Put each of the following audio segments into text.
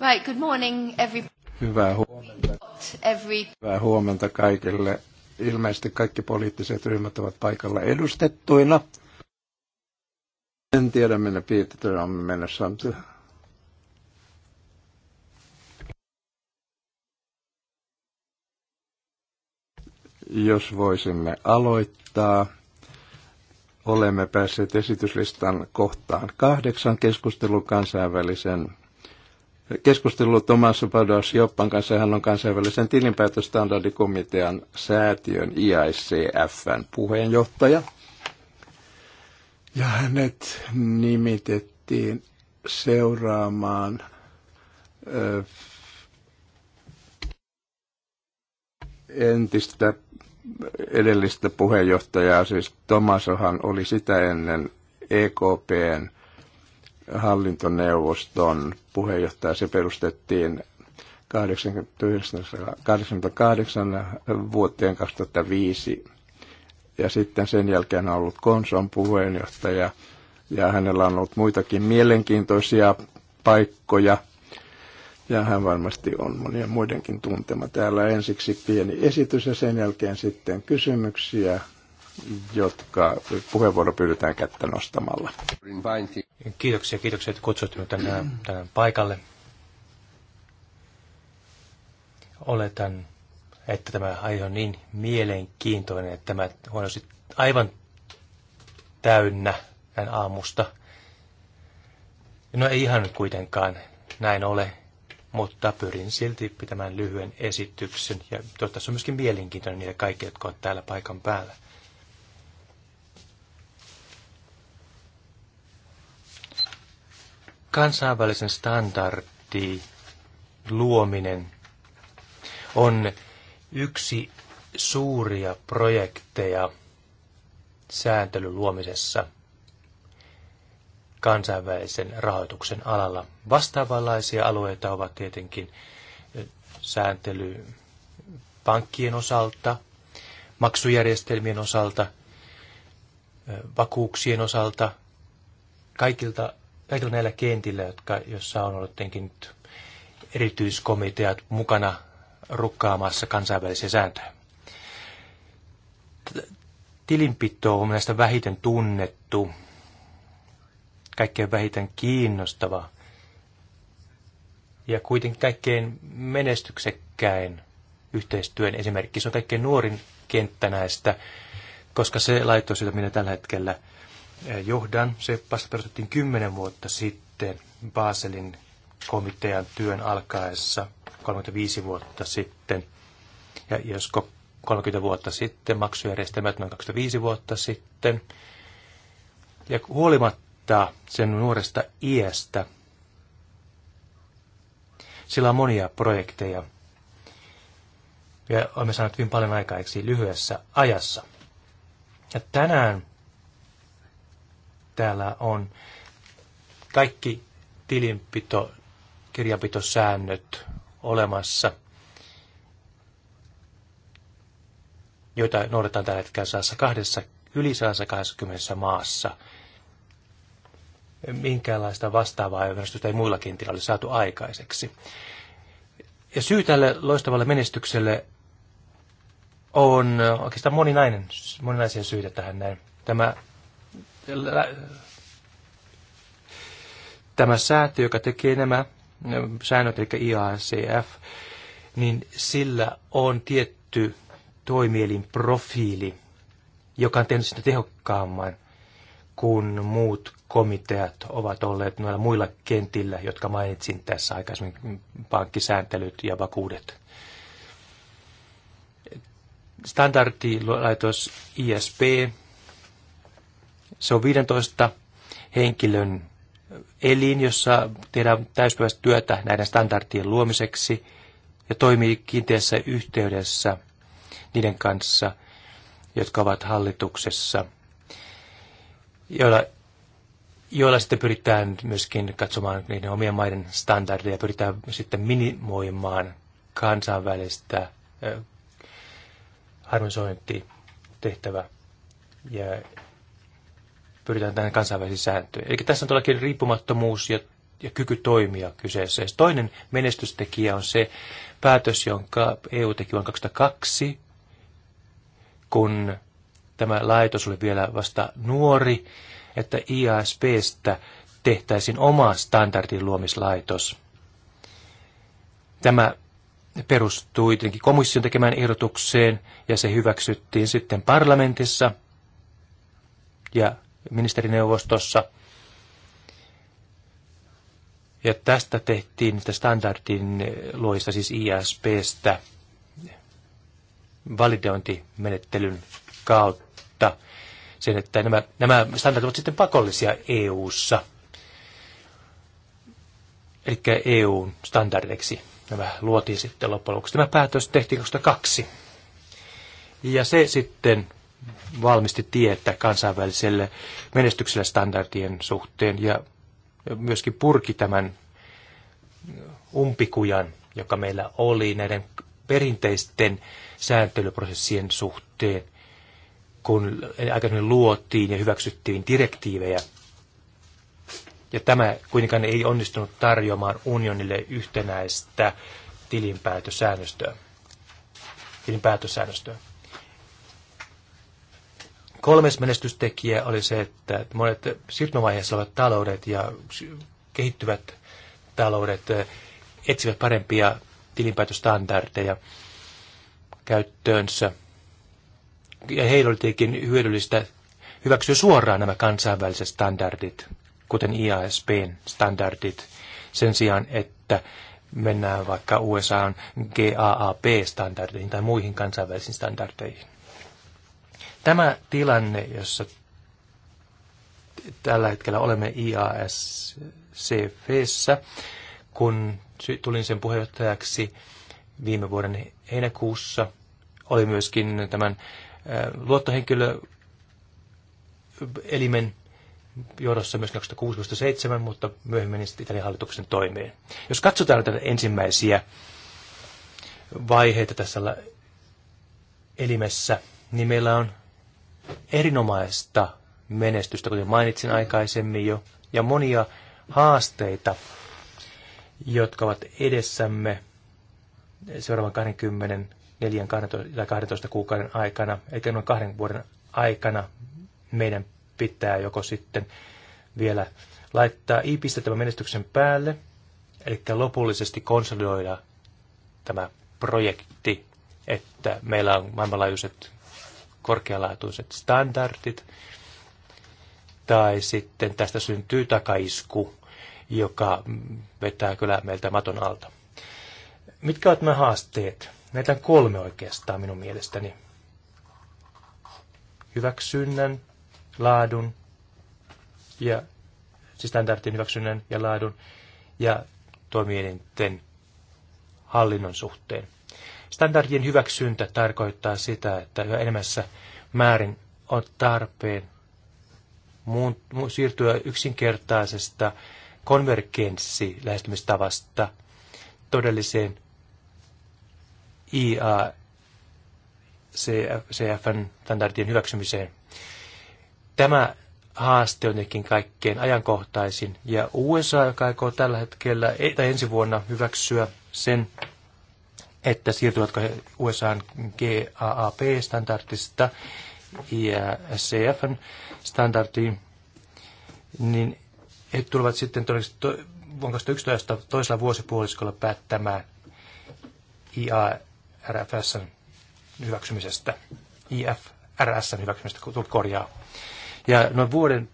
Right, good morning every... Hyvää huomenta. Every... Hyvää huomenta kaikille. Ilmeisesti kaikki poliittiset ryhmät ovat paikalla edustettuina. En tiedä, minne Peter on menossa. Jos voisimme aloittaa. Olemme päässeet esityslistan kohtaan kahdeksan keskustelun kansainvälisen keskustellut Tomas Pados Joppan kanssa. Hän on kansainvälisen tilinpäätöstandardikomitean säätiön IICFn puheenjohtaja. Ja hänet nimitettiin seuraamaan ö, entistä edellistä puheenjohtajaa, siis Tomasohan oli sitä ennen EKPn hallintoneuvoston puheenjohtaja. Se perustettiin 1988 vuoteen 2005 ja sitten sen jälkeen on ollut Konson puheenjohtaja ja hänellä on ollut muitakin mielenkiintoisia paikkoja ja hän varmasti on monia muidenkin tuntema. Täällä ensiksi pieni esitys ja sen jälkeen sitten kysymyksiä jotka puheenvuoro pyydetään kättä nostamalla. Kiitoksia, kiitoksia, että kutsuitte minut tänään, tänään paikalle. Oletan, että tämä aihe on niin mielenkiintoinen, että tämä on aivan täynnä tämän aamusta. No ei ihan kuitenkaan näin ole, mutta pyrin silti pitämään lyhyen esityksen. Ja toivottavasti on myöskin mielenkiintoinen niille kaikille, jotka ovat täällä paikan päällä. kansainvälisen standardi luominen on yksi suuria projekteja sääntelyn luomisessa kansainvälisen rahoituksen alalla. Vastaavanlaisia alueita ovat tietenkin sääntely pankkien osalta, maksujärjestelmien osalta, vakuuksien osalta. Kaikilta kaikilla näillä kentillä, jotka, jossa on ollut jotenkin erityiskomiteat mukana rukkaamassa kansainvälisiä sääntöjä. Tilinpito on mielestäni vähiten tunnettu, kaikkein vähiten kiinnostava ja kuitenkin kaikkein menestyksekkäin yhteistyön esimerkki. Se on kaikkein nuorin kenttä näistä, koska se laitos, jota minä tällä hetkellä – Eh, johdan. Se vasta perustettiin kymmenen vuotta sitten Baselin komitean työn alkaessa 35 vuotta sitten. Ja jos 30 vuotta sitten, maksujärjestelmät noin 25 vuotta sitten. Ja huolimatta sen nuoresta iästä, sillä on monia projekteja. Ja olemme saaneet hyvin paljon aikaa lyhyessä ajassa. Ja tänään täällä on kaikki tilinpito, kirjapitosäännöt olemassa, joita noudatetaan tällä hetkellä saassa kahdessa, yli 120 maassa. Minkäänlaista vastaavaa menestystä ei muilla kentillä ole saatu aikaiseksi. Ja syy tälle loistavalle menestykselle on oikeastaan moninainen, moninaisia syitä tähän näin. Tämä tämä säätiö, joka tekee nämä säännöt, eli IACF, niin sillä on tietty toimielin profiili, joka on tehnyt sitä tehokkaamman kuin muut komiteat ovat olleet noilla muilla kentillä, jotka mainitsin tässä aikaisemmin, pankkisääntelyt ja vakuudet. Standardilaitos ISP se on 15 henkilön elin, jossa tehdään täyspäiväistä työtä näiden standardien luomiseksi ja toimii kiinteässä yhteydessä niiden kanssa, jotka ovat hallituksessa, joilla, joilla sitten pyritään myöskin katsomaan niiden omien maiden standardeja, pyritään sitten minimoimaan kansainvälistä harmonisointitehtävää. Ja pyritään tähän kansainvälisiin sääntöihin. Eli tässä on todellakin riippumattomuus ja, ja kyky toimia kyseessä. Ja toinen menestystekijä on se päätös, jonka EU teki vuonna 2002, kun tämä laitos oli vielä vasta nuori, että IASPstä tehtäisiin oma standardin luomislaitos. Tämä perustui tietenkin komission tekemään ehdotukseen ja se hyväksyttiin sitten parlamentissa ja ministerineuvostossa. Ja tästä tehtiin tästä standardin luoista, siis ISPstä, validointimenettelyn kautta sen, että nämä, nämä standardit ovat sitten pakollisia EU-ssa. Eli EUn standardeiksi nämä luotiin sitten loppujen lopuksi. Tämä päätös tehtiin 2002. Ja se sitten valmisti tietä kansainväliselle menestykselle standardien suhteen ja myöskin purki tämän umpikujan, joka meillä oli näiden perinteisten sääntelyprosessien suhteen, kun aikaisemmin luotiin ja hyväksyttiin direktiivejä. Ja tämä kuitenkaan ei onnistunut tarjoamaan unionille yhtenäistä tilinpäätösäännöstöä. Tilinpäätösäännöstöä. Kolmes menestystekijä oli se, että monet siirtymävaiheessa olevat taloudet ja kehittyvät taloudet etsivät parempia tilinpäätöstandardeja käyttöönsä. Ja heillä oli tietenkin hyödyllistä hyväksyä suoraan nämä kansainväliset standardit, kuten IASPn standardit, sen sijaan, että mennään vaikka USAn GAAP-standardeihin tai muihin kansainvälisiin standardeihin. Tämä tilanne, jossa tällä hetkellä olemme IASCFssä, kun tulin sen puheenjohtajaksi viime vuoden heinäkuussa, oli myöskin tämän luottohenkilö elimen johdossa myös 2006-2007, mutta myöhemmin sitten Italian hallituksen toimeen. Jos katsotaan tätä ensimmäisiä vaiheita tässä elimessä, niin meillä on erinomaista menestystä, kuten mainitsin aikaisemmin jo, ja monia haasteita, jotka ovat edessämme seuraavan 24 tai 12 kuukauden aikana, eikä noin kahden vuoden aikana meidän pitää joko sitten vielä laittaa i tämän menestyksen päälle, eli lopullisesti konsolidoida tämä projekti, että meillä on maailmanlaajuiset korkealaatuiset standardit, tai sitten tästä syntyy takaisku, joka vetää kyllä meiltä maton alta. Mitkä ovat nämä haasteet? Näitä on kolme oikeastaan minun mielestäni. Hyväksynnän, laadun ja siis standardin hyväksynnän ja laadun ja toimielinten hallinnon suhteen. Standardien hyväksyntä tarkoittaa sitä, että yhä enemmässä määrin on tarpeen muun, mu, siirtyä yksinkertaisesta konvergenssilähestymistavasta todelliseen IACFn standardien hyväksymiseen. Tämä haaste on jotenkin kaikkein ajankohtaisin. Ja USA, joka aikoo tällä hetkellä tai ensi vuonna hyväksyä sen että siirtyvätkö he USAn GAAP-standardista ja cfn standardiin niin he tulevat sitten todennäköisesti to, vuonna 2011 toisella vuosipuoliskolla päättämään IARFSn hyväksymisestä, IFRSn hyväksymisestä, kun korjaa. Ja noin vuoden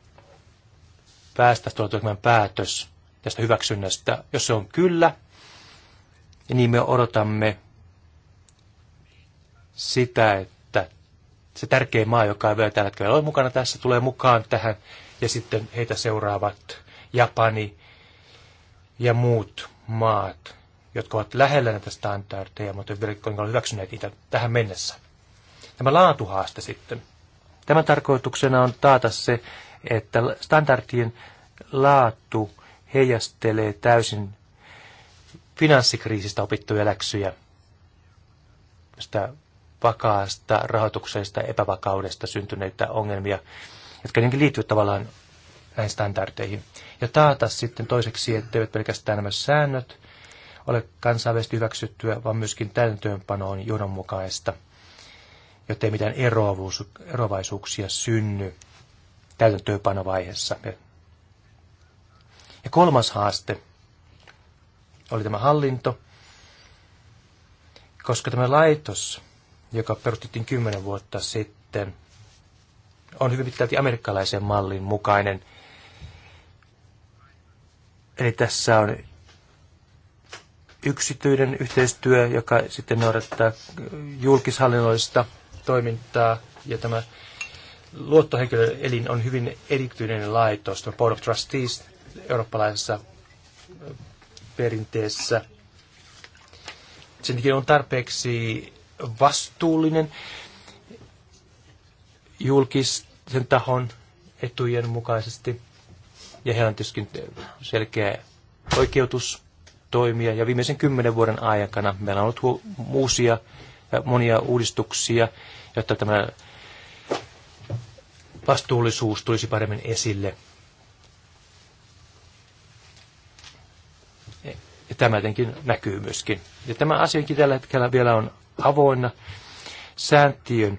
päästä tulee tekemään päätös tästä hyväksynnästä. Jos se on kyllä, ja niin me odotamme sitä, että se tärkeä maa, joka ei vielä tällä hetkellä ole mukana tässä, tulee mukaan tähän. Ja sitten heitä seuraavat Japani ja muut maat, jotka ovat lähellä näitä standardeja, mutta eivät vielä ole hyväksyneet niitä tähän mennessä. Tämä laatuhaaste sitten. Tämän tarkoituksena on taata se, että standardien laatu heijastelee täysin finanssikriisistä opittuja läksyjä, sitä vakaasta rahoituksesta epävakaudesta syntyneitä ongelmia, jotka jotenkin liittyvät tavallaan näihin standardeihin. Ja taata sitten toiseksi, eivät pelkästään nämä säännöt ole kansainvälisesti hyväksyttyä, vaan myöskin täytäntöönpano on johdonmukaista, jottei mitään eroavaisuuksia synny täytäntöönpanovaiheessa. Ja kolmas haaste oli tämä hallinto, koska tämä laitos, joka perustettiin kymmenen vuotta sitten, on hyvin pitkälti amerikkalaisen mallin mukainen. Eli tässä on yksityinen yhteistyö, joka sitten noudattaa julkishallinnollista toimintaa, ja tämä luottohenkilöelin on hyvin erityinen laitos, tämä Board of Trustees eurooppalaisessa perinteessä. Sen takia on tarpeeksi vastuullinen julkisen tahon etujen mukaisesti. Ja heillä on tietysti selkeä oikeutus toimia. Ja viimeisen kymmenen vuoden aikana meillä on ollut uusia monia uudistuksia, jotta tämä vastuullisuus tulisi paremmin esille tämä jotenkin näkyy myöskin. Ja tämä asiakin tällä hetkellä vielä on avoinna. Sääntiön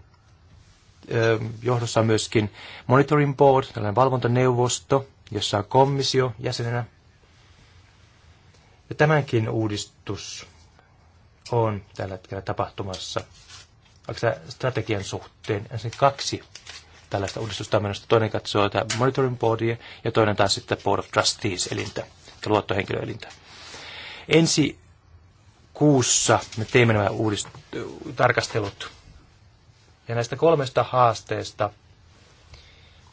ähm, johdossa on myöskin monitoring board, tällainen valvontaneuvosto, jossa on komissio jäsenenä. Ja tämänkin uudistus on tällä hetkellä tapahtumassa strategian suhteen. Ensin kaksi tällaista uudistusta on menossa. Toinen katsoo tätä monitoring boardia ja toinen taas sitten board of trustees elintä, luottohenkilöelintä. Ensi kuussa me teemme nämä uudist- tarkastelut. Ja näistä kolmesta haasteesta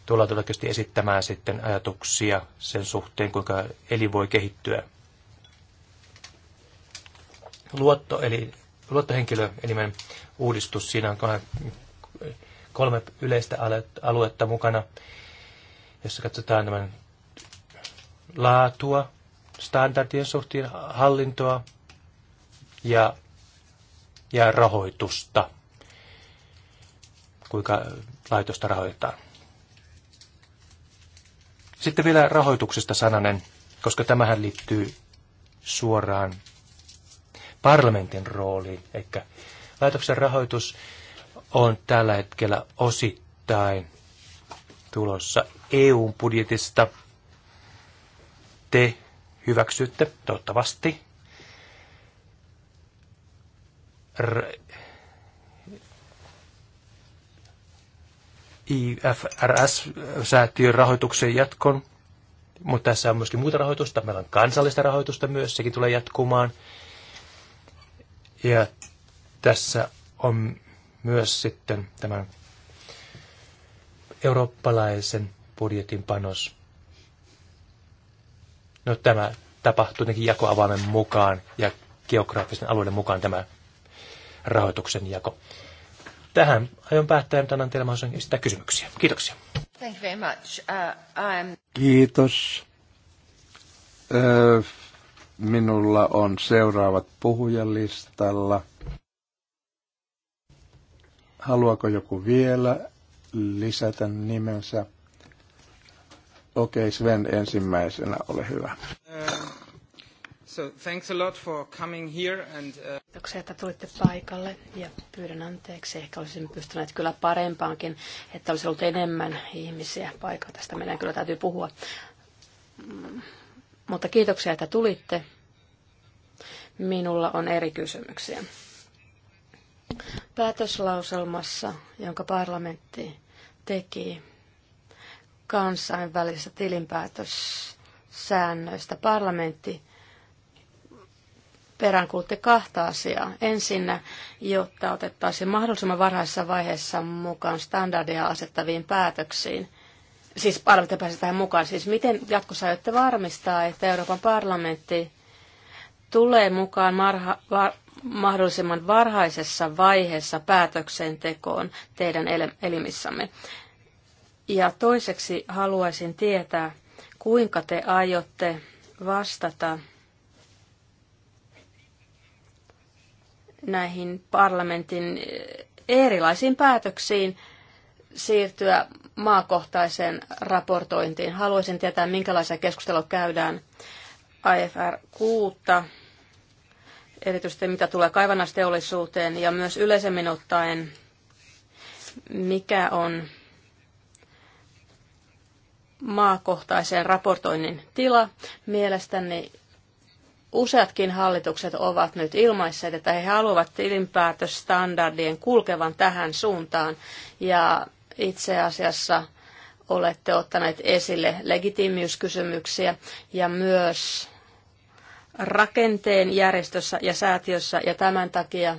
tullaan todennäköisesti esittämään sitten ajatuksia sen suhteen, kuinka eli voi kehittyä. Luotto, eli luottohenkilöelimen uudistus, siinä on kolme yleistä aluetta mukana, jossa katsotaan tämän laatua, standardien suhteen hallintoa ja, ja rahoitusta, kuinka laitosta rahoitetaan. Sitten vielä rahoituksesta sananen, koska tämähän liittyy suoraan parlamentin rooliin. Eli laitoksen rahoitus on tällä hetkellä osittain tulossa EU-budjetista. Te hyväksytte, toivottavasti. R- IFRS-säätiön rahoituksen jatkon, mutta tässä on myöskin muuta rahoitusta. Meillä on kansallista rahoitusta myös, sekin tulee jatkumaan. Ja tässä on myös sitten tämän eurooppalaisen budjetin panos. No tämä tapahtui jotenkin jakoavaimen mukaan ja geografisten alueiden mukaan tämä rahoituksen jako. Tähän aion päättää, että annan teille mahdollisuuden esittää kysymyksiä. Kiitoksia. Thank you very much. Uh, I'm... Kiitos. Ö, öö, minulla on seuraavat puhujalistalla. Haluaako joku vielä lisätä nimensä? Okei, okay, Sven ensimmäisenä, ole hyvä. Uh, so thanks a lot for coming here and, uh... Kiitoksia, että tulitte paikalle ja pyydän anteeksi. Ehkä olisimme pystyneet kyllä parempaankin, että olisi ollut enemmän ihmisiä paikalla. Tästä meidän kyllä täytyy puhua. Mm, mutta kiitoksia, että tulitte. Minulla on eri kysymyksiä. Päätöslauselmassa, jonka parlamentti teki kansainvälisistä tilinpäätössäännöistä. Parlamentti peräänkuulutti kahta asiaa. Ensinnä, jotta otettaisiin mahdollisimman varhaisessa vaiheessa mukaan standardeja asettaviin päätöksiin. Siis parlamentti pääsee tähän mukaan. Siis miten jatkossa aiotte varmistaa, että Euroopan parlamentti tulee mukaan marha, var, mahdollisimman varhaisessa vaiheessa päätöksentekoon teidän elimissämme. Ja toiseksi haluaisin tietää, kuinka te aiotte vastata näihin parlamentin erilaisiin päätöksiin siirtyä maakohtaiseen raportointiin. Haluaisin tietää, minkälaisia keskusteluja käydään IFR 6, erityisesti mitä tulee kaivannasteollisuuteen ja myös yleisemmin ottaen, mikä on maakohtaisen raportoinnin tila. Mielestäni useatkin hallitukset ovat nyt ilmaisseet, että he haluavat tilinpäätösstandardien kulkevan tähän suuntaan. Ja itse asiassa olette ottaneet esille legitiimiyskysymyksiä ja myös rakenteen järjestössä ja säätiössä ja tämän takia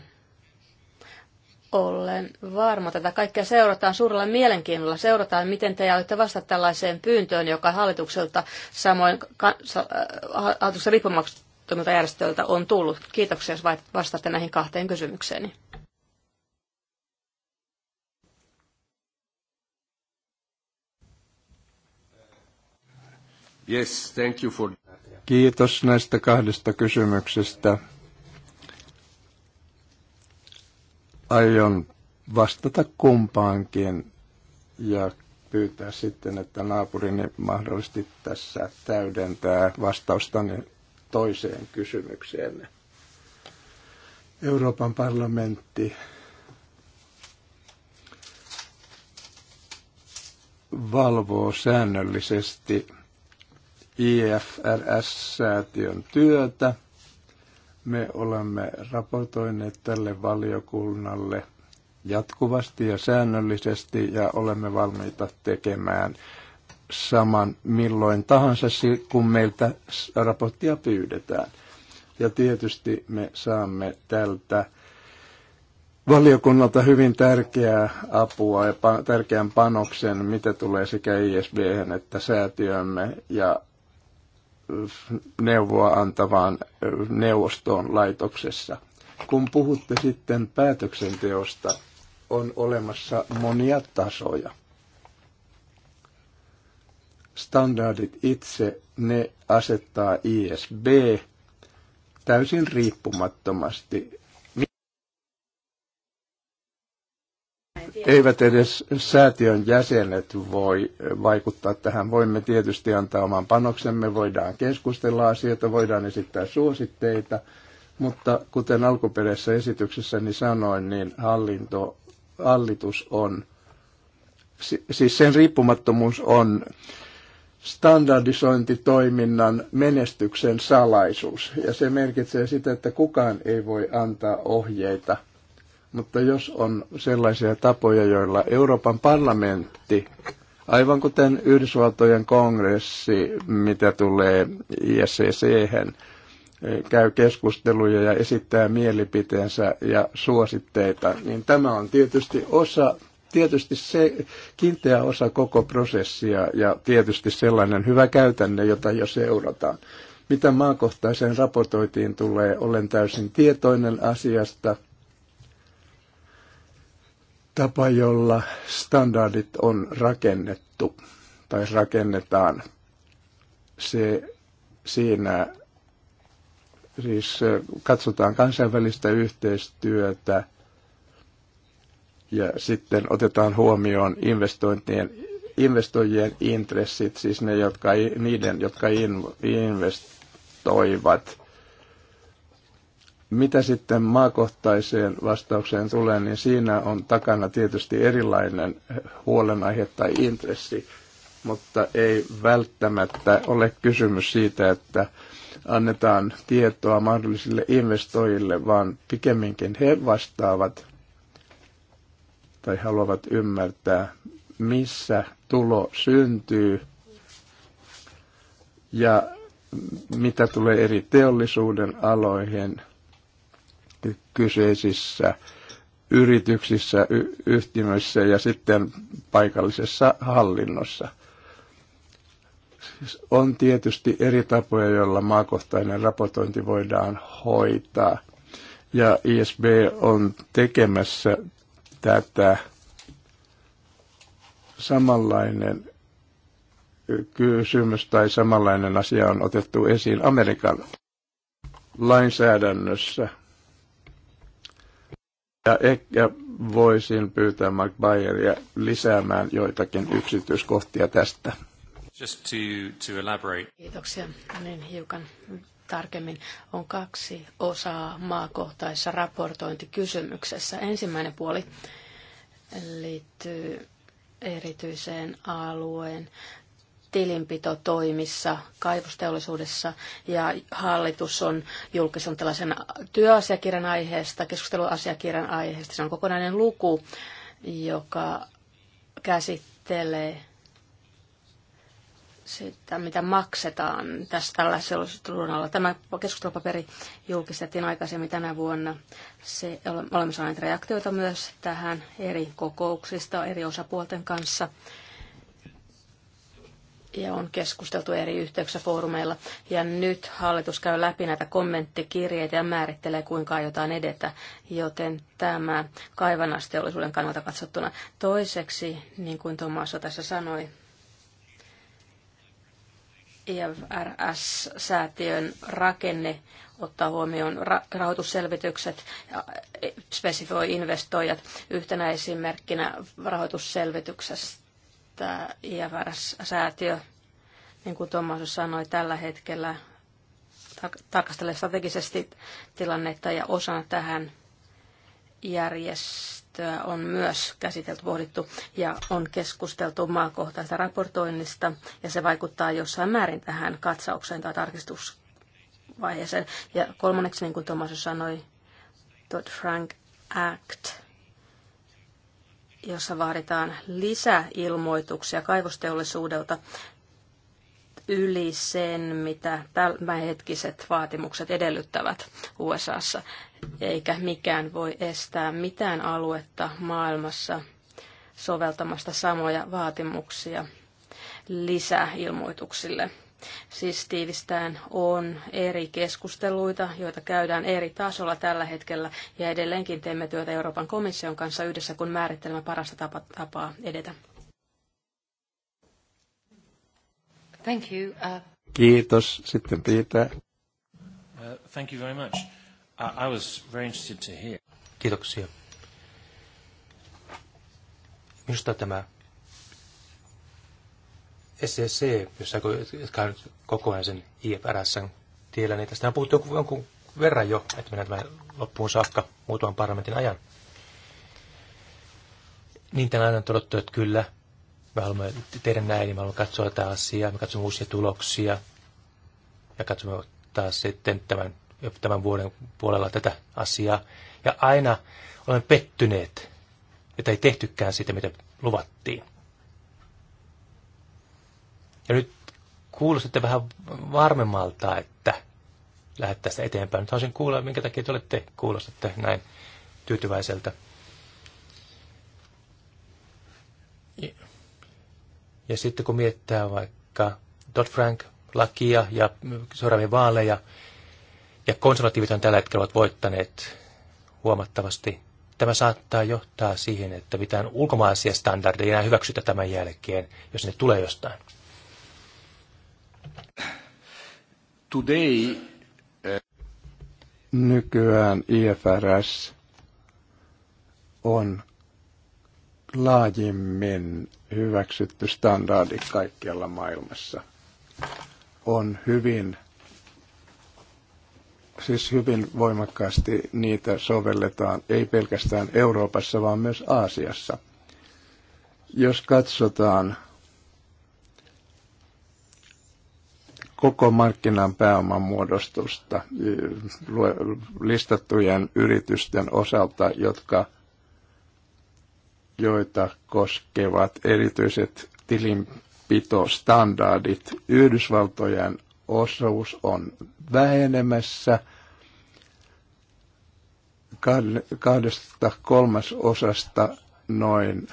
olen varma. Tätä kaikkea seurataan suurella mielenkiinnolla. Seurataan, miten te aiotte vastata tällaiseen pyyntöön, joka hallitukselta samoin kansa, äh, hallituksen riippumattomilta järjestöiltä on tullut. Kiitoksia, jos vastaatte näihin kahteen kysymykseeni. Yes, thank you for... Kiitos näistä kahdesta kysymyksestä. Aion vastata kumpaankin ja pyytää sitten, että naapurini mahdollisesti tässä täydentää vastaustani toiseen kysymykseen. Euroopan parlamentti valvoo säännöllisesti IFRS-säätiön työtä – me olemme raportoineet tälle valiokunnalle jatkuvasti ja säännöllisesti ja olemme valmiita tekemään saman milloin tahansa, kun meiltä raporttia pyydetään. Ja tietysti me saamme tältä valiokunnalta hyvin tärkeää apua ja pa- tärkeän panoksen, mitä tulee sekä ISB että säätiömme ja neuvoa antavaan neuvostoon laitoksessa. Kun puhutte sitten päätöksenteosta, on olemassa monia tasoja. Standardit itse, ne asettaa ISB täysin riippumattomasti eivät edes säätiön jäsenet voi eh, vaikuttaa tähän. Voimme tietysti antaa oman panoksemme, voidaan keskustella asioita, voidaan esittää suositteita, mutta kuten alkuperäisessä esityksessäni sanoin, niin hallinto, hallitus on, siis sen riippumattomuus on standardisointitoiminnan menestyksen salaisuus. Ja se merkitsee sitä, että kukaan ei voi antaa ohjeita – mutta jos on sellaisia tapoja, joilla Euroopan parlamentti, aivan kuten Yhdysvaltojen kongressi, mitä tulee ISCC, käy keskusteluja ja esittää mielipiteensä ja suositteita, niin tämä on tietysti osa tietysti se kiinteä osa koko prosessia ja tietysti sellainen hyvä käytänne, jota jo seurataan. Mitä maakohtaiseen raportoitiin tulee, olen täysin tietoinen asiasta tapa, jolla standardit on rakennettu tai rakennetaan. Se siinä siis katsotaan kansainvälistä yhteistyötä ja sitten otetaan huomioon investointien investoijien intressit, siis ne, jotka, niiden, jotka investoivat. Mitä sitten maakohtaiseen vastaukseen tulee, niin siinä on takana tietysti erilainen huolenaihe tai intressi, mutta ei välttämättä ole kysymys siitä, että annetaan tietoa mahdollisille investoijille, vaan pikemminkin he vastaavat tai haluavat ymmärtää, missä tulo syntyy ja mitä tulee eri teollisuuden aloihin – tehty kyseisissä yrityksissä, y- yhtiöissä ja sitten paikallisessa hallinnossa. Siis on tietysti eri tapoja, joilla maakohtainen raportointi voidaan hoitaa. Ja ISB on tekemässä tätä samanlainen kysymys tai samanlainen asia on otettu esiin Amerikan lainsäädännössä – ja ehkä voisin pyytää Mark Bayeria lisäämään joitakin yksityiskohtia tästä. Just to, to elaborate. Kiitoksia. No niin hiukan tarkemmin on kaksi osaa maakohtaisessa raportointikysymyksessä. Ensimmäinen puoli liittyy erityiseen alueen tilinpitotoimissa kaivosteollisuudessa ja hallitus on julkisen tällaisen työasiakirjan aiheesta, keskusteluasiakirjan aiheesta. Se on kokonainen luku, joka käsittelee sitä, mitä maksetaan tässä tällaisella runalla. Tämä keskustelupaperi julkistettiin aikaisemmin tänä vuonna. Se, olemme saaneet reaktioita myös tähän eri kokouksista, eri osapuolten kanssa ja on keskusteltu eri yhteyksissä foorumeilla. Ja nyt hallitus käy läpi näitä kommenttikirjeitä ja määrittelee, kuinka aiotaan edetä, joten tämä kaivannasteollisuuden kannalta katsottuna. Toiseksi, niin kuin Tomasa tässä sanoi, IFRS-säätiön rakenne ottaa huomioon rahoitusselvitykset ja spesifioi investoijat. Yhtenä esimerkkinä rahoitusselvityksestä että IFRS-säätiö, niin kuin Tuomas sanoi, tällä hetkellä tarkastelee strategisesti tilannetta ja osana tähän järjestöä on myös käsitelty, pohdittu ja on keskusteltu maakohtaista raportoinnista ja se vaikuttaa jossain määrin tähän katsaukseen tai tarkistusvaiheeseen. Ja kolmanneksi, niin kuin Tomas sanoi, Dodd-Frank Act jossa vaaditaan lisäilmoituksia kaivosteollisuudelta yli sen, mitä tämänhetkiset vaatimukset edellyttävät USAssa, eikä mikään voi estää mitään aluetta maailmassa soveltamasta samoja vaatimuksia lisäilmoituksille. Siis tiivistään on eri keskusteluita, joita käydään eri tasolla tällä hetkellä ja edelleenkin teemme työtä Euroopan komission kanssa yhdessä, kun määrittelemme parasta tapa, tapaa edetä. Thank you. Uh... Kiitos. Sitten Piitä. Uh, thank you very much. I, uh, I was very interested to hear. Kiitoksia. Minusta tämä SCC, jossa, on koko ajan sen IFRSn tiellä, niin tästä on puhuttu jonkun, jonkun verran jo, että mennään tämän loppuun saakka muutaman parlamentin ajan. Niin tämän on todettu, että kyllä, me haluamme tehdä näin, niin me haluamme katsoa tätä asiaa, me katsomme uusia tuloksia ja katsomme taas sitten tämän, tämän vuoden puolella tätä asiaa. Ja aina olemme pettyneet, että ei tehtykään sitä, mitä luvattiin. Ja nyt kuulostatte vähän varmemmalta, että lähdet tästä eteenpäin. Nyt haluaisin kuulla, minkä takia te olette kuulostatte näin tyytyväiseltä. Ja, sitten kun miettää vaikka Dodd-Frank-lakia ja seuraavia vaaleja, ja on tällä hetkellä ovat voittaneet huomattavasti. Tämä saattaa johtaa siihen, että mitään ulkomaisia standardeja ei enää hyväksytä tämän jälkeen, jos ne tulee jostain. Today, eh, Nykyään IFRS on laajimmin hyväksytty standardi kaikkialla maailmassa. On hyvin, siis hyvin voimakkaasti niitä sovelletaan, ei pelkästään Euroopassa, vaan myös Aasiassa. Jos katsotaan koko markkinan pääoman muodostusta listattujen yritysten osalta, jotka, joita koskevat erityiset tilinpitostandardit. Yhdysvaltojen osuus on vähenemässä kahdesta kolmasosasta noin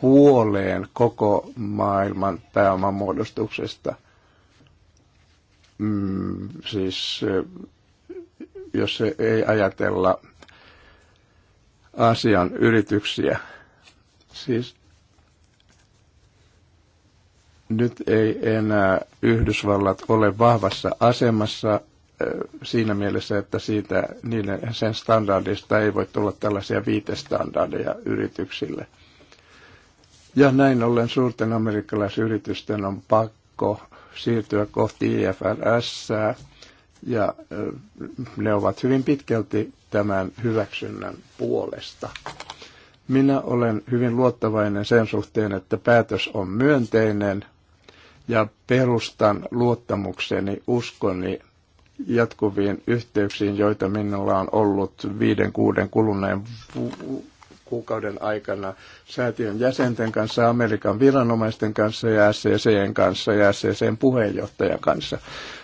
puoleen koko maailman muodostuksesta – mm, siis eh, jos ei ajatella asian yrityksiä. Siis nyt ei enää Yhdysvallat ole vahvassa asemassa eh, siinä mielessä, että siitä, niiden, sen standardista ei voi tulla tällaisia viitestandardeja yrityksille. Ja näin ollen suurten amerikkalaisyritysten on pakko siirtyä kohti IFRS, ja ne ovat hyvin pitkälti tämän hyväksynnän puolesta. Minä olen hyvin luottavainen sen suhteen, että päätös on myönteinen ja perustan luottamukseni, uskoni jatkuviin yhteyksiin, joita minulla on ollut viiden, kuuden kuluneen kuukauden aikana säätiön jäsenten kanssa, Amerikan viranomaisten kanssa ja SCCn kanssa ja SCCn puheenjohtajan kanssa.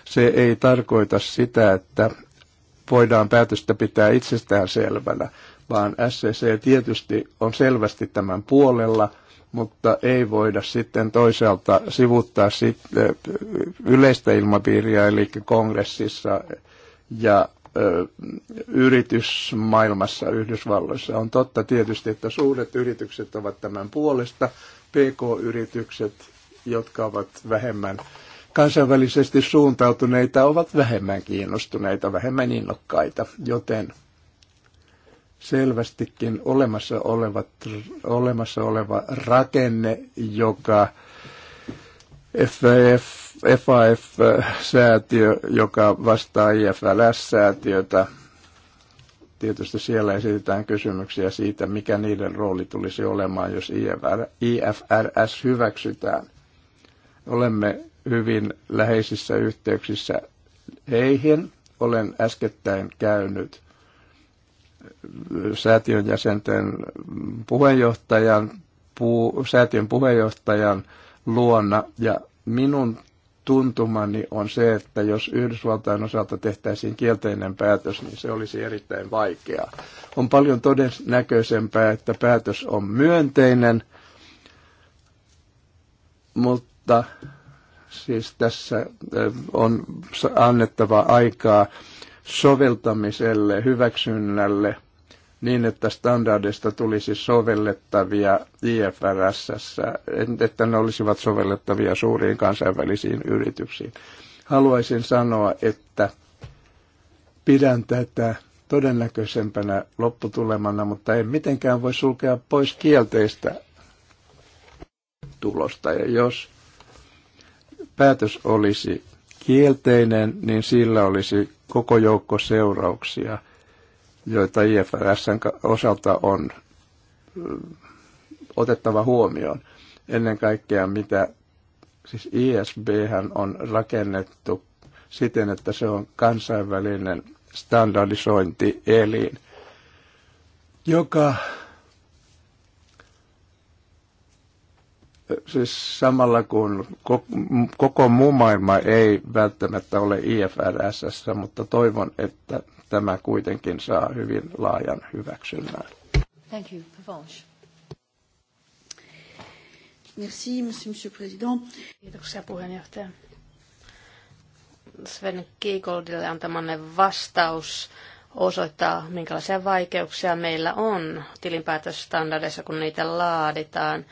Se ei tarkoita sitä, että voidaan päätöstä pitää itsestään selvänä, vaan SCC tietysti on selvästi tämän puolella, mutta ei voida sitten toisaalta sivuttaa sit, yleistä ilmapiiriä, eli kongressissa ja yritysmaailmassa Yhdysvalloissa. On totta tietysti, että suuret yritykset ovat tämän puolesta, PK-yritykset, jotka ovat vähemmän kansainvälisesti suuntautuneita, ovat vähemmän kiinnostuneita, vähemmän innokkaita, joten selvästikin olemassa, olevat, olemassa oleva rakenne, joka FF FAF-säätiö, joka vastaa IFLS-säätiötä. Tietysti siellä esitetään kysymyksiä siitä, mikä niiden rooli tulisi olemaan, jos IFRS hyväksytään. Olemme hyvin läheisissä yhteyksissä heihin. Olen äskettäin käynyt säätiön jäsenten puheenjohtajan, puu, säätiön puheenjohtajan luona ja minun tuntumani niin on se, että jos Yhdysvaltain osalta tehtäisiin kielteinen päätös, niin se olisi erittäin vaikeaa. On paljon todennäköisempää, että päätös on myönteinen, mutta siis tässä eh, on annettava aikaa soveltamiselle, hyväksynnälle – niin, että standardeista tulisi sovellettavia IFRS, että ne olisivat sovellettavia suuriin kansainvälisiin yrityksiin. Haluaisin sanoa, että pidän tätä todennäköisempänä lopputulemana, mutta en mitenkään voi sulkea pois kielteistä tulosta. Ja jos päätös olisi kielteinen, niin sillä olisi koko joukko seurauksia – joita IFRSn osalta on otettava huomioon. Ennen kaikkea mitä, siis ISB on rakennettu siten, että se on kansainvälinen standardisointielin, joka siis samalla kun koko muu maailma ei välttämättä ole IFRSS, mutta toivon, että tämä kuitenkin saa hyvin laajan hyväksynnän. Thank you. Pavanche. Merci, monsieur, monsieur président. Kiitoksia puheenjohtaja. Sven Kiikoldille antamanne vastaus osoittaa, minkälaisia vaikeuksia meillä on tilinpäätösstandardeissa, kun niitä laaditaan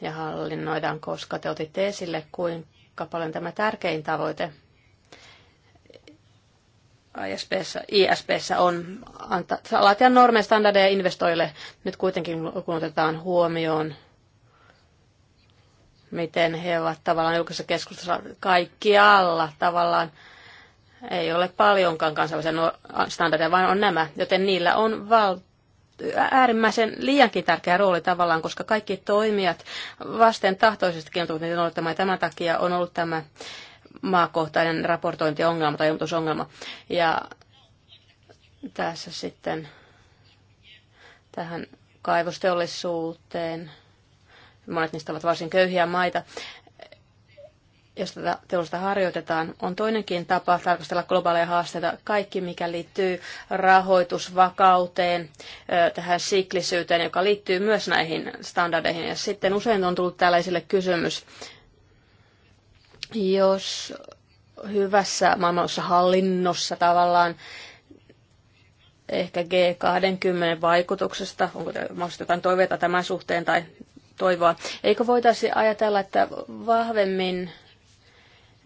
ja hallinnoidaan, koska te otitte esille, kuinka paljon tämä tärkein tavoite ISPssä, ISPssä on antaa, laatia normeja, standardeja investoille. Nyt kuitenkin kun otetaan huomioon, miten he ovat tavallaan julkisessa keskustelussa kaikkialla tavallaan. Ei ole paljonkaan kansainvälisiä standardeja, vaan on nämä, joten niillä on val- äärimmäisen liiankin tärkeä rooli tavallaan, koska kaikki toimijat vasten tahtoisestikin on tullut niitä noudattamaan. Tämän takia on ollut tämä maakohtainen raportointiongelma tai ilmoitusongelma. Ja tässä sitten tähän kaivosteollisuuteen. Monet niistä ovat varsin köyhiä maita. Jos tätä teollisuutta harjoitetaan, on toinenkin tapa tarkastella globaaleja haasteita. Kaikki, mikä liittyy rahoitusvakauteen, tähän siklisyyteen, joka liittyy myös näihin standardeihin. Ja sitten usein on tullut tällaisille kysymys, jos hyvässä maailmassa hallinnossa tavallaan ehkä G20 vaikutuksesta, onko mahdollista jotain toiveita tämän suhteen tai toivoa. Eikö voitaisi ajatella, että vahvemmin,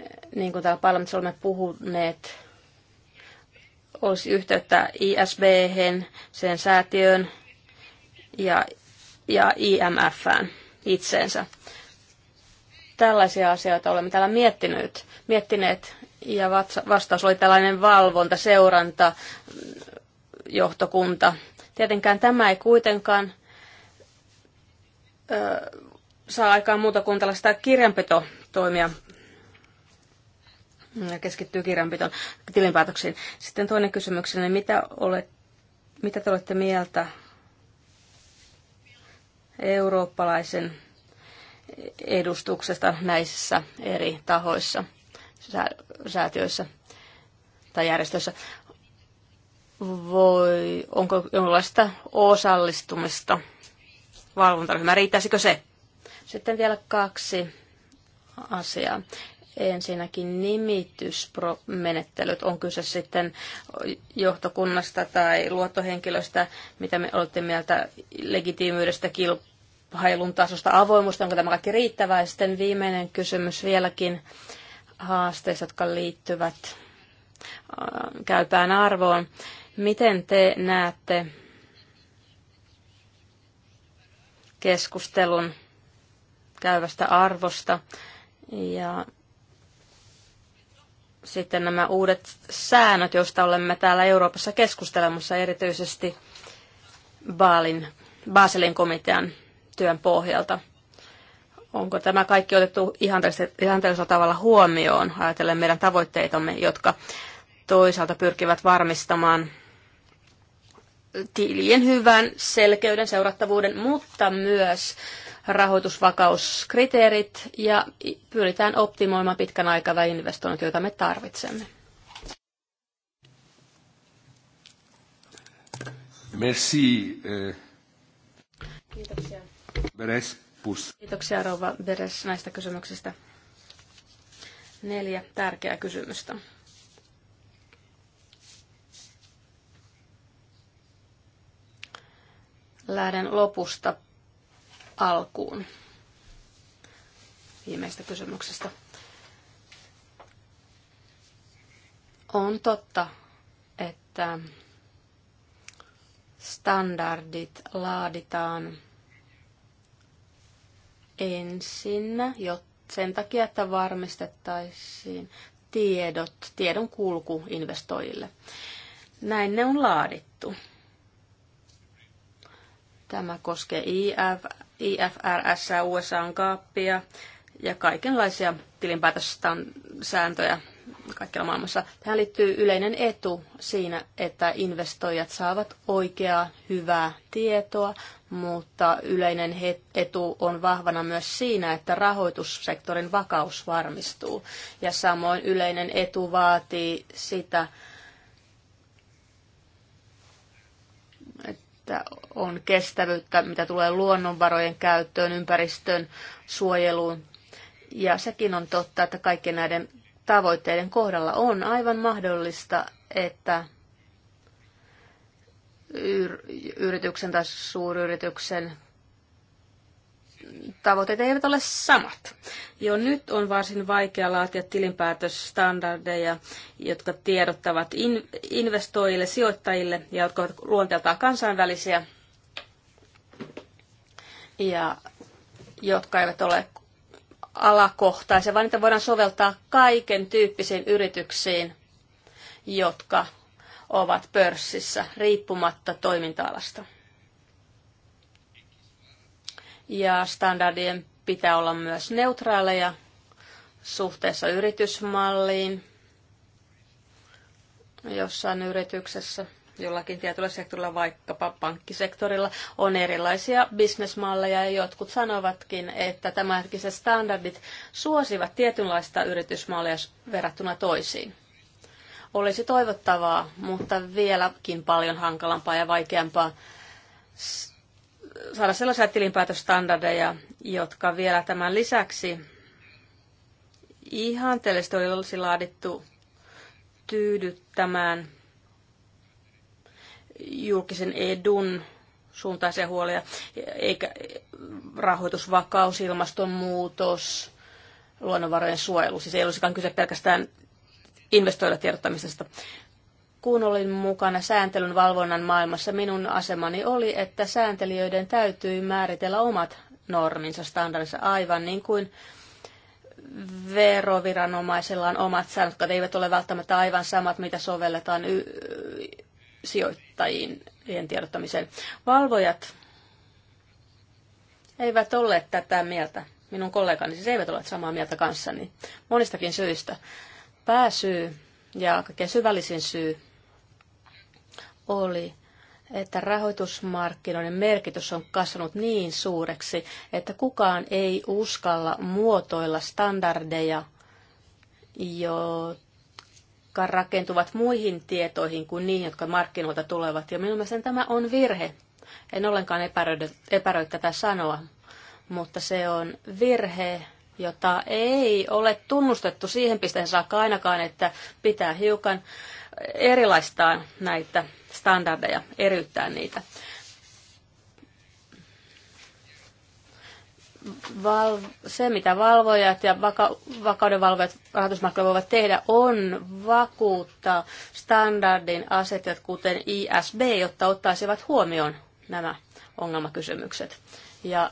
eh, niin kuin täällä parlamentissa olemme puhuneet, olisi yhteyttä ISB, sen säätiöön ja, ja IMF itseensä. Tällaisia asioita olemme täällä miettineet, miettineet ja vastaus oli tällainen valvonta, seuranta, johtokunta. Tietenkään tämä ei kuitenkaan ö, saa aikaan muuta kuin tällaista kirjanpitotoimia ja keskittyy kirjanpiton tilinpäätöksiin. Sitten toinen kysymys niin mitä, olet, mitä te olette mieltä eurooppalaisen edustuksesta näissä eri tahoissa, säätiöissä tai järjestöissä. Voi, onko jonkinlaista osallistumista valvontaryhmään? Riittäisikö se? Sitten vielä kaksi asiaa. Ensinnäkin nimitysmenettelyt on kyse sitten johtokunnasta tai luottohenkilöstä, mitä me olette mieltä legitiimyydestä kilpailusta hailun tasosta avoimusta, onko tämä kaikki riittävää. Ja sitten viimeinen kysymys vieläkin haasteista, jotka liittyvät äh, käypään arvoon. Miten te näette keskustelun käyvästä arvosta ja sitten nämä uudet säännöt, joista olemme täällä Euroopassa keskustelemassa, erityisesti Baalin, Baselin komitean työn pohjalta. Onko tämä kaikki otettu ihanteellisella tavalla huomioon, ajatellen meidän tavoitteitamme, jotka toisaalta pyrkivät varmistamaan tilien hyvän selkeyden, seurattavuuden, mutta myös rahoitusvakauskriteerit ja pyritään optimoimaan pitkän aikavälin investoinnit, joita me tarvitsemme. Merci. Euh, Kiitoksia. Beres, pus. Kiitoksia Rova Beres näistä kysymyksistä. Neljä tärkeää kysymystä. Lähden lopusta alkuun viimeistä kysymyksestä. On totta, että standardit laaditaan ensinnä, jo sen takia, että varmistettaisiin tiedot, tiedon kulku investoijille. Näin ne on laadittu. Tämä koskee IF, IFRS, USA on kaappia, ja kaikenlaisia tilinpäätössääntöjä kaikkialla maailmassa. Tähän liittyy yleinen etu siinä, että investoijat saavat oikeaa, hyvää tietoa, mutta yleinen etu on vahvana myös siinä, että rahoitussektorin vakaus varmistuu. Ja samoin yleinen etu vaatii sitä, että on kestävyyttä, mitä tulee luonnonvarojen käyttöön, ympäristön suojeluun ja sekin on totta, että kaikkien näiden tavoitteiden kohdalla on aivan mahdollista, että yrityksen tai suuryrityksen tavoitteet eivät ole samat. Jo nyt on varsin vaikea laatia tilinpäätösstandardeja, jotka tiedottavat in- investoijille, sijoittajille ja jotka ovat luonteeltaan kansainvälisiä ja jotka eivät ole alakohtaisia, vaan niitä voidaan soveltaa kaiken tyyppisiin yrityksiin, jotka ovat pörssissä riippumatta toiminta-alasta. Ja standardien pitää olla myös neutraaleja suhteessa yritysmalliin jossain yrityksessä – jollakin tietyllä sektorilla, vaikkapa pankkisektorilla, on erilaisia bisnesmalleja ja jotkut sanovatkin, että tämänhetkiset standardit suosivat tietynlaista yritysmallia verrattuna toisiin. Olisi toivottavaa, mutta vieläkin paljon hankalampaa ja vaikeampaa saada sellaisia tilinpäätöstandardeja, jotka vielä tämän lisäksi ihanteellisesti olisi laadittu tyydyttämään – julkisen edun suuntaisia huolia, eikä rahoitusvakaus, ilmastonmuutos, luonnonvarojen suojelu. Siis ei olisikaan kyse pelkästään investoida tiedottamisesta. Kun olin mukana sääntelyn valvonnan maailmassa, minun asemani oli, että sääntelijöiden täytyy määritellä omat norminsa, standardinsa, aivan niin kuin veroviranomaisilla on omat säännöt, jotka eivät ole välttämättä aivan samat, mitä sovelletaan sijoittajien tiedottamiseen. Valvojat eivät ole tätä mieltä. Minun kollegani siis eivät ole samaa mieltä kanssani monistakin syistä. Pääsyy ja kaikkein syvällisin syy oli, että rahoitusmarkkinoiden merkitys on kasvanut niin suureksi, että kukaan ei uskalla muotoilla standardeja, joita jotka rakentuvat muihin tietoihin kuin niihin, jotka markkinoilta tulevat. Ja minun mielestäni tämä on virhe. En ollenkaan epäröi, epäröi tätä sanoa, mutta se on virhe, jota ei ole tunnustettu siihen pisteen saakka ainakaan, että pitää hiukan erilaistaa näitä standardeja, eriyttää niitä. val- se, mitä valvojat ja vaka- vakaudenvalvojat rahoitusmarkkinoilla voivat tehdä, on vakuuttaa standardin asetet, kuten ISB, jotta ottaisivat huomioon nämä ongelmakysymykset. Ja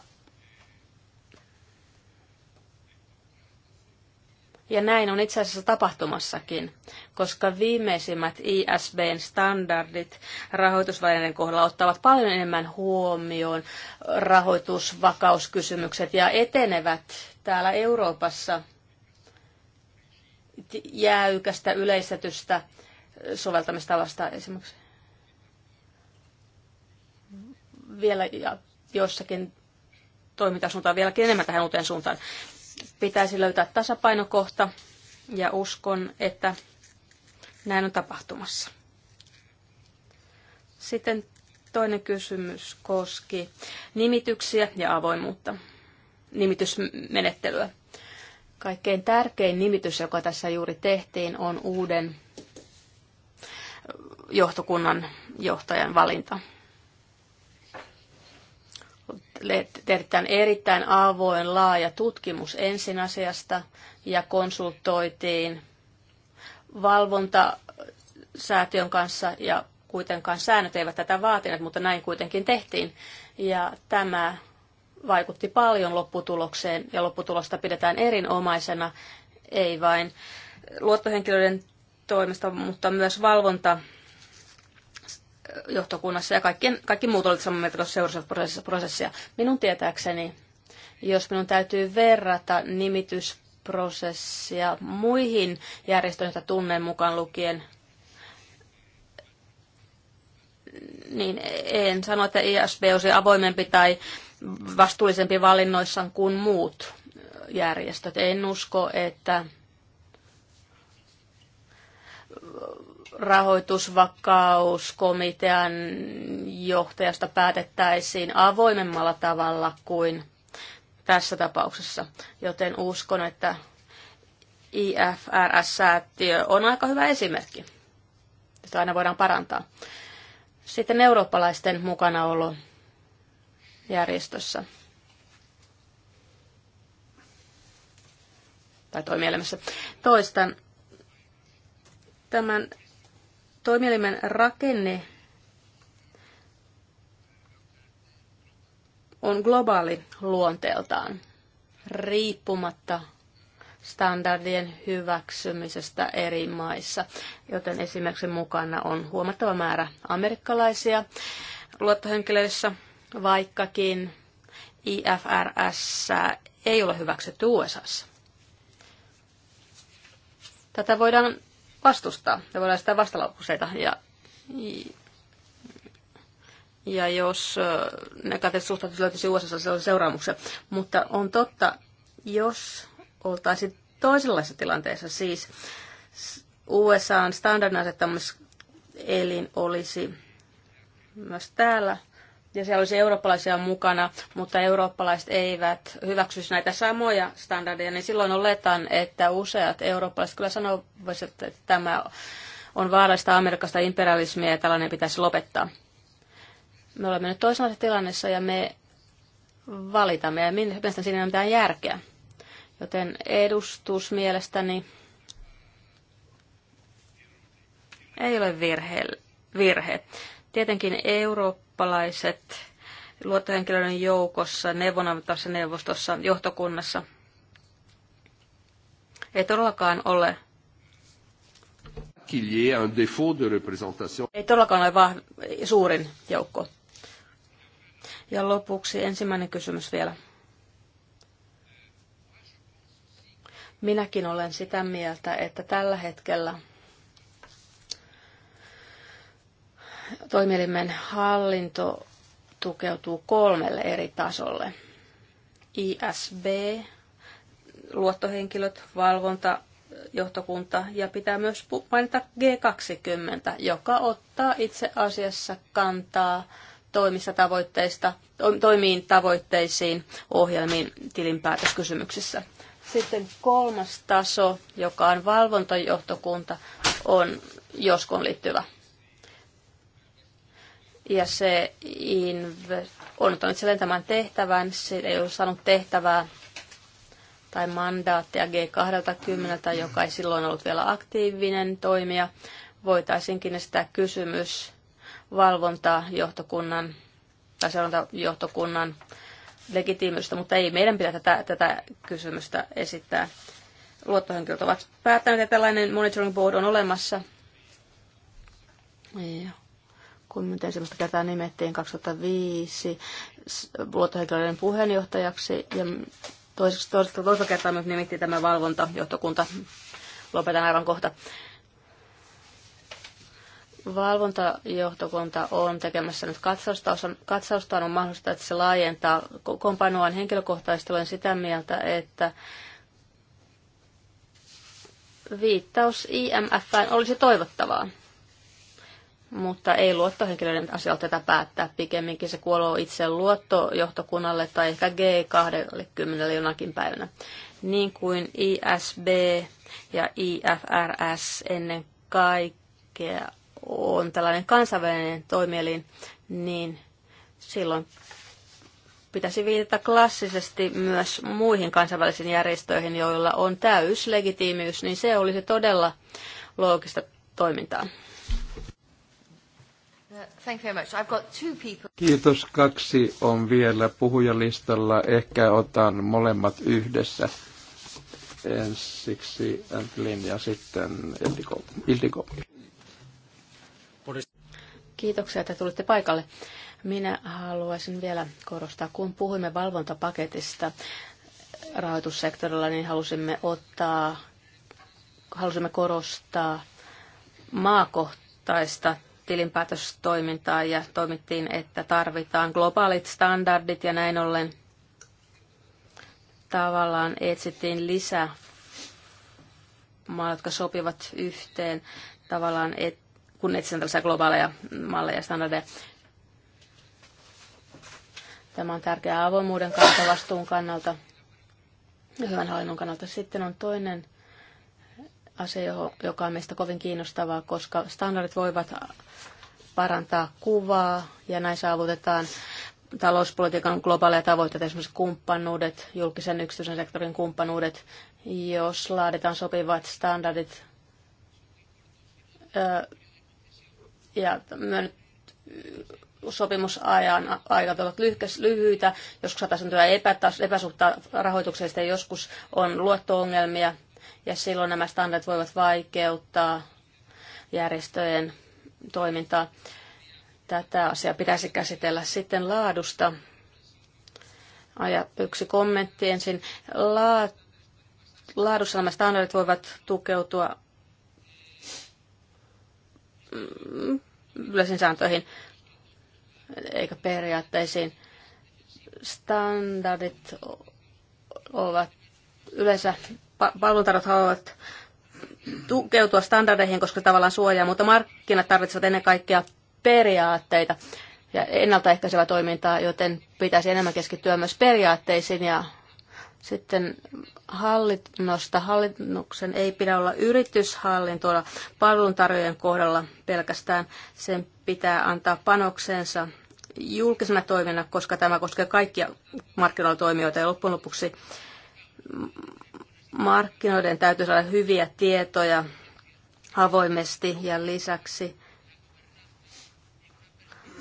Ja näin on itse asiassa tapahtumassakin, koska viimeisimmät ISBn standardit rahoitusvälineiden kohdalla ottavat paljon enemmän huomioon rahoitusvakauskysymykset ja etenevät täällä Euroopassa jäykästä yleistetystä soveltamistavasta esimerkiksi vielä ja jossakin toimintasuuntaan vieläkin enemmän tähän uuteen suuntaan pitäisi löytää tasapainokohta ja uskon, että näin on tapahtumassa. Sitten toinen kysymys koski nimityksiä ja avoimuutta, nimitysmenettelyä. Kaikkein tärkein nimitys, joka tässä juuri tehtiin, on uuden johtokunnan johtajan valinta tehdään erittäin avoin laaja tutkimus ensin asiasta ja konsultoitiin valvontasäätiön kanssa ja kuitenkaan säännöt eivät tätä vaatineet, mutta näin kuitenkin tehtiin. Ja tämä vaikutti paljon lopputulokseen ja lopputulosta pidetään erinomaisena, ei vain luottohenkilöiden toimesta, mutta myös valvonta johtokunnassa ja kaikki, kaikki muut olivat samaa mieltä, seuraavassa prosessissa, prosessissa. Minun tietääkseni, jos minun täytyy verrata nimitysprosessia muihin järjestöihin, joita tunnen mukaan lukien, niin en sano, että ISB olisi avoimempi tai vastuullisempi valinnoissaan kuin muut järjestöt. En usko, että rahoitusvakauskomitean johtajasta päätettäisiin avoimemmalla tavalla kuin tässä tapauksessa, joten uskon, että IFRS-säätiö on aika hyvä esimerkki, jota aina voidaan parantaa. Sitten eurooppalaisten mukanaolo järjestössä tai toimielimessä. Toistan tämän toimielimen rakenne on globaali luonteeltaan, riippumatta standardien hyväksymisestä eri maissa, joten esimerkiksi mukana on huomattava määrä amerikkalaisia luottohenkilöissä, vaikkakin IFRS ei ole hyväksytty USAssa. Tätä voidaan vastustaa ja voidaan sitä vastalauseita. Ja, ja jos negatiiviset suhtautumiset löytyisi USA, se olisi seuraamuksia. Mutta on totta, jos oltaisiin toisenlaisessa tilanteessa, siis on standardin asettamus elin olisi myös täällä – ja siellä olisi eurooppalaisia mukana, mutta eurooppalaiset eivät hyväksyisi näitä samoja standardeja, niin silloin oletan, että useat eurooppalaiset kyllä sanoisivat, että tämä on vaarallista Amerikasta imperialismia ja tällainen pitäisi lopettaa. Me olemme nyt toisenlaisessa tilanteessa ja me valitamme ja mielestäni siinä ei ole mitään järkeä. Joten edustus mielestäni ei ole virhe. virhe. Tietenkin eurooppalaiset luottohenkilöiden joukossa, neuvonantavassa neuvostossa, johtokunnassa ei todellakaan ole ei todellakaan ole vaan suurin joukko. Ja lopuksi ensimmäinen kysymys vielä. Minäkin olen sitä mieltä, että tällä hetkellä – toimielimen hallinto tukeutuu kolmelle eri tasolle. ISB, luottohenkilöt, valvonta, johtokunta ja pitää myös mainita G20, joka ottaa itse asiassa kantaa toimissa tavoitteista, toimiin tavoitteisiin ohjelmiin tilinpäätöskysymyksissä. Sitten kolmas taso, joka on valvontajohtokunta, on joskon liittyvä ja se inv- on ottanut itselleen tämän tehtävän, se ei ole saanut tehtävää tai mandaattia G20, joka ei silloin ollut vielä aktiivinen toimija. Voitaisinkin esittää kysymys valvontajohtokunnan tai seurantajohtokunnan legitiimiydestä, mutta ei meidän pidä tätä, tätä kysymystä esittää. Luottohenkilöt ovat päättäneet, että tällainen monitoring board on olemassa. Ja kun nyt sellaista kertaa nimettiin 2005 luottohenkilöiden puheenjohtajaksi ja toiseksi, toista, toista kertaa myös nimittiin tämä valvontajohtokunta. Lopetan aivan kohta. Valvontajohtokunta on tekemässä nyt katsausta. katsausta on mahdollista, että se laajentaa Kompanoan henkilökohtaisesti. Olen sitä mieltä, että viittaus IMFään olisi toivottavaa mutta ei luottohenkilöiden asialla tätä päättää. Pikemminkin se kuoloo itse luottojohtokunnalle tai ehkä G20 jonakin päivänä. Niin kuin ISB ja IFRS ennen kaikkea on tällainen kansainvälinen toimielin, niin silloin pitäisi viitata klassisesti myös muihin kansainvälisiin järjestöihin, joilla on täys legitiimiys, niin se olisi todella loogista toimintaa. Kiitos. Kaksi on vielä puhujalistalla. Ehkä otan molemmat yhdessä. Ensiksi Antlin ja sitten Ildiko. Kiitoksia, että tulitte paikalle. Minä haluaisin vielä korostaa, kun puhuimme valvontapaketista rahoitussektorilla, niin halusimme ottaa, halusimme korostaa maakohtaista tilinpäätöstoimintaa ja toimittiin, että tarvitaan globaalit standardit ja näin ollen tavallaan etsittiin lisää maat, jotka sopivat yhteen tavallaan, et, kun etsitään tällaisia globaaleja malleja ja standardeja. Tämä on tärkeää avoimuuden kannalta, vastuun kannalta ja hyvän hallinnon kannalta. Sitten on toinen asia, joka on meistä kovin kiinnostavaa, koska standardit voivat parantaa kuvaa ja näin saavutetaan talouspolitiikan globaaleja tavoitteita, esimerkiksi kumppanuudet, julkisen yksityisen sektorin kumppanuudet, jos laaditaan sopivat standardit ja sopimusajan aikat ovat lyhyitä, joskus saattaa syntyä epäsuhtaa rahoituksesta ja joskus on luottoongelmia, ja silloin nämä standardit voivat vaikeuttaa järjestöjen toimintaa. Tätä asiaa pitäisi käsitellä sitten laadusta. yksi kommentti ensin. laadussa nämä standardit voivat tukeutua mm, yleisiin sääntöihin eikä periaatteisiin. Standardit ovat yleensä palveluntarjot haluavat tukeutua standardeihin, koska tavallaan suojaa, mutta markkinat tarvitsevat ennen kaikkea periaatteita ja ennaltaehkäisevää toimintaa, joten pitäisi enemmän keskittyä myös periaatteisiin ja sitten hallinnosta. Hallinnuksen ei pidä olla yrityshallintona palveluntarjoajien kohdalla pelkästään. Sen pitää antaa panoksensa julkisena toimina, koska tämä koskee kaikkia markkinoilla toimijoita ja loppujen lopuksi Markkinoiden täytyy saada hyviä tietoja avoimesti ja lisäksi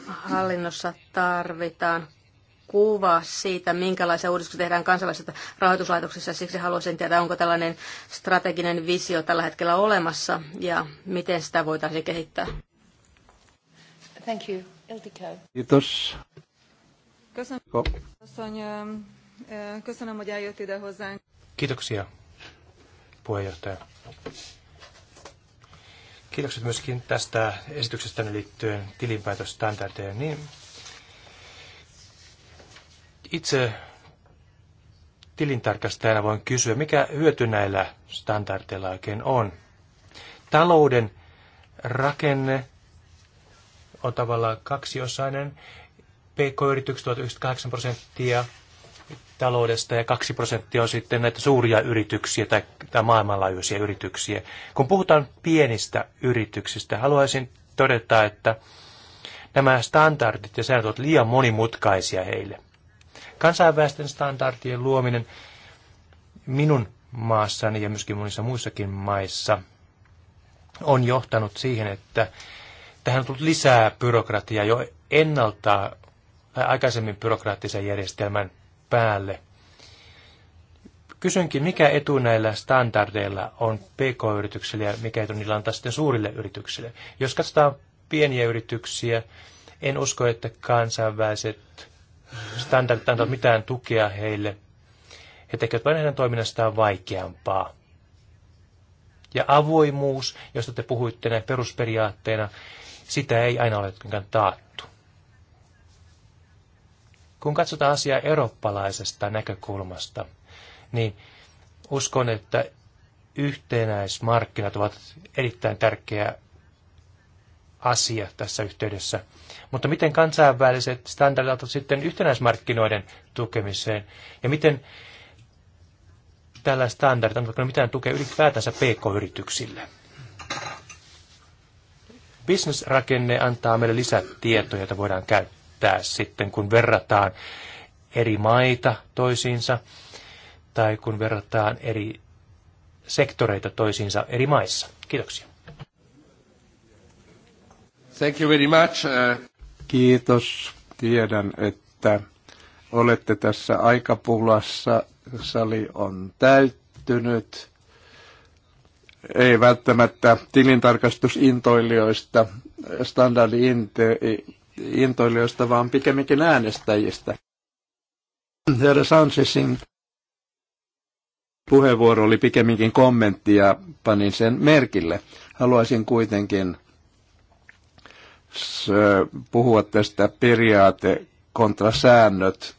hallinnossa tarvitaan kuva siitä, minkälaisia uudistuksia tehdään kansainvälisissä rahoituslaitoksessa. Siksi haluaisin tietää, onko tällainen strateginen visio tällä hetkellä olemassa ja miten sitä voitaisiin kehittää. Thank you. Iltika. Kiitos. Köszönöm, köszönöm, hogy eljött ide hozzánk. Kiitoksia puheenjohtaja. Kiitokset myöskin tästä esityksestä liittyen tilinpäätöstandardeihin. Niin itse tilintarkastajana voin kysyä, mikä hyöty näillä standardeilla oikein on? Talouden rakenne on tavallaan kaksiosainen. PK-yritykset 98 prosenttia taloudesta ja 2 prosenttia on sitten näitä suuria yrityksiä tai, tai maailmanlaajuisia yrityksiä. Kun puhutaan pienistä yrityksistä, haluaisin todeta, että nämä standardit ja säännöt ovat liian monimutkaisia heille. Kansainvälisten standardien luominen minun maassani ja myöskin monissa muissakin maissa on johtanut siihen, että tähän on tullut lisää byrokratiaa jo ennalta aikaisemmin byrokraattisen järjestelmän päälle. Kysynkin, mikä etu näillä standardeilla on pk-yrityksille ja mikä etu niillä antaa sitten suurille yrityksille. Jos katsotaan pieniä yrityksiä, en usko, että kansainväliset standardit antavat mitään tukea heille. He tekevät vain heidän toiminnastaan vaikeampaa. Ja avoimuus, josta te puhuitte näin perusperiaatteena, sitä ei aina ole taattu. Kun katsotaan asiaa eurooppalaisesta näkökulmasta, niin uskon, että yhtenäismarkkinat ovat erittäin tärkeä asia tässä yhteydessä. Mutta miten kansainväliset standardit sitten yhtenäismarkkinoiden tukemiseen ja miten tällä standardit antavatko ne mitään tukea ylipäätänsä pk-yrityksille? Bisnesrakenne antaa meille lisätietoja, joita voidaan käyttää näyttää sitten, kun verrataan eri maita toisiinsa tai kun verrataan eri sektoreita toisiinsa eri maissa. Kiitoksia. Thank you very much. Uh, Kiitos. Tiedän, että olette tässä aikapulassa. Sali on täyttynyt. Ei välttämättä tilintarkastusintoilijoista standardi intoilijoista, vaan pikemminkin äänestäjistä. Herra Sanchezin puheenvuoro oli pikemminkin kommentti ja panin sen merkille. Haluaisin kuitenkin puhua tästä periaate kontra säännöt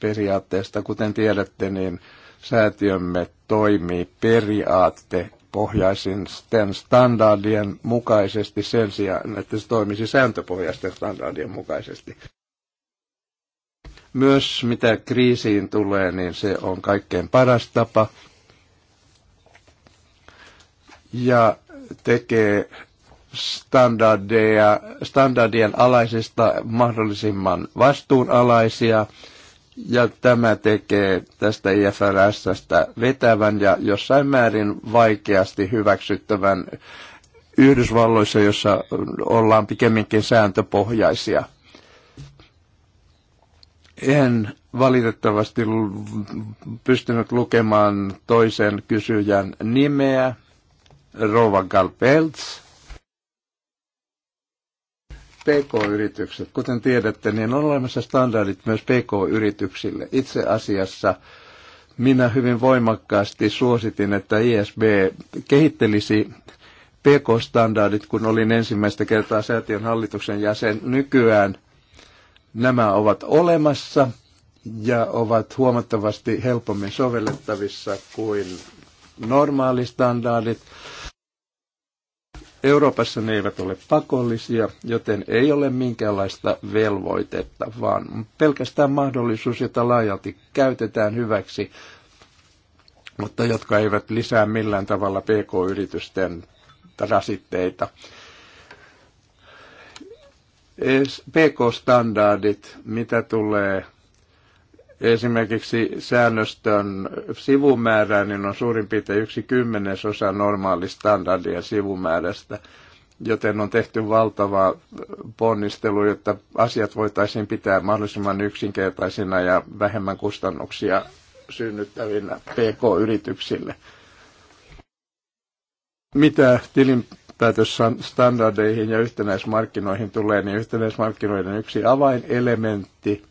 periaatteesta. Kuten tiedätte, niin säätiömme toimii periaatte pohjaisen standardien mukaisesti sen sijaan, että se toimisi sääntöpohjaisten standardien mukaisesti. Myös mitä kriisiin tulee, niin se on kaikkein paras tapa. Ja tekee standardeja, standardien alaisista mahdollisimman vastuunalaisia – ja tämä tekee tästä IFRSstä vetävän ja jossain määrin vaikeasti hyväksyttävän Yhdysvalloissa, jossa ollaan pikemminkin sääntöpohjaisia. En valitettavasti pystynyt lukemaan toisen kysyjän nimeä, Rova Galpeltz. PK-yritykset. Kuten tiedätte, niin on olemassa standardit myös PK-yrityksille. Itse asiassa minä hyvin voimakkaasti suositin, että ISB kehittelisi PK-standardit, kun olin ensimmäistä kertaa säätiön hallituksen jäsen. Nykyään nämä ovat olemassa ja ovat huomattavasti helpommin sovellettavissa kuin normaalistandardit. standardit Euroopassa ne eivät ole pakollisia, joten ei ole minkäänlaista velvoitetta, vaan pelkästään mahdollisuus, jota laajalti käytetään hyväksi, mutta jotka eivät lisää millään tavalla pk-yritysten rasitteita. PK-standardit, mitä tulee esimerkiksi säännöstön sivumäärää, niin on suurin piirtein yksi kymmenesosa normaalistandardia sivumäärästä, joten on tehty valtava ponnistelu, jotta asiat voitaisiin pitää mahdollisimman yksinkertaisina ja vähemmän kustannuksia synnyttävinä PK-yrityksille. Mitä tilinpäätösstandardeihin ja yhtenäismarkkinoihin tulee, niin yhtenäismarkkinoiden yksi avainelementti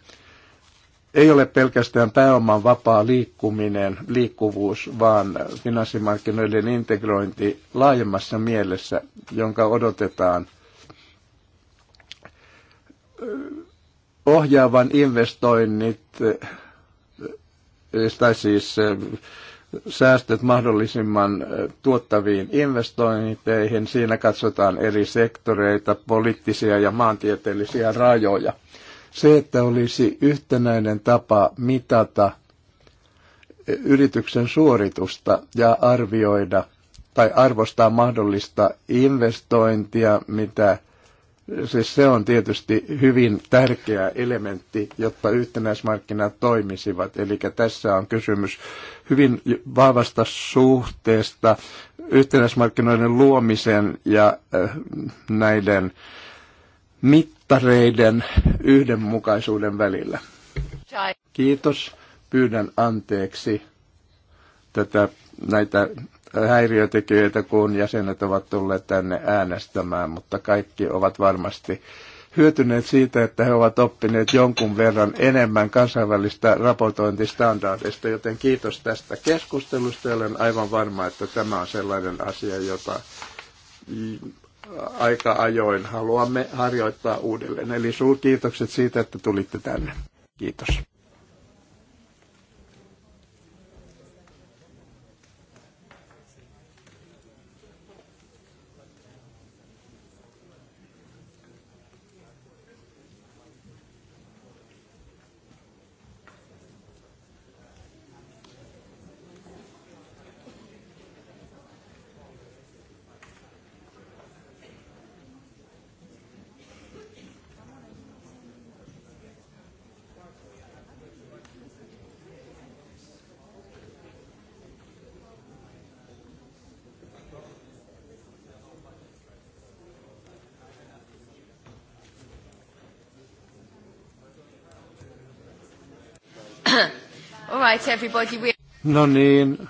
ei ole pelkästään pääoman vapaa liikkuminen, liikkuvuus, vaan finanssimarkkinoiden integrointi laajemmassa mielessä, jonka odotetaan ohjaavan investoinnit, tai siis eh, säästöt mahdollisimman eh, tuottaviin investointeihin. Siinä katsotaan eri sektoreita, poliittisia ja maantieteellisiä rajoja. Se, että olisi yhtenäinen tapa mitata eh, yrityksen suoritusta ja arvioida tai arvostaa mahdollista investointia, mitä eh, siis se on tietysti hyvin tärkeä elementti, jotta yhtenäismarkkinat toimisivat. Eli tässä on kysymys hyvin vahvasta suhteesta yhtenäismarkkinoiden luomisen ja eh, näiden mit- mittareiden yhdenmukaisuuden välillä. Kiitos. Pyydän anteeksi tätä, näitä häiriötekijöitä, kun jäsenet ovat tulleet tänne äänestämään, mutta kaikki ovat varmasti hyötyneet siitä, että he ovat oppineet jonkun verran enemmän kansainvälistä raportointistandardista, joten kiitos tästä keskustelusta. Olen aivan varma, että tämä on sellainen asia, jota aika ajoin haluamme harjoittaa uudelleen. Eli suurkiitokset siitä, että tulitte tänne. Kiitos. right, everybody. We... No niin,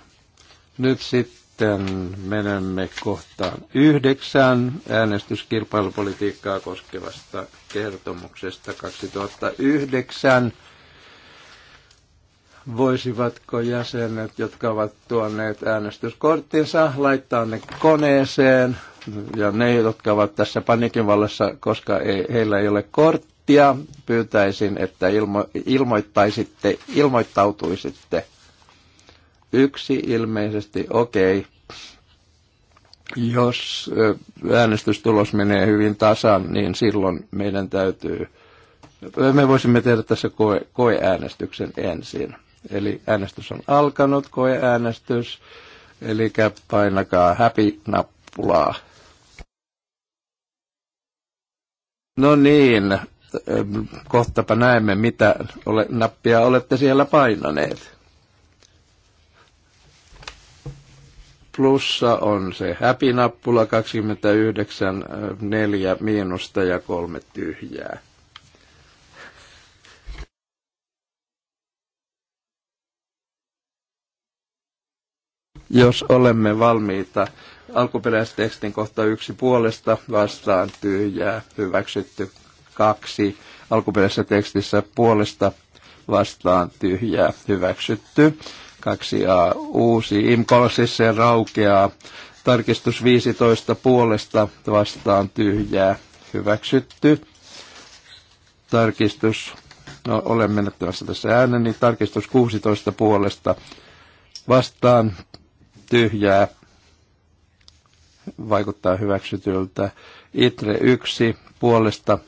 nyt sitten menemme kohtaan yhdeksän äänestyskilpailupolitiikkaa koskevasta kertomuksesta 2009. Voisivatko jäsenet, jotka ovat tuoneet äänestyskorttinsa, laittaa ne koneeseen ja ne, jotka ovat tässä panikin vallassa, koska ei, heillä ei ole korttia, minuuttia pyytäisin, että ilmo, ilmoittaisitte, ilmoittautuisitte. Yksi ilmeisesti, okei. Okay. Jos äänestystulos menee hyvin tasan, niin silloin meidän täytyy, me voisimme tehdä tässä koe, koeäänestyksen ensin. Eli äänestys on alkanut, koeäänestys, eli painakaa häpi-nappulaa. No niin, kohtapa näemme, mitä ole, nappia olette siellä painaneet. Plussa on se häpinappula 29, 4 miinusta ja kolme tyhjää. Jos olemme valmiita alkuperäistekstin kohta yksi puolesta vastaan tyhjää hyväksytty kaksi alkuperäisessä tekstissä puolesta vastaan tyhjää hyväksytty. 2a uusi imkolsissa raukeaa. Tarkistus 15 puolesta vastaan tyhjää hyväksytty. Tarkistus, no olen menettämässä tässä äänen, niin tarkistus 16 puolesta vastaan tyhjää vaikuttaa hyväksytyltä. Itre 1 puolesta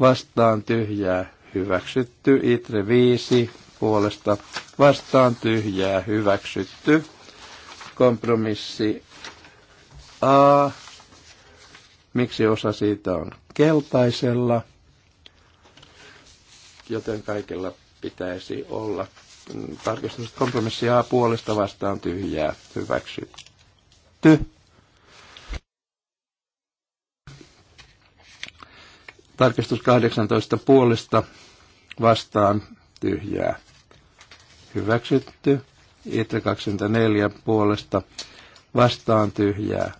vastaan tyhjää hyväksytty. Itre viisi puolesta vastaan tyhjää hyväksytty. Kompromissi A. Miksi osa siitä on keltaisella? Joten kaikilla pitäisi olla tarkistus kompromissi A puolesta vastaan tyhjää hyväksytty. Tarkistus 18 puolesta vastaan tyhjää. Hyväksytty. Itre 24 puolesta vastaan tyhjää.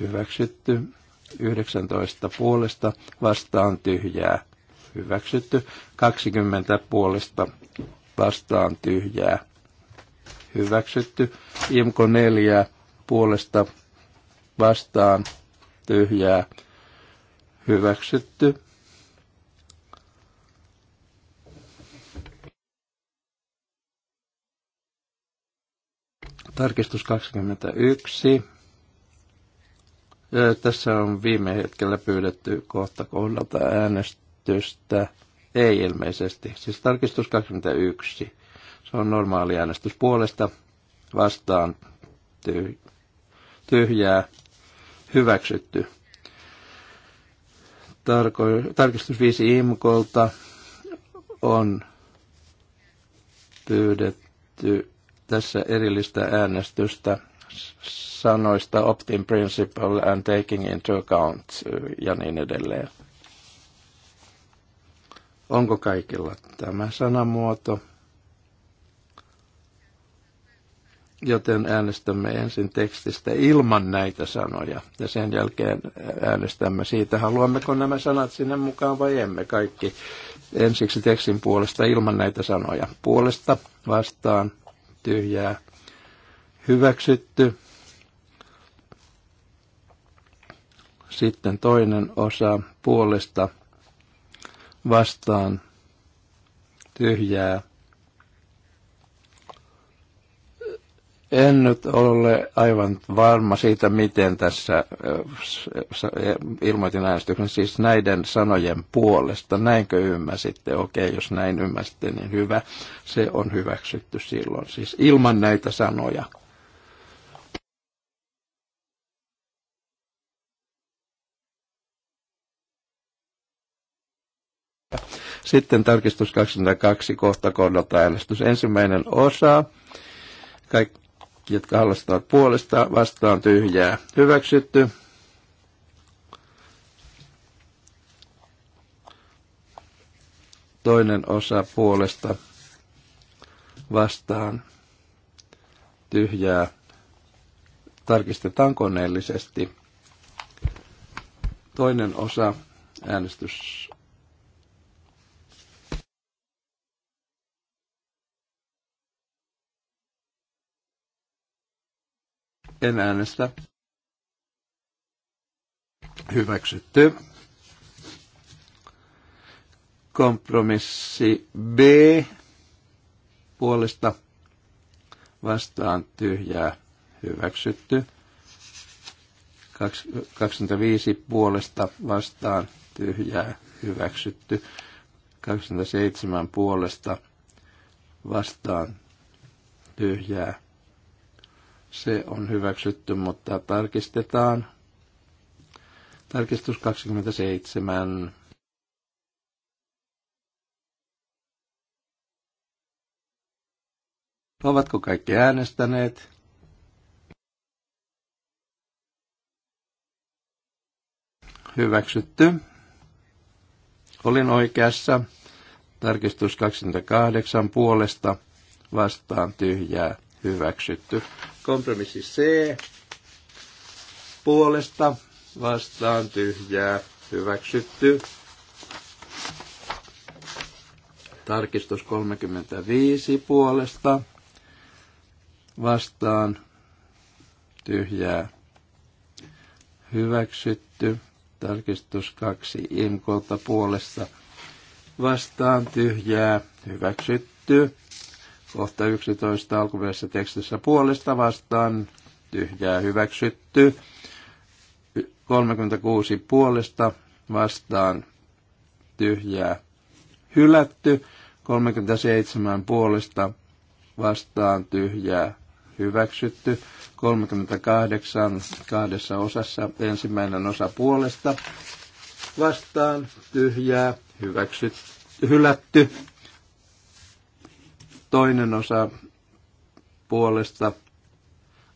Hyväksytty. 19 puolesta vastaan tyhjää. Hyväksytty. 20 puolesta vastaan tyhjää. Hyväksytty. Imko 4 puolesta vastaan tyhjää. Hyväksytty. Tarkistus 21. Tässä on viime hetkellä pyydetty kohta kohdalta äänestystä. Ei ilmeisesti. Siis tarkistus 21. Se on normaali äänestys puolesta. Vastaan tyhjää. Hyväksytty. Tarko- tarkistus 5 IMKolta on pyydetty tässä erillistä äänestystä sanoista opt-in principle and taking into account äh, ja niin edelleen. Onko kaikilla tämä sanamuoto? Joten äänestämme ensin tekstistä ilman näitä sanoja ja sen jälkeen äänestämme siitä, haluammeko nämä sanat sinne mukaan vai emme kaikki. Ensiksi tekstin puolesta ilman näitä sanoja. Puolesta vastaan tyhjää hyväksytty. Sitten toinen osa puolesta vastaan tyhjää En nyt ole aivan varma siitä, miten tässä ilmoitin äänestyksen, siis näiden sanojen puolesta. Näinkö ymmärsitte? Okei, jos näin ymmärsitte, niin hyvä. Se on hyväksytty silloin, siis ilman näitä sanoja. Sitten tarkistus 22 kohta kohdalta äänestys. Ensimmäinen osa. Kaik- kaikki, jotka halustavat puolesta, vastaan tyhjää. Hyväksytty. Toinen osa puolesta vastaan tyhjää. Tarkistetaan koneellisesti. Toinen osa äänestys En äänestä. Hyväksytty. Kompromissi B puolesta vastaan tyhjää hyväksytty. 25 puolesta vastaan tyhjää hyväksytty. 27 puolesta vastaan tyhjää se on hyväksytty, mutta tarkistetaan. Tarkistus 27. Ovatko kaikki äänestäneet? Hyväksytty. Olin oikeassa. Tarkistus 28 puolesta vastaan tyhjää hyväksytty. Kompromissi C puolesta vastaan tyhjää hyväksytty. Tarkistus 35 puolesta vastaan tyhjää hyväksytty. Tarkistus 2 imkolta puolesta vastaan tyhjää hyväksytty kohta 11 alkuperäisessä tekstissä puolesta vastaan, tyhjää hyväksytty. 36 puolesta vastaan, tyhjää hylätty. 37 puolesta vastaan, tyhjää hyväksytty. 38 kahdessa osassa, ensimmäinen osa puolesta vastaan, tyhjää hyväksytty, hylätty Toinen osa puolesta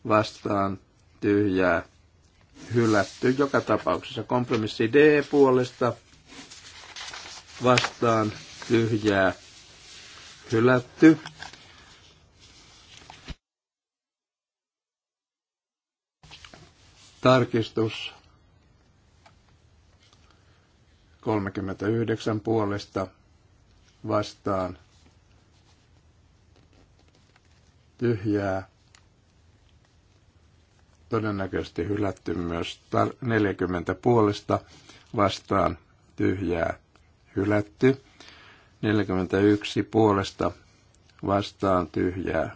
vastaan tyhjää hylätty joka tapauksessa. Kompromissi D puolesta vastaan tyhjää hylätty. Tarkistus 39 puolesta vastaan tyhjää. Todennäköisesti hylätty myös 40 puolesta vastaan tyhjää hylätty. 41 puolesta vastaan tyhjää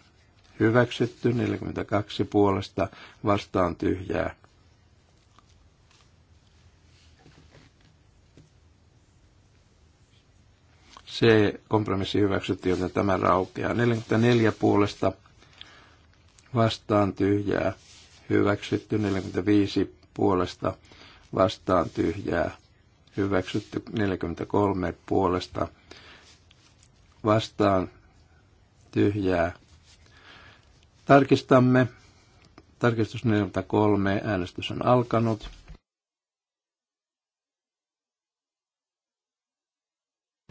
hyväksytty. 42 puolesta vastaan tyhjää C-kompromissi hyväksyttiin, joten tämä raukeaa. 44 puolesta vastaan tyhjää hyväksytty 45 puolesta vastaan tyhjää hyväksytty 43 puolesta vastaan tyhjää. Tarkistamme. Tarkistus 43. Äänestys on alkanut.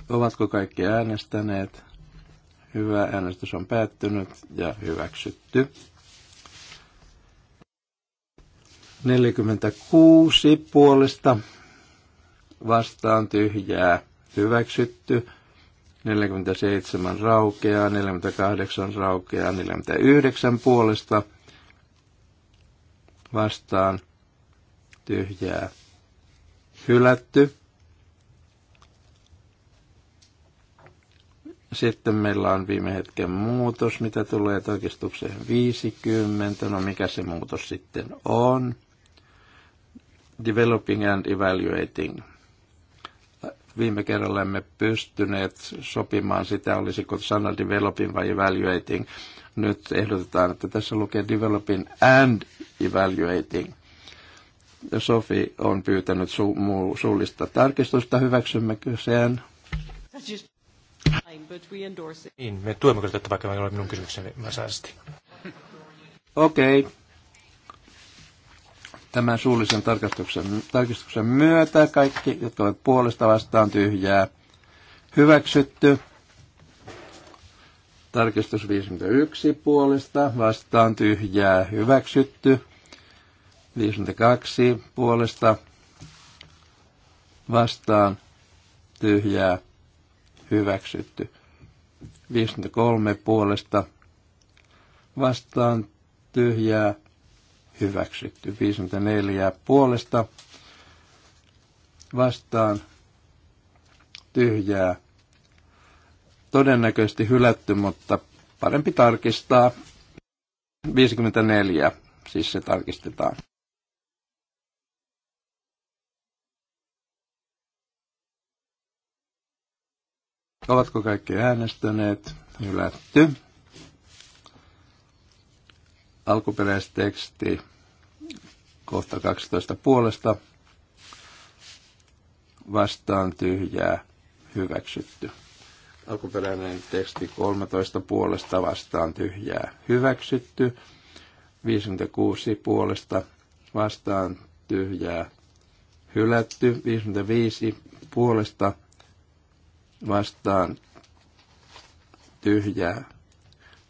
Ovatko kaikki äänestäneet? Hyvä, äänestys on päättynyt ja hyväksytty. 46 puolesta vastaan tyhjää hyväksytty. 47 raukeaa, 48 raukeaa, 49 puolesta vastaan tyhjää hylätty. Sitten meillä on viime hetken muutos, mitä tulee toikistukseen 50. No mikä se muutos sitten on? Developing and Evaluating. Viime kerralla emme pystyneet sopimaan sitä, olisiko sana developing vai evaluating. Nyt ehdotetaan, että tässä lukee developing and evaluating. Sofi on pyytänyt su- suullista tarkistusta. Hyväksymmekö sen? Niin, me tuemme kyllä tätä, vaikka minun kysymykseni Okei, okay. Tämän suullisen tarkastuksen, tarkistuksen myötä kaikki, jotka ovat puolesta vastaan tyhjää, hyväksytty. Tarkistus 51 puolesta vastaan tyhjää, hyväksytty. 52 puolesta vastaan tyhjää, hyväksytty. 53 puolesta vastaan tyhjää, hyväksytty. 54 puolesta vastaan tyhjää. Todennäköisesti hylätty, mutta parempi tarkistaa. 54, siis se tarkistetaan. Ovatko kaikki äänestäneet? Hylätty. Alkuperäisteksti kohta 12 puolesta vastaan tyhjää hyväksytty. Alkuperäinen teksti 13 puolesta vastaan tyhjää hyväksytty. 56 puolesta vastaan tyhjää hylätty. 55 puolesta vastaan tyhjää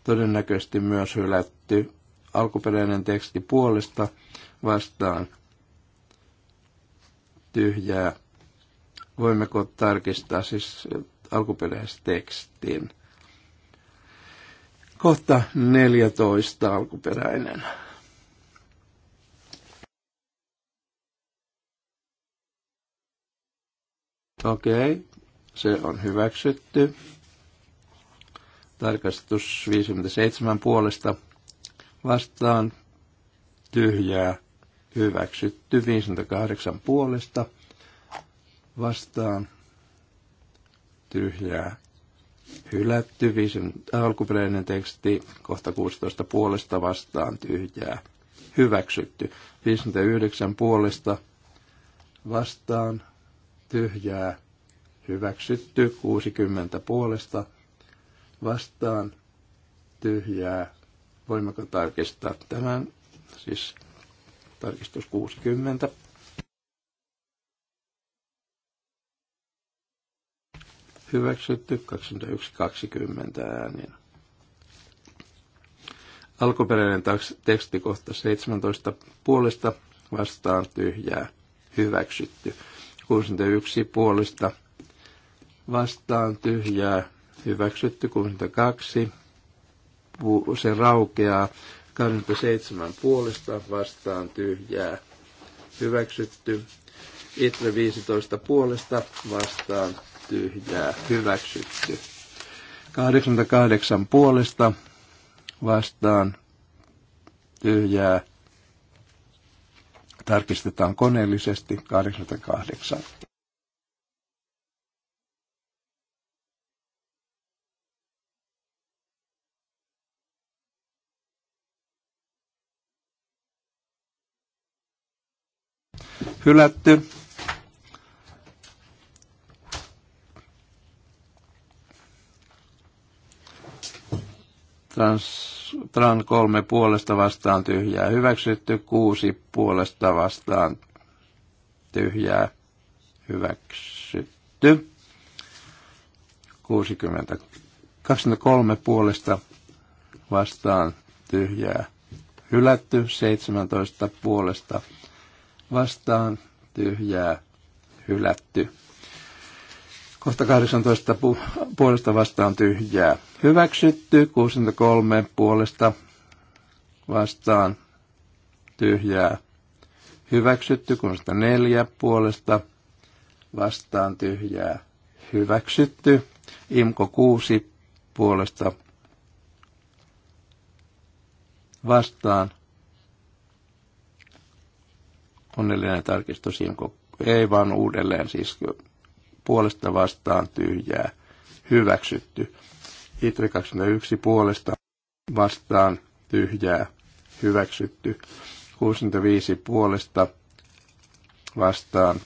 todennäköisesti myös hylätty alkuperäinen teksti puolesta vastaan tyhjää. Voimmeko tarkistaa siis alkuperäisen tekstin? Kohta 14 alkuperäinen. Okei, se on hyväksytty. Tarkastus 57 puolesta vastaan tyhjää hyväksytty. 58 puolesta vastaan tyhjää hylätty. Viisin, äh, alkuperäinen teksti kohta 16 puolesta vastaan tyhjää hyväksytty. 59 puolesta vastaan tyhjää hyväksytty. 60 puolesta vastaan tyhjää Voimmeko tarkistaa tämän? Siis tarkistus 60. Hyväksytty 21.20 äänin. Alkuperäinen teksti kohta 17 puolesta vastaan tyhjää hyväksytty. 61 puolesta vastaan tyhjää hyväksytty. 62 loppu, se raukeaa 27 puolesta vastaan tyhjää hyväksytty. Itre 15 puolesta vastaan tyhjää hyväksytty. 88 puolesta vastaan tyhjää tarkistetaan koneellisesti 88. hylätty. Trans, tran kolme puolesta vastaan tyhjää hyväksytty, kuusi puolesta vastaan tyhjää hyväksytty. 60, 23 puolesta vastaan tyhjää hylätty, 17 puolesta vastaan tyhjää hylätty. Kohta 18 pu- puolesta vastaan tyhjää hyväksytty. 63 puolesta vastaan tyhjää hyväksytty. 64 puolesta vastaan tyhjää hyväksytty. Imko 6 puolesta vastaan onnellinen tarkistus, jonka ei vaan uudelleen siis puolesta vastaan tyhjää hyväksytty. Itri 21 puolesta vastaan tyhjää hyväksytty. 65 puolesta vastaan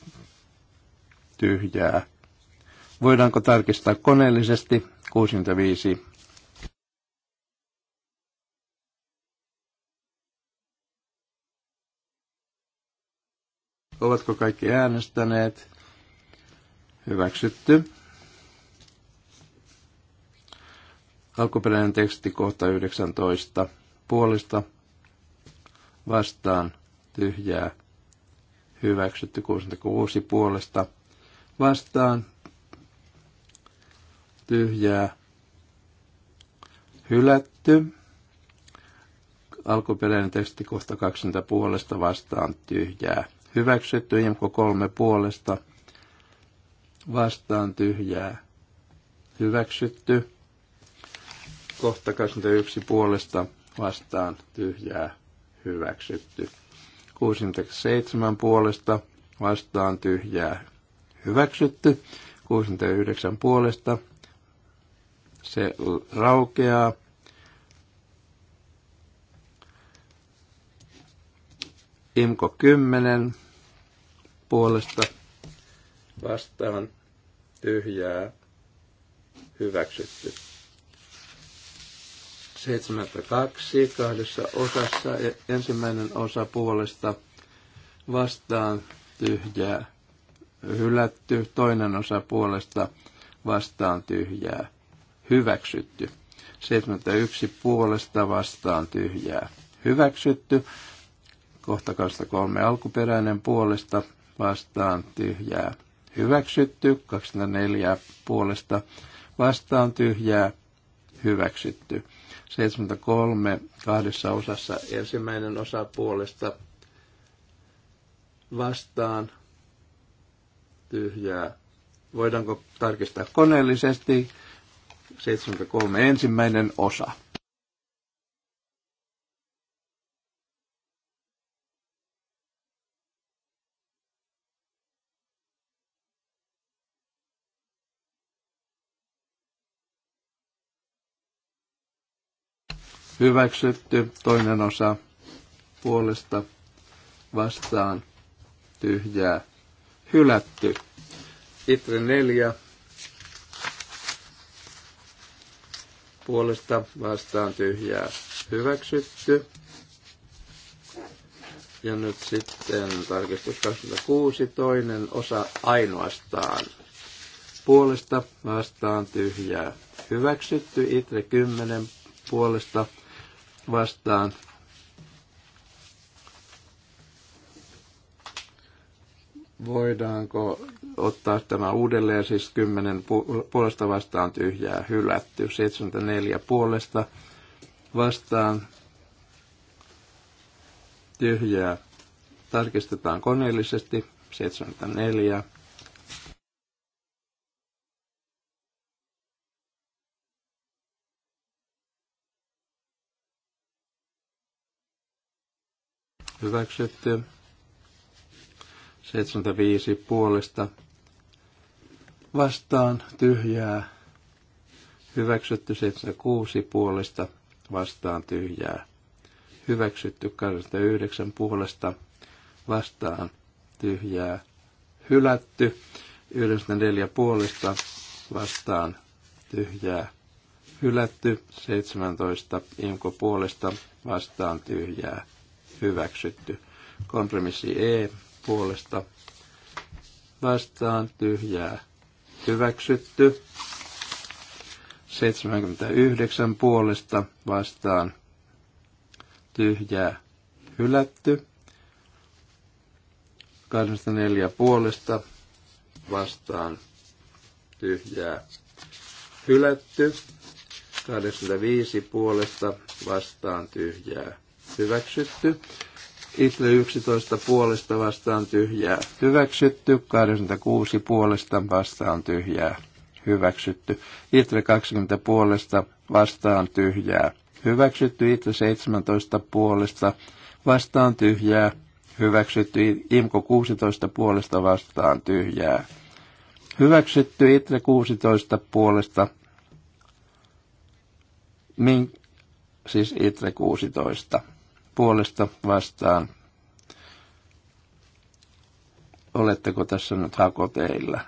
tyhjää. Voidaanko tarkistaa koneellisesti? 65 Ovatko kaikki äänestäneet? Hyväksytty. Alkuperäinen teksti kohta 19. Puolista vastaan tyhjää. Hyväksytty 66 puolesta vastaan tyhjää. Hylätty alkuperäinen teksti kohta 20 puolesta vastaan tyhjää hyväksytty, IMKO kolme puolesta vastaan tyhjää hyväksytty, kohta 21 puolesta vastaan tyhjää hyväksytty, 67 puolesta vastaan tyhjää hyväksytty, 69 puolesta se raukeaa. Imko 10 puolesta vastaan tyhjää hyväksytty. 72 kahdessa osassa. E- ensimmäinen osa puolesta vastaan tyhjää hylätty, toinen osa puolesta vastaan tyhjää hyväksytty. 71 puolesta vastaan tyhjää hyväksytty. Kohta 23 alkuperäinen puolesta vastaan tyhjää hyväksytty, 24 puolesta vastaan tyhjää hyväksytty. 73 kahdessa osassa ensimmäinen osa puolesta vastaan tyhjää. Voidaanko tarkistaa koneellisesti? 73 ensimmäinen osa. hyväksytty, toinen osa puolesta vastaan tyhjää hylätty. Itre neljä puolesta vastaan tyhjää hyväksytty. Ja nyt sitten tarkistus 26, toinen osa ainoastaan. Puolesta vastaan tyhjää hyväksytty. Itre 10 puolesta vastaan. Voidaanko ottaa tämä uudelleen, siis 10 puolesta vastaan tyhjää hylätty, 74 puolesta vastaan tyhjää tarkistetaan koneellisesti, 74 hyväksytty. 75 puolesta vastaan tyhjää, hyväksytty 76 puolesta vastaan tyhjää, hyväksytty 89 puolesta vastaan tyhjää, hylätty 94 puolesta vastaan tyhjää, hylätty 17 imko puolesta vastaan tyhjää, hyväksytty. Kompromissi E puolesta vastaan tyhjää hyväksytty. 79 puolesta vastaan tyhjää hylätty. 24 puolesta vastaan tyhjää hylätty. 25 puolesta vastaan tyhjää hyväksytty. Itle 11 puolesta vastaan tyhjää, hyväksytty. 86 puolesta vastaan tyhjää, hyväksytty. Itle 20 puolesta vastaan tyhjää, hyväksytty. Itle 17 puolesta vastaan tyhjää, hyväksytty. Imko 16 puolesta vastaan tyhjää, hyväksytty. Itle 16 puolesta min, siis ITRE 16 puolesta vastaan. Oletteko tässä nyt hakoteillä?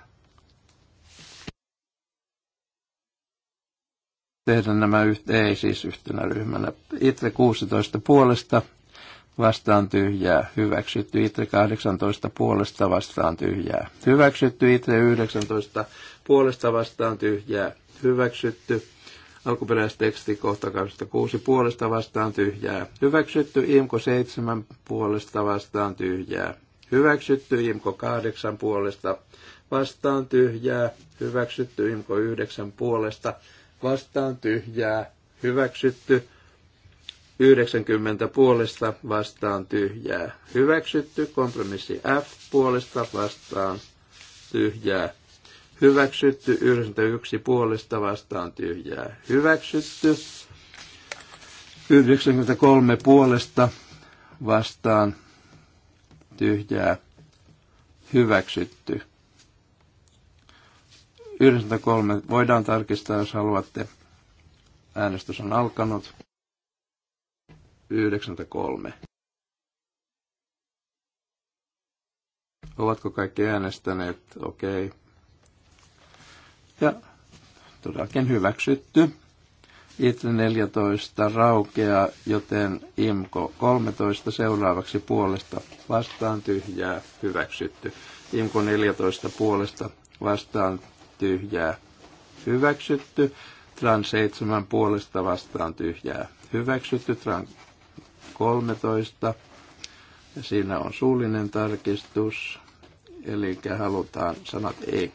Tehdä nämä yht, ei siis yhtenä ryhmänä. Itre 16 puolesta vastaan tyhjää, hyväksytty Itre 18 puolesta vastaan tyhjää, hyväksytty Itre 19 puolesta vastaan tyhjää, hyväksytty Alkuperäisteksti kohta 26 puolesta vastaan tyhjää. Hyväksytty IMKO 7 puolesta vastaan tyhjää. Hyväksytty IMKO 8 puolesta vastaan tyhjää. Hyväksytty IMKO 9 puolesta vastaan tyhjää. Hyväksytty 90 puolesta vastaan tyhjää. Hyväksytty kompromissi F puolesta vastaan tyhjää hyväksytty, 91 puolesta vastaan tyhjää hyväksytty, 93 puolesta vastaan tyhjää hyväksytty. 93 voidaan tarkistaa, jos haluatte. Äänestys on alkanut. 93. Ovatko kaikki äänestäneet? Okei. Okay. Ja todellakin hyväksytty. Itse 14 raukeaa, joten IMKO 13 seuraavaksi puolesta vastaan tyhjää hyväksytty. IMKO 14 puolesta vastaan tyhjää hyväksytty. Tran 7 puolesta vastaan tyhjää hyväksytty. Tran 13. Ja siinä on suullinen tarkistus. Eli halutaan sanat ei,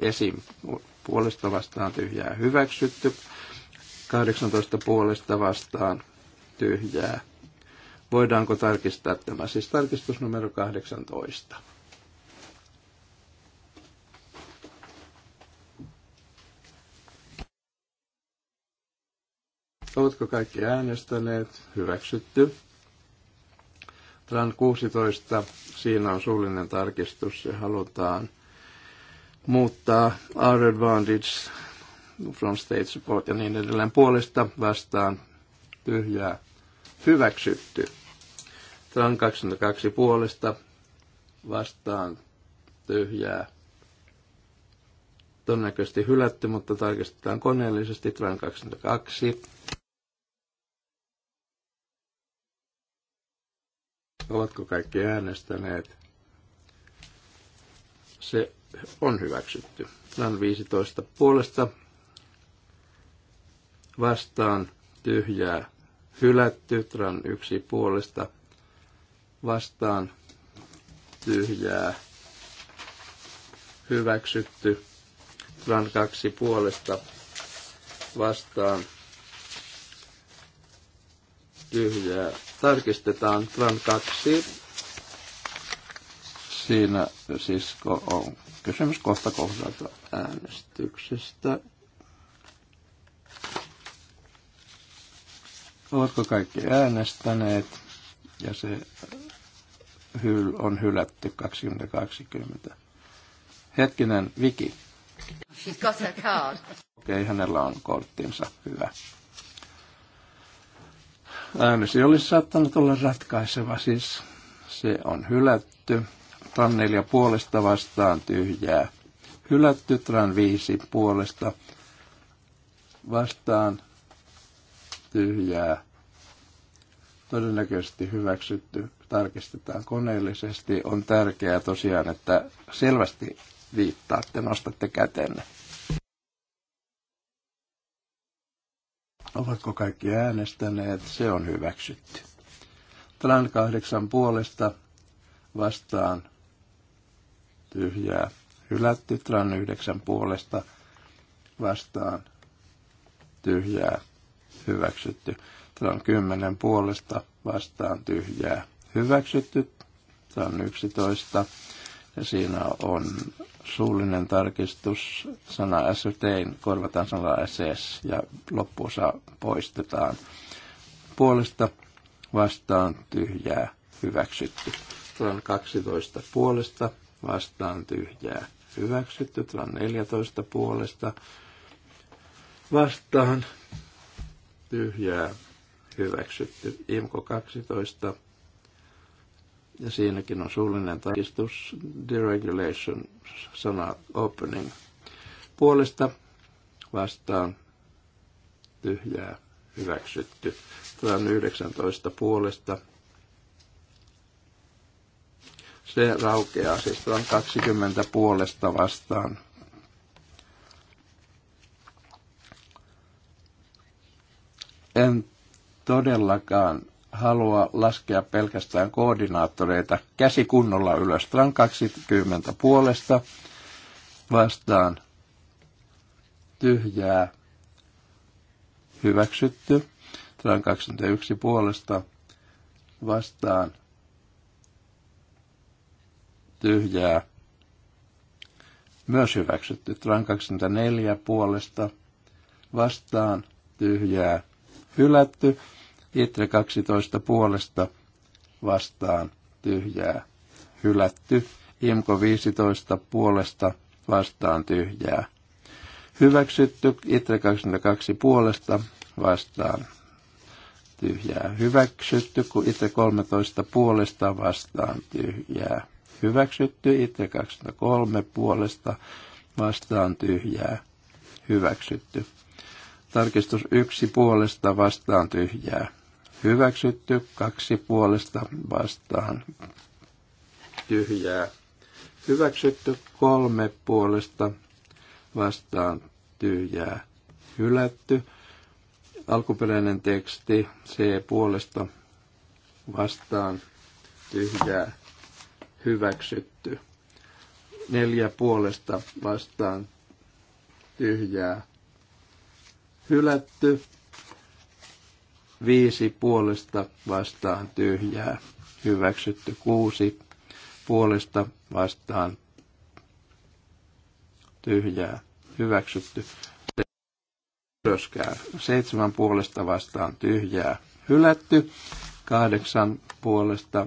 esim. puolesta vastaan tyhjää hyväksytty. 18 puolesta vastaan tyhjää. Voidaanko tarkistaa tämä? Siis tarkistus numero 18. Oletko kaikki äänestäneet? Hyväksytty. Tran 16, siinä on suullinen tarkistus, se halutaan muuttaa our advantage from state support ja niin edelleen puolesta vastaan tyhjää hyväksytty. Tran 22 puolesta vastaan tyhjää todennäköisesti hylätty, mutta tarkistetaan koneellisesti Tran 22. Ovatko kaikki äänestäneet? Se on hyväksytty. Tran 15 puolesta vastaan tyhjää hylätty. Tran 1 puolesta vastaan tyhjää hyväksytty. Tran 2 puolesta vastaan tyhjää. Tarkistetaan Tran 2 Siinä siis on kysymys kohta kohdalta äänestyksestä. Oletko kaikki äänestäneet? Ja se hyl on hylätty 2020. Hetkinen, Viki. Okei, okay, hänellä on korttinsa. Hyvä. Äänesi olisi saattanut olla ratkaiseva, siis se on hylätty. Tran puolesta vastaan tyhjää. Hylätty Tran 5 puolesta vastaan tyhjää. Todennäköisesti hyväksytty, tarkistetaan koneellisesti. On tärkeää tosiaan, että selvästi viittaatte, nostatte kätenne. Ovatko kaikki äänestäneet? Se on hyväksytty. Tran kahdeksan puolesta vastaan tyhjää hylätty. Tran yhdeksän puolesta vastaan tyhjää hyväksytty. Tran kymmenen puolesta vastaan tyhjää hyväksytty. Tran yksitoista. ja siinä on suullinen tarkistus, sana ascertain korvataan sanalla ss ja loppuosa poistetaan. Puolesta vastaan tyhjää hyväksytty. Tuon 12 puolesta vastaan tyhjää hyväksytty, 14 puolesta vastaan tyhjää hyväksytty, imko 12 ja siinäkin on suullinen tarkistus, deregulation, sana opening, puolesta vastaan tyhjää hyväksytty. 19 puolesta se raukeaa siis 20 puolesta vastaan. En todellakaan halua laskea pelkästään koordinaattoreita käsi kunnolla ylös. Tran 20 puolesta vastaan tyhjää hyväksytty. Tran 21 puolesta vastaan tyhjää. Myös hyväksytty. Tran 24 puolesta vastaan tyhjää. Hylätty. Itre 12 puolesta vastaan tyhjää. Hylätty. Imko 15 puolesta vastaan tyhjää. Hyväksytty. Itre 22 puolesta vastaan tyhjää hyväksytty, kun itre 13 puolesta vastaan tyhjää hyväksytty, itse 23 puolesta vastaan tyhjää, hyväksytty. Tarkistus 1 puolesta vastaan tyhjää, hyväksytty, kaksi puolesta vastaan tyhjää, hyväksytty, kolme puolesta vastaan tyhjää, hylätty. Alkuperäinen teksti C puolesta vastaan tyhjää hyväksytty. Neljä puolesta vastaan tyhjää hylätty. Viisi puolesta vastaan tyhjää hyväksytty. Kuusi puolesta vastaan tyhjää hyväksytty. Seitsemän puolesta vastaan tyhjää hylätty. Kahdeksan puolesta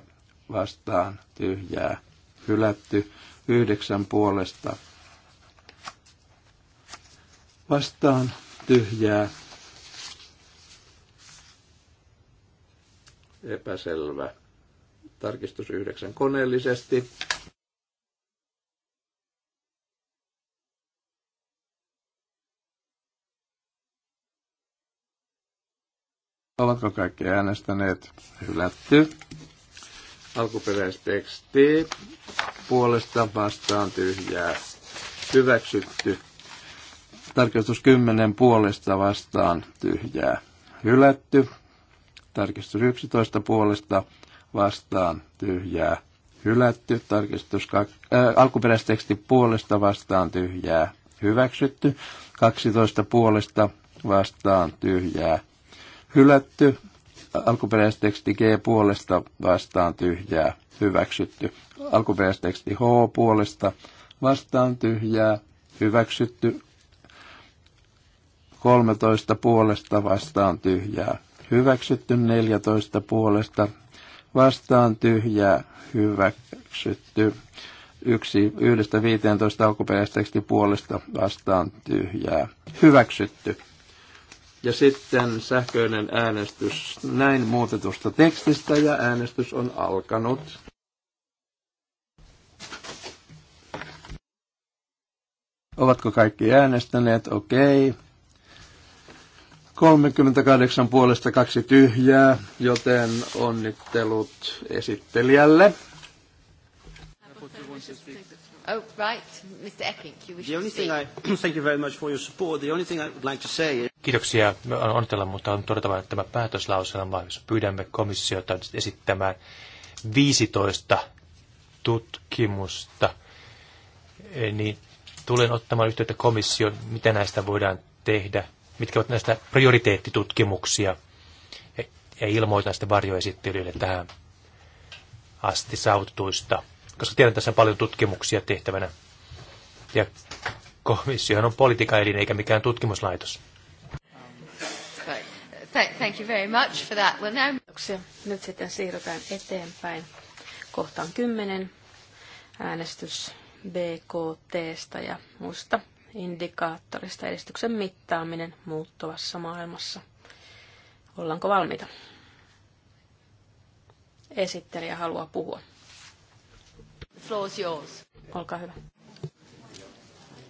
vastaan tyhjää hylätty. Yhdeksän puolesta vastaan tyhjää epäselvä. Tarkistus yhdeksän koneellisesti. Ovatko kaikki äänestäneet? Hylätty alkuperäisteksti puolesta vastaan tyhjää hyväksytty. Tarkistus 10 puolesta vastaan tyhjää hylätty. Tarkistus 11 puolesta vastaan tyhjää hylätty. Tarkistus äh, alkuperäisteksti puolesta vastaan tyhjää hyväksytty. 12 puolesta vastaan tyhjää hylätty alkuperäisteksti G puolesta vastaan tyhjää hyväksytty. Alkuperäisteksti H puolesta vastaan tyhjää hyväksytty. 13 puolesta vastaan tyhjää hyväksytty. 14 puolesta vastaan tyhjää hyväksytty. 1, yhdestä 15 alkuperäisteksti puolesta vastaan tyhjää hyväksytty. Ja sitten sähköinen äänestys näin muutetusta tekstistä ja äänestys on alkanut. Ovatko kaikki äänestäneet? Okei. Okay. 38 puolesta kaksi tyhjää, joten onnittelut esittelijälle. Oh, right. Mr. Epping, you wish The only thing I, thank you very much for your support. The only thing I would like to say is... Kiitoksia. Onnitella, mutta on todettava, että tämä päätöslauselma, jos pyydämme komissiota esittämään 15 tutkimusta, eh, niin tulen ottamaan yhteyttä komissioon, mitä näistä voidaan tehdä, mitkä ovat näistä prioriteettitutkimuksia, eh, ja ilmoitan sitten varjoesittelyille tähän asti saavutetuista koska tiedän, että tässä on paljon tutkimuksia tehtävänä. Ja komissiohan on politiikan elin eikä mikään tutkimuslaitos. Thank you very much for that. Well, now... Nyt sitten siirrytään eteenpäin kohtaan 10. Äänestys BKTstä ja muista indikaattorista edistyksen mittaaminen muuttuvassa maailmassa. Ollaanko valmiita? Esittelijä haluaa puhua floor is yours. Olkaa hyvä.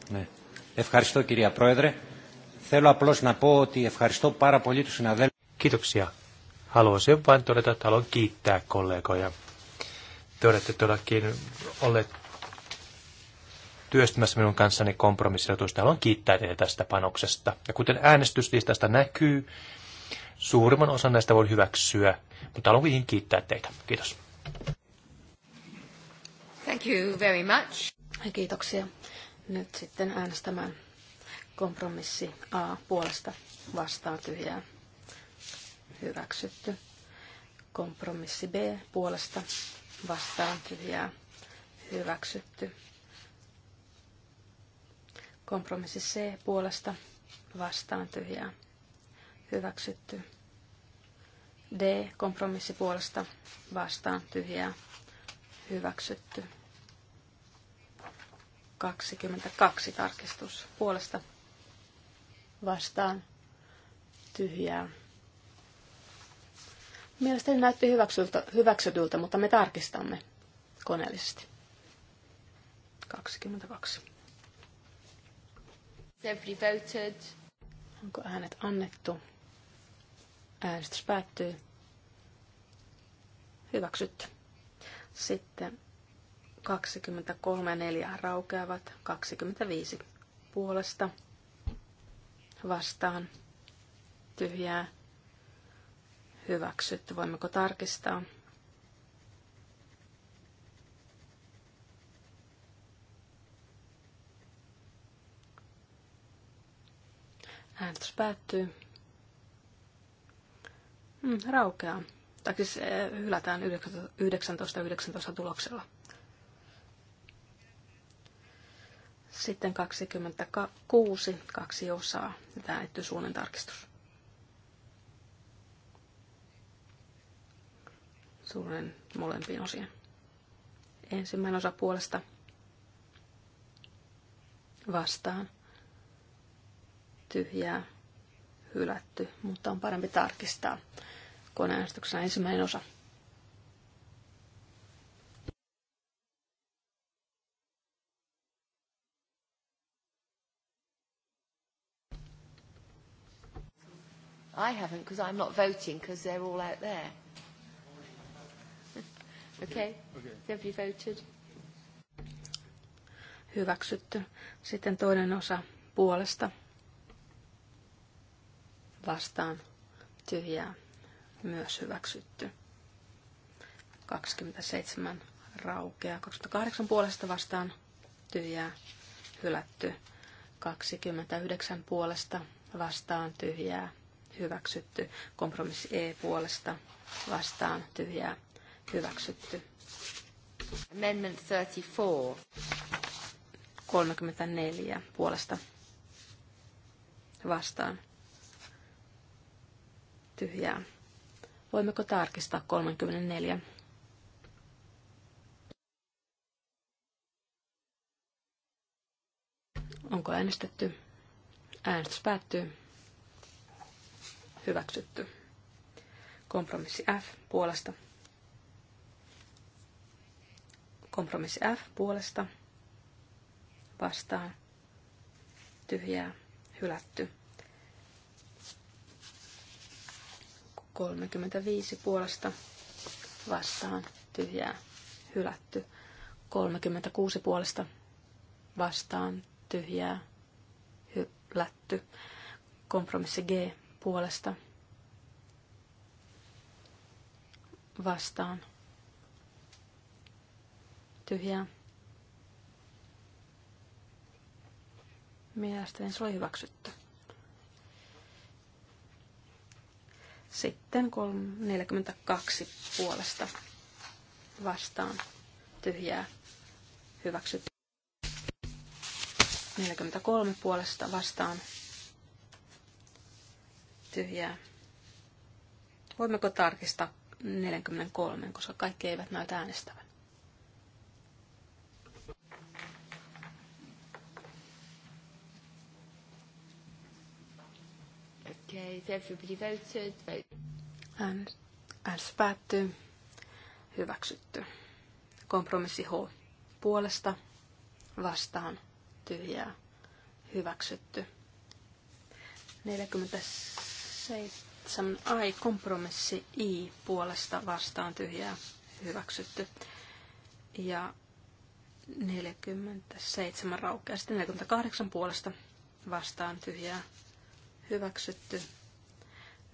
Ναι. Ευχαριστώ κυρία Πρόεδρε. Θέλω απλώς να πω ότι ευχαριστώ πάρα πολύ τους συναδέλφους. Kiitoksia. Haluaisin vain todeta, että haluan kiittää kollegoja. Te olette todellakin olleet työstämässä minun kanssani kompromissiratuista. Haluan kiittää teitä tästä panoksesta. Ja kuten äänestyslistasta näkyy, suurimman osan näistä voi hyväksyä, mutta haluan kiittää teitä. Kiitos. Thank you very much. Kiitoksia. Nyt sitten äänestämään kompromissi A puolesta vastaan tyhjää. Hyväksytty. Kompromissi B puolesta vastaan tyhjää. Hyväksytty. Kompromissi C puolesta vastaan tyhjää. Hyväksytty. D. Kompromissi puolesta vastaan tyhjää. Hyväksytty. 22 tarkistus puolesta vastaan tyhjää. Mielestäni näytti hyväksytyltä, mutta me tarkistamme koneellisesti. 22. voted. Onko äänet annettu? Äänestys päättyy. Hyväksytty. Sitten 23 4 raukeavat, 25 puolesta vastaan tyhjää hyväksytty. Voimmeko tarkistaa? Äänestys päättyy. Hmm, raukeaa. Tai siis eh, hylätään 19.19 19 tuloksella. Sitten 26, kaksi osaa, tämä etty suunnan tarkistus. Suunnan molempiin osiin. Ensimmäinen osa puolesta vastaan. Tyhjää, hylätty, mutta on parempi tarkistaa koneäänestyksenä ensimmäinen osa. I haven't because I'm not voting because they're all out there. okay. okay. Have you voted? Hyväksytty. Sitten toinen osa puolesta. Vastaan tyhjää myös hyväksytty. 27 raukeaa. 28 puolesta vastaan tyhjää hylätty. 29 puolesta vastaan tyhjää hyväksytty. Kompromissi E puolesta vastaan tyhjää hyväksytty. Amendment 34. 34 puolesta vastaan tyhjää. Voimmeko tarkistaa 34? Onko äänestetty? Äänestys päättyy hyväksytty. Kompromissi F puolesta. Kompromissi F puolesta vastaan tyhjää hylätty. 35 puolesta vastaan tyhjää hylätty. 36 puolesta vastaan tyhjää hylätty. Kompromissi G puolesta vastaan. Tyhjää. Mielestäni se oli hyväksytty. Sitten 42 puolesta vastaan tyhjää hyväksytty. 43 puolesta vastaan tyhjää. Voimmeko tarkistaa 43, koska kaikki eivät näytä äänestävän? Äänestys päättyy. Hyväksytty. Kompromissi H. Puolesta vastaan tyhjää. Hyväksytty. 47 7 I, kompromissi i puolesta vastaan tyhjää hyväksytty. Ja 47 raukeaa. Sitten 48 puolesta vastaan tyhjää hyväksytty.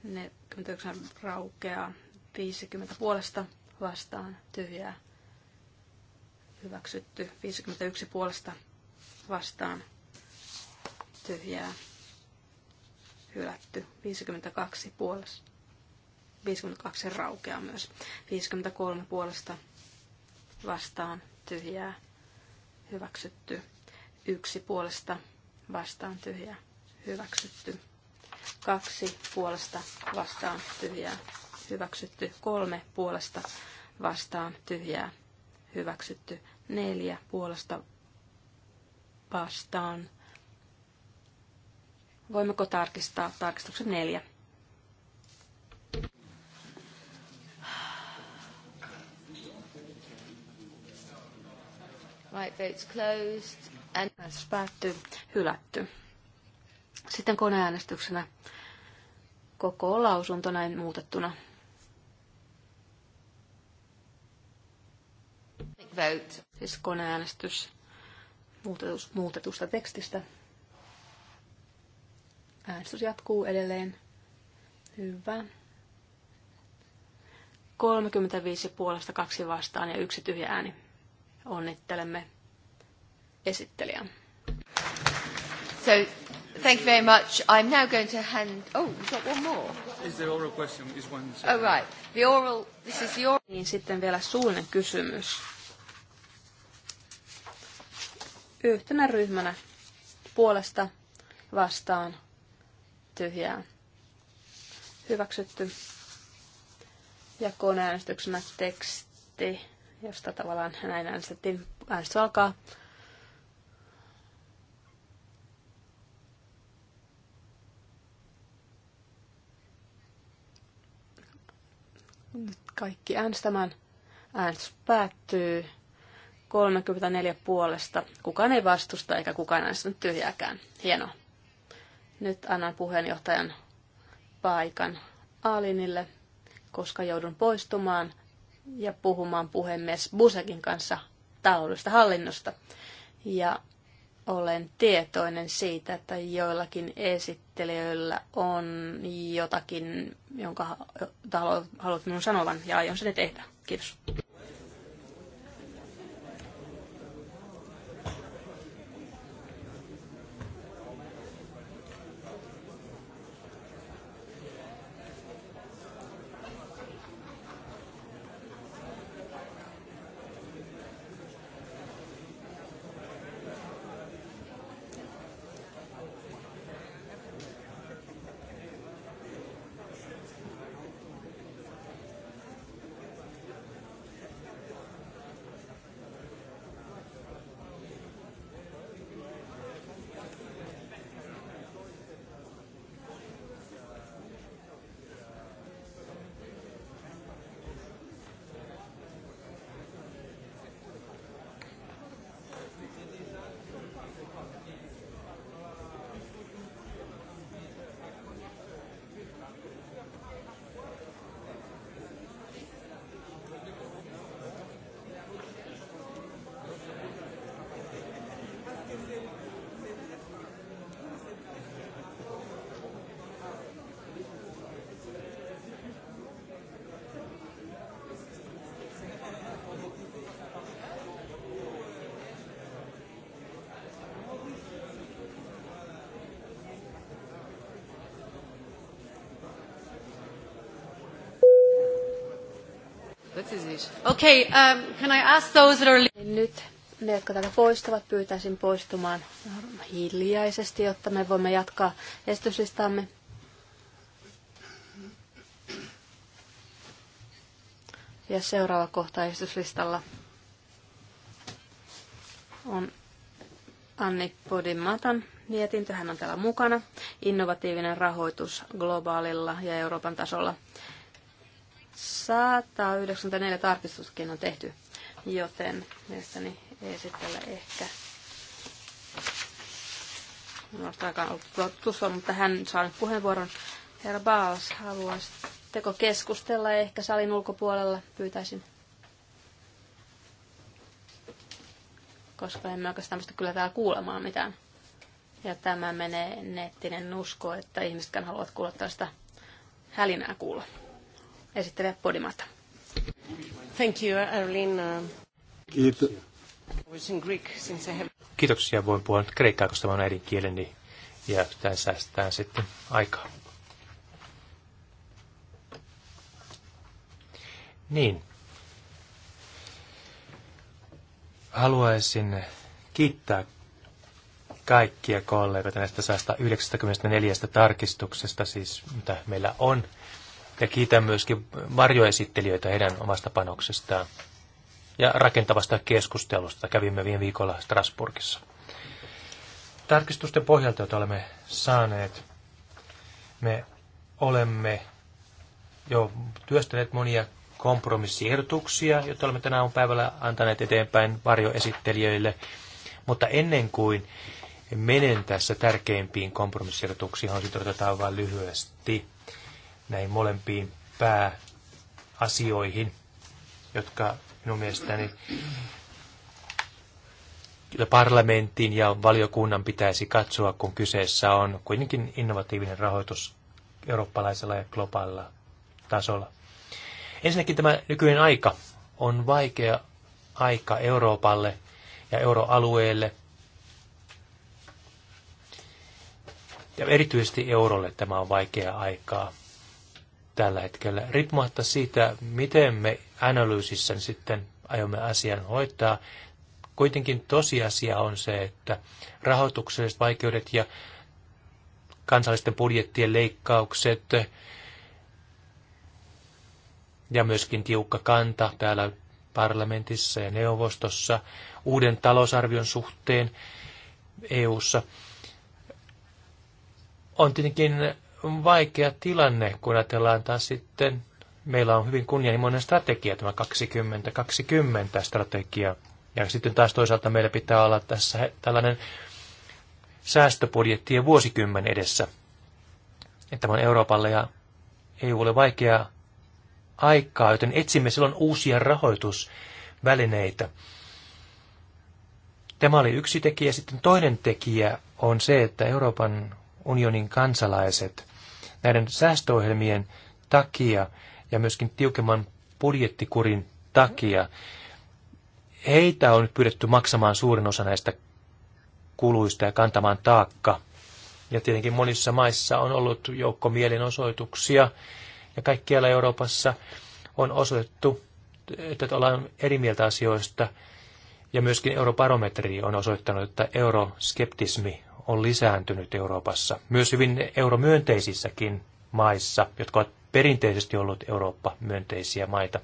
49 raukeaa. 50 puolesta vastaan tyhjää hyväksytty. 51 puolesta vastaan tyhjää hylätty. 52 puolesta. 52 raukeaa myös. 53 puolesta vastaan tyhjää hyväksytty. Yksi puolesta vastaan tyhjää hyväksytty. Kaksi puolesta vastaan tyhjää hyväksytty. Kolme puolesta vastaan tyhjää hyväksytty. Neljä puolesta vastaan Voimmeko tarkistaa tarkistuksen neljä? Right, votes closed. And... päättyy, hylätty. Sitten koneäänestyksenä koko lausunto näin muutettuna. Vote. Siis koneäänestys muutetusta tekstistä. Äänestys jatkuu edelleen. Hyvä. 35 puolesta kaksi vastaan ja yksi tyhjä ääni. Onnittelemme esittelijän. So, thank you very much. I'm now going to hand... Oh, we've got one more. Is the oral question? Is one... Oh, right. The oral... This is the oral... Niin sitten vielä suullinen kysymys. Yhtenä ryhmänä puolesta vastaan tyhjää hyväksytty. Ja koneäänestyksenä teksti, josta tavallaan näin äänestettiin. Äänestys alkaa. Nyt kaikki äänestämään. Äänestys päättyy. 34 puolesta. Kukaan ei vastusta eikä kukaan äänestänyt tyhjääkään. Hienoa. Nyt annan puheenjohtajan paikan Aalinille, koska joudun poistumaan ja puhumaan puhemies Busekin kanssa taloudellisesta hallinnosta. Ja olen tietoinen siitä, että joillakin esittelijöillä on jotakin, jonka haluat minun sanovan, ja aion sen tehdä. Kiitos. Okay, um, can I ask those that are... Nyt ne, jotka täältä poistuvat, pyytäisin poistumaan hiljaisesti, jotta me voimme jatkaa estyslistaamme. Ja seuraava kohta esityslistalla on Anni Podimatan mietintö. Hän on täällä mukana. Innovatiivinen rahoitus globaalilla ja Euroopan tasolla – 194 tarkistuskin on tehty, joten mielestäni esitellä ehkä minusta aikaan ollut tutustua, mutta hän saa nyt puheenvuoron. Herra Baals, haluaisitteko keskustella ehkä salin ulkopuolella? Pyytäisin. Koska emme oikeastaan pysty kyllä täällä kuulemaan mitään. Ja tämä menee nettinen usko, että ihmisetkään haluavat kuulla tästä hälinää kuulla esittelee Podimata. Thank you, Kiitoksia. Voin puhua nyt kreikkaa, koska tämä on äidinkieleni ja tämän säästetään sitten aikaa. Niin. Haluaisin kiittää kaikkia kollegoita näistä 194 tarkistuksesta, siis mitä meillä on. Ja kiitän myöskin varjoesittelijöitä heidän omasta panoksestaan ja rakentavasta keskustelusta. Kävimme viime viikolla Strasburgissa. Tarkistusten pohjalta, joita olemme saaneet, me olemme jo työstäneet monia kompromissiehdotuksia, joita olemme tänä päivällä antaneet eteenpäin varjoesittelijöille. Mutta ennen kuin menen tässä tärkeimpiin kompromissiehdotuksiin, on sitten otetaan vain lyhyesti näihin molempiin pääasioihin, jotka minun mielestäni parlamentin ja valiokunnan pitäisi katsoa, kun kyseessä on kuitenkin innovatiivinen rahoitus eurooppalaisella ja globaalilla tasolla. Ensinnäkin tämä nykyinen aika on vaikea aika Euroopalle ja euroalueelle ja erityisesti eurolle tämä on vaikeaa aikaa tällä hetkellä, riippumatta siitä, miten me analyysissä niin sitten aiomme asian hoitaa. Kuitenkin tosiasia on se, että rahoitukselliset vaikeudet ja kansallisten budjettien leikkaukset ja myöskin tiukka kanta täällä parlamentissa ja neuvostossa uuden talousarvion suhteen EU:ssa on tietenkin on vaikea tilanne, kun ajatellaan taas sitten, meillä on hyvin kunnianhimoinen strategia, tämä 2020 strategia. Ja sitten taas toisaalta meillä pitää olla tässä tällainen säästöbudjetti ja vuosikymmen edessä. Että tämä on Euroopalle ja EUlle vaikeaa aikaa, joten etsimme silloin uusia rahoitusvälineitä. Tämä oli yksi tekijä. Sitten toinen tekijä on se, että Euroopan unionin kansalaiset näiden säästöohjelmien takia ja myöskin tiukemman budjettikurin takia heitä on nyt pyydetty maksamaan suurin osa näistä kuluista ja kantamaan taakka. Ja tietenkin monissa maissa on ollut joukko mielenosoituksia ja kaikkialla Euroopassa on osoitettu, että ollaan eri mieltä asioista. Ja myöskin eurobarometri on osoittanut, että euroskeptismi on lisääntynyt Euroopassa, myös hyvin euromyönteisissäkin maissa, jotka ovat perinteisesti olleet Eurooppa-myönteisiä maita.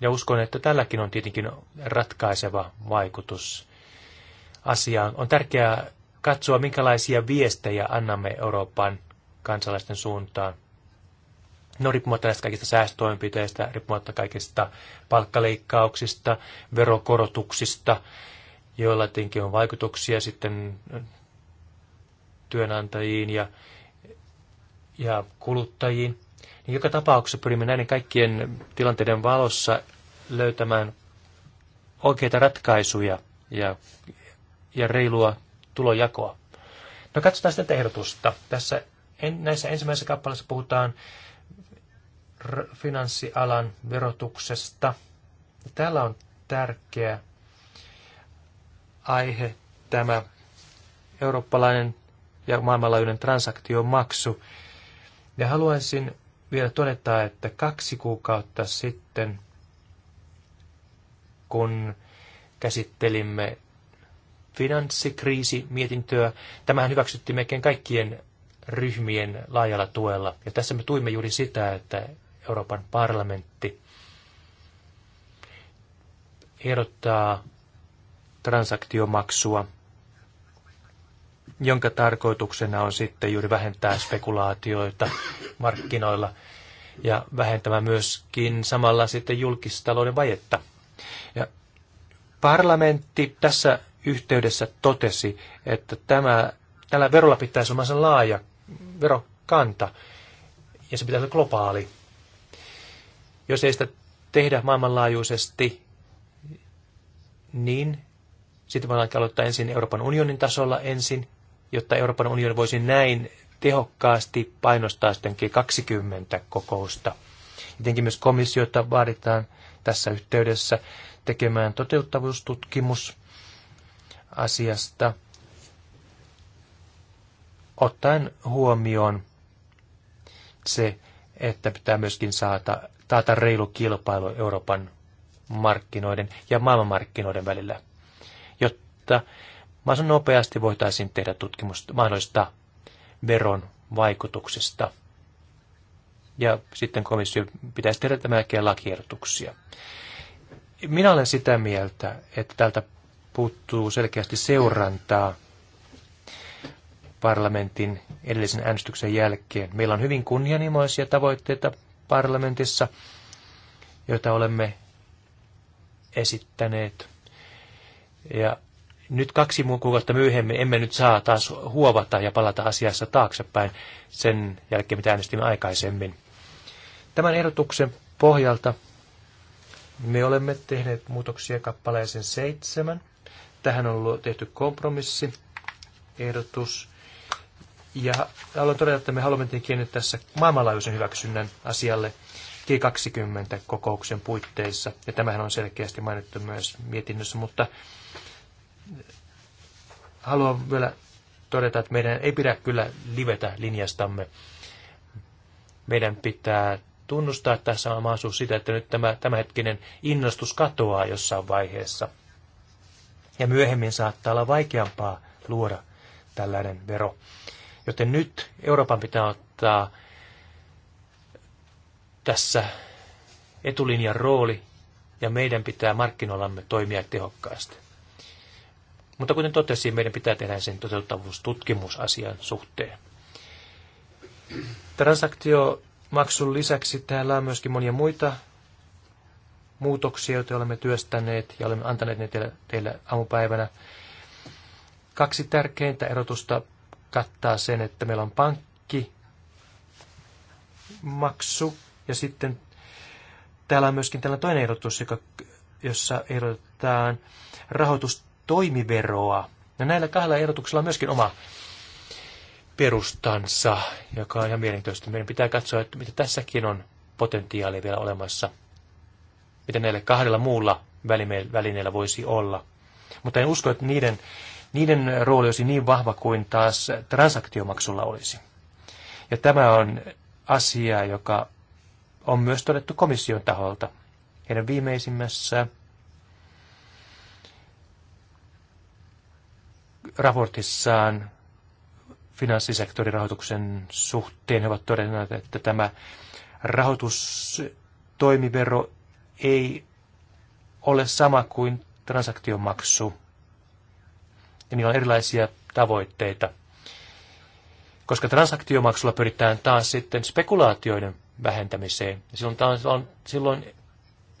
Ja uskon, että tälläkin on tietenkin ratkaiseva vaikutus asiaan. On tärkeää katsoa, minkälaisia viestejä annamme Euroopan kansalaisten suuntaan. No riippumatta näistä kaikista säästötoimenpiteistä, riippumatta kaikista palkkaleikkauksista, verokorotuksista, joilla tietenkin on vaikutuksia sitten työnantajiin ja, ja kuluttajiin. Niin joka tapauksessa pyrimme näiden kaikkien tilanteiden valossa löytämään oikeita ratkaisuja ja, ja reilua tulojakoa. No katsotaan sitä ehdotusta. Tässä en, näissä ensimmäisessä kappaleessa puhutaan finanssialan verotuksesta. Täällä on tärkeä aihe tämä eurooppalainen ja maailmanlaajuinen transaktiomaksu. Ja haluaisin vielä todeta, että kaksi kuukautta sitten, kun käsittelimme finanssikriisimietintöä, tämähän hyväksyttiin melkein kaikkien ryhmien laajalla tuella. Ja tässä me tuimme juuri sitä, että Euroopan parlamentti ehdottaa transaktiomaksua, jonka tarkoituksena on sitten juuri vähentää spekulaatioita markkinoilla ja vähentämään myöskin samalla sitten julkistalouden vajetta. Ja parlamentti tässä yhteydessä totesi, että tämä, tällä verolla pitäisi olla laaja verokanta ja se pitäisi olla globaali. Jos ei sitä tehdä maailmanlaajuisesti, niin sitten voidaan aloittaa ensin Euroopan unionin tasolla ensin, jotta Euroopan unioni voisi näin tehokkaasti painostaa sitten 20 kokousta. Jotenkin myös komissiota vaaditaan tässä yhteydessä tekemään toteuttavuustutkimus asiasta, ottaen huomioon se, että pitää myöskin saada taata reilu kilpailu Euroopan markkinoiden ja maailmanmarkkinoiden välillä, jotta mahdollisimman nopeasti voitaisiin tehdä tutkimusta mahdollista veron vaikutuksesta. Ja sitten komissio pitäisi tehdä tämän jälkeen lakiehdotuksia. Minä olen sitä mieltä, että tältä puuttuu selkeästi seurantaa parlamentin edellisen äänestyksen jälkeen. Meillä on hyvin kunnianhimoisia tavoitteita parlamentissa, jota olemme esittäneet. Ja nyt kaksi muun kuukautta myöhemmin emme nyt saa taas huovata ja palata asiassa taaksepäin sen jälkeen, mitä äänestimme aikaisemmin. Tämän ehdotuksen pohjalta me olemme tehneet muutoksia kappaleeseen seitsemän. Tähän on ollut tehty kompromissi, ehdotus, ja haluan todeta, että me haluamme nyt tässä maailmanlaajuisen hyväksynnän asialle G20-kokouksen puitteissa. Ja tämähän on selkeästi mainittu myös mietinnössä, mutta haluan vielä todeta, että meidän ei pidä kyllä livetä linjastamme. Meidän pitää tunnustaa, tässä on mahdollisuus sitä, että nyt tämä tämänhetkinen innostus katoaa jossain vaiheessa. Ja myöhemmin saattaa olla vaikeampaa luoda tällainen vero. Joten nyt Euroopan pitää ottaa tässä etulinjan rooli ja meidän pitää markkinoillamme toimia tehokkaasti. Mutta kuten totesin, meidän pitää tehdä sen toteuttavuustutkimusasian suhteen. Transaktiomaksun lisäksi täällä on myöskin monia muita muutoksia, joita olemme työstäneet ja olemme antaneet ne teille, teille aamupäivänä. Kaksi tärkeintä erotusta kattaa sen, että meillä on pankki, maksu ja sitten täällä on myöskin tällä toinen ehdotus, joka, jossa ehdotetaan rahoitustoimiveroa. Ja näillä kahdella ehdotuksella on myöskin oma perustansa, joka on ihan mielenkiintoista. Meidän pitää katsoa, että mitä tässäkin on potentiaalia vielä olemassa, mitä näillä kahdella muulla välineellä voisi olla. Mutta en usko, että niiden niiden rooli olisi niin vahva kuin taas transaktiomaksulla olisi. Ja tämä on asia, joka on myös todettu komission taholta. Heidän viimeisimmässä raportissaan finanssisektorin rahoituksen suhteen he ovat todenneet, että tämä rahoitustoimivero ei ole sama kuin transaktiomaksu ja niillä on erilaisia tavoitteita. Koska transaktiomaksulla pyritään taas sitten spekulaatioiden vähentämiseen. Ja niin silloin taas on silloin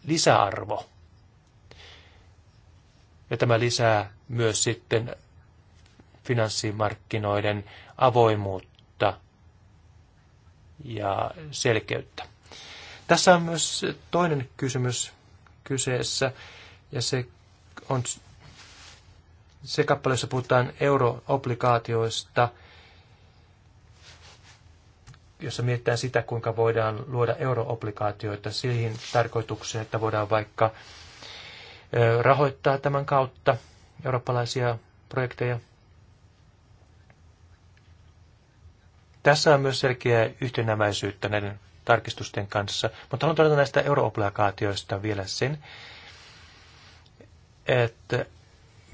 lisäarvo. Ja tämä lisää myös sitten finanssimarkkinoiden avoimuutta ja selkeyttä. Tässä on myös toinen kysymys kyseessä, ja se on se kappale, jossa puhutaan euroobligaatioista, jossa mietitään sitä, kuinka voidaan luoda euroobligaatioita siihen tarkoitukseen, että voidaan vaikka rahoittaa tämän kautta eurooppalaisia projekteja. Tässä on myös selkeää yhtenäväisyyttä näiden tarkistusten kanssa, mutta haluan todeta näistä euroobligaatioista vielä sen, että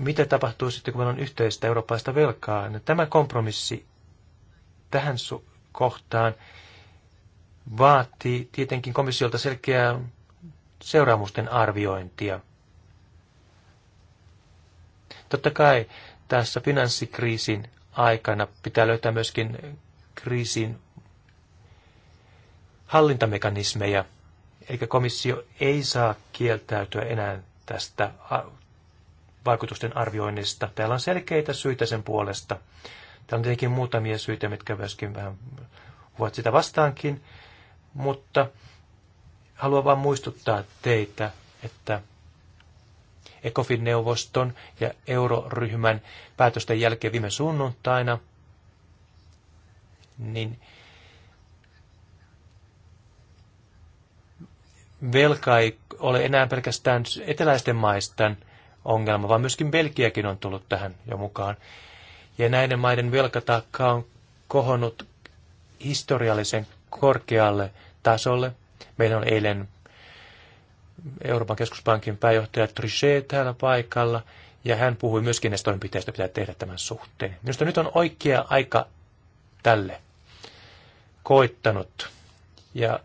mitä tapahtuu sitten, kun meillä on yhteistä eurooppalaista velkaa. No, tämä kompromissi tähän kohtaan vaatii tietenkin komissiolta selkeää seuraamusten arviointia. Totta kai tässä finanssikriisin aikana pitää löytää myöskin kriisin hallintamekanismeja, eikä komissio ei saa kieltäytyä enää tästä vaikutusten arvioinnista. Täällä on selkeitä syitä sen puolesta. Täällä on tietenkin muutamia syitä, mitkä myöskin vähän ovat sitä vastaankin, mutta haluan vain muistuttaa teitä, että ECOFIN-neuvoston ja euroryhmän päätösten jälkeen viime sunnuntaina, niin velka ei ole enää pelkästään eteläisten maisten ongelma, vaan myöskin Belgiakin on tullut tähän jo mukaan. Ja näiden maiden velkataakka on kohonnut historiallisen korkealle tasolle. Meillä on eilen Euroopan keskuspankin pääjohtaja Trichet täällä paikalla, ja hän puhui myöskin näistä toimenpiteistä, pitää tehdä tämän suhteen. Minusta nyt on oikea aika tälle koittanut. Ja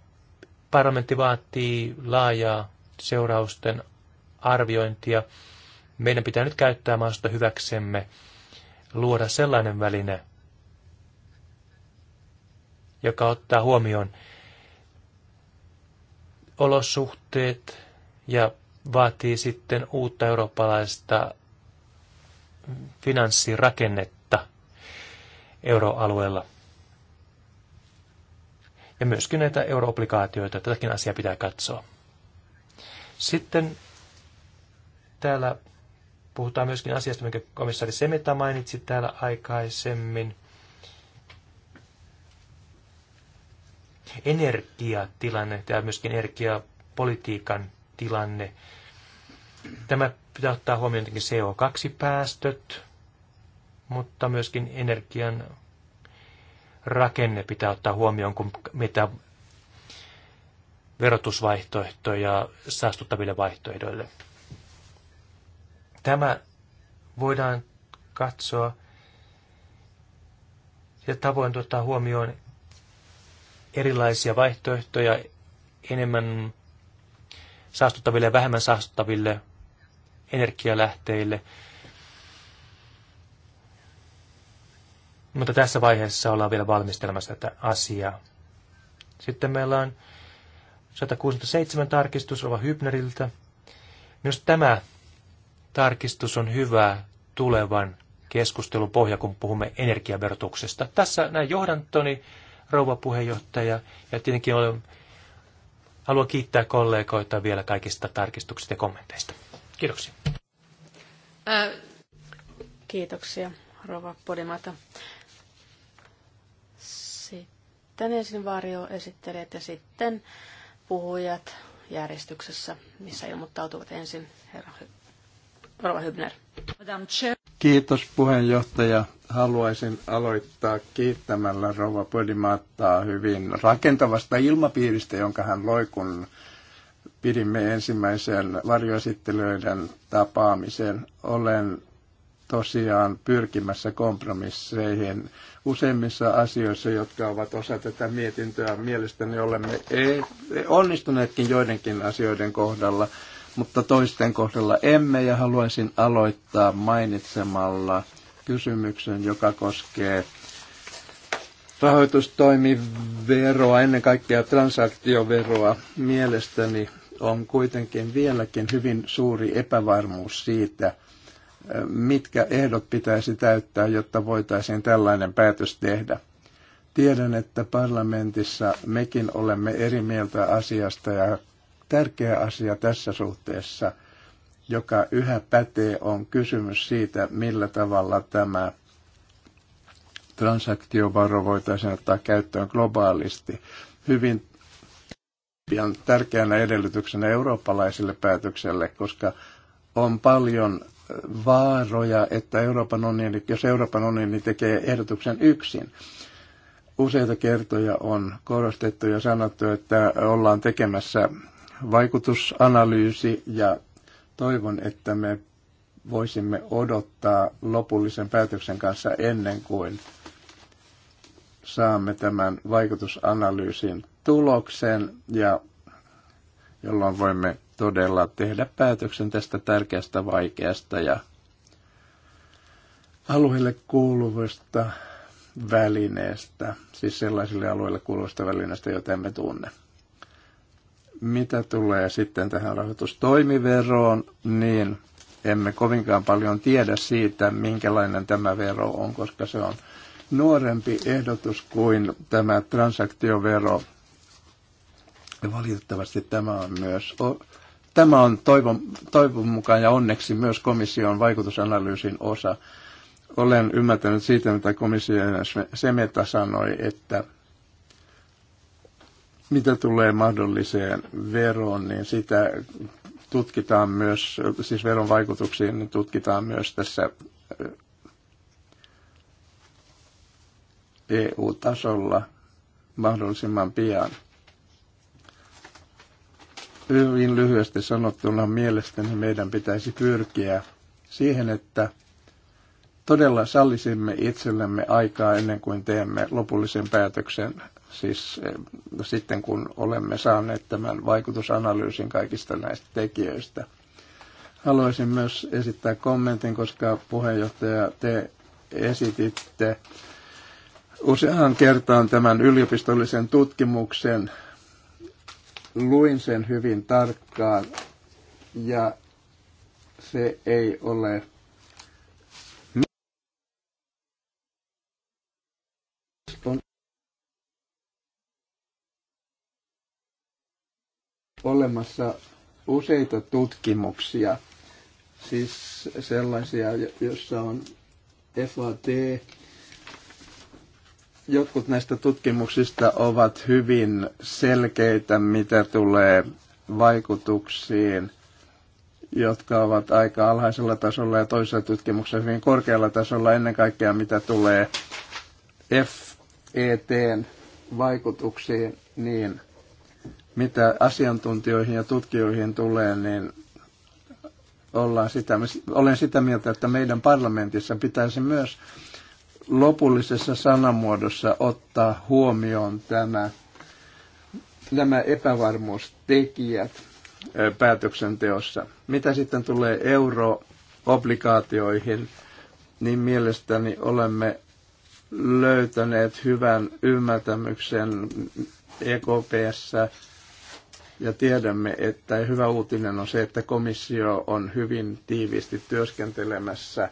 parlamentti vaatii laajaa seurausten arviointia meidän pitää nyt käyttää maasta hyväksemme, luoda sellainen väline, joka ottaa huomioon olosuhteet ja vaatii sitten uutta eurooppalaista finanssirakennetta euroalueella. Ja myöskin näitä euroobligaatioita, tätäkin asiaa pitää katsoa. Sitten täällä puhutaan myöskin asiasta, minkä komissaari Semeta mainitsi täällä aikaisemmin. Energiatilanne ja myöskin energiapolitiikan tilanne. Tämä pitää ottaa huomioon jotenkin CO2-päästöt, mutta myöskin energian rakenne pitää ottaa huomioon, kun mitä verotusvaihtoehtoja saastuttaville vaihtoehdoille tämä voidaan katsoa ja tavoin ottaa huomioon erilaisia vaihtoehtoja enemmän saastuttaville ja vähemmän saastuttaville energialähteille. Mutta tässä vaiheessa ollaan vielä valmistelemassa tätä asiaa. Sitten meillä on 167 tarkistus Rova Hybneriltä. Minusta tämä tarkistus on hyvä tulevan keskustelun pohja, kun puhumme energiaverotuksesta. Tässä näin johdantoni, rouva puheenjohtaja, ja tietenkin olen, haluan kiittää kollegoita vielä kaikista tarkistuksista ja kommenteista. Kiitoksia. Ää, äh. kiitoksia, rouva Podimata. Sitten ensin varjoesittelijät ja sitten puhujat järjestyksessä, missä ilmoittautuvat ensin herra Rova Hybner. Kiitos puheenjohtaja. Haluaisin aloittaa kiittämällä Rova Podimaattaa hyvin rakentavasta ilmapiiristä, jonka hän loi, kun pidimme ensimmäisen varjoesittelyiden tapaamisen. Olen tosiaan pyrkimässä kompromisseihin useimmissa asioissa, jotka ovat osa tätä mietintöä. Mielestäni olemme e- onnistuneetkin joidenkin asioiden kohdalla mutta toisten kohdalla emme. Ja haluaisin aloittaa mainitsemalla kysymyksen, joka koskee rahoitustoimiveroa, ennen kaikkea transaktioveroa. Mielestäni on kuitenkin vieläkin hyvin suuri epävarmuus siitä, mitkä ehdot pitäisi täyttää, jotta voitaisiin tällainen päätös tehdä. Tiedän, että parlamentissa mekin olemme eri mieltä asiasta ja tärkeä asia tässä suhteessa, joka yhä pätee, on kysymys siitä, millä tavalla tämä transaktiovaro voitaisiin ottaa käyttöön globaalisti. Hyvin pian tärkeänä edellytyksenä eurooppalaisille päätökselle, koska on paljon vaaroja, että Euroopan unioni, jos Euroopan unioni tekee ehdotuksen yksin, useita kertoja on korostettu ja sanottu, että ollaan tekemässä vaikutusanalyysi ja toivon, että me voisimme odottaa lopullisen päätöksen kanssa ennen kuin saamme tämän vaikutusanalyysin tuloksen ja jolloin voimme todella tehdä päätöksen tästä tärkeästä, vaikeasta ja alueelle kuuluvasta välineestä, siis sellaisille alueille kuuluvasta välineestä, jota emme tunne. Mitä tulee sitten tähän rahoitustoimiveroon, niin emme kovinkaan paljon tiedä siitä, minkälainen tämä vero on, koska se on nuorempi ehdotus kuin tämä transaktiovero. Ja valitettavasti tämä on myös, tämä on toivon, toivon mukaan ja onneksi myös komission vaikutusanalyysin osa. Olen ymmärtänyt siitä, mitä komissio Semeta sanoi, että mitä tulee mahdolliseen veroon, niin sitä tutkitaan myös, siis veron vaikutuksiin niin tutkitaan myös tässä EU-tasolla mahdollisimman pian. Hyvin lyhyesti sanottuna mielestäni meidän pitäisi pyrkiä siihen, että todella sallisimme itsellemme aikaa ennen kuin teemme lopullisen päätöksen Siis eh, sitten kun olemme saaneet tämän vaikutusanalyysin kaikista näistä tekijöistä. Haluaisin myös esittää kommentin, koska puheenjohtaja, te esititte useaan kertaan tämän yliopistollisen tutkimuksen. Luin sen hyvin tarkkaan ja se ei ole olemassa useita tutkimuksia, siis sellaisia, joissa on FAT. Jotkut näistä tutkimuksista ovat hyvin selkeitä, mitä tulee vaikutuksiin, jotka ovat aika alhaisella tasolla ja toisessa tutkimuksessa hyvin korkealla tasolla ennen kaikkea, mitä tulee fet vaikutuksiin, niin – mitä asiantuntijoihin ja tutkijoihin tulee, niin ollaan sitä, olen sitä mieltä, että meidän parlamentissa pitäisi myös lopullisessa sanamuodossa ottaa huomioon tämä, nämä epävarmuustekijät päätöksenteossa. Mitä sitten tulee euroobligaatioihin, niin mielestäni olemme löytäneet hyvän ymmärtämyksen EKPssä ja tiedämme, että hyvä uutinen on se, että komissio on hyvin tiiviisti työskentelemässä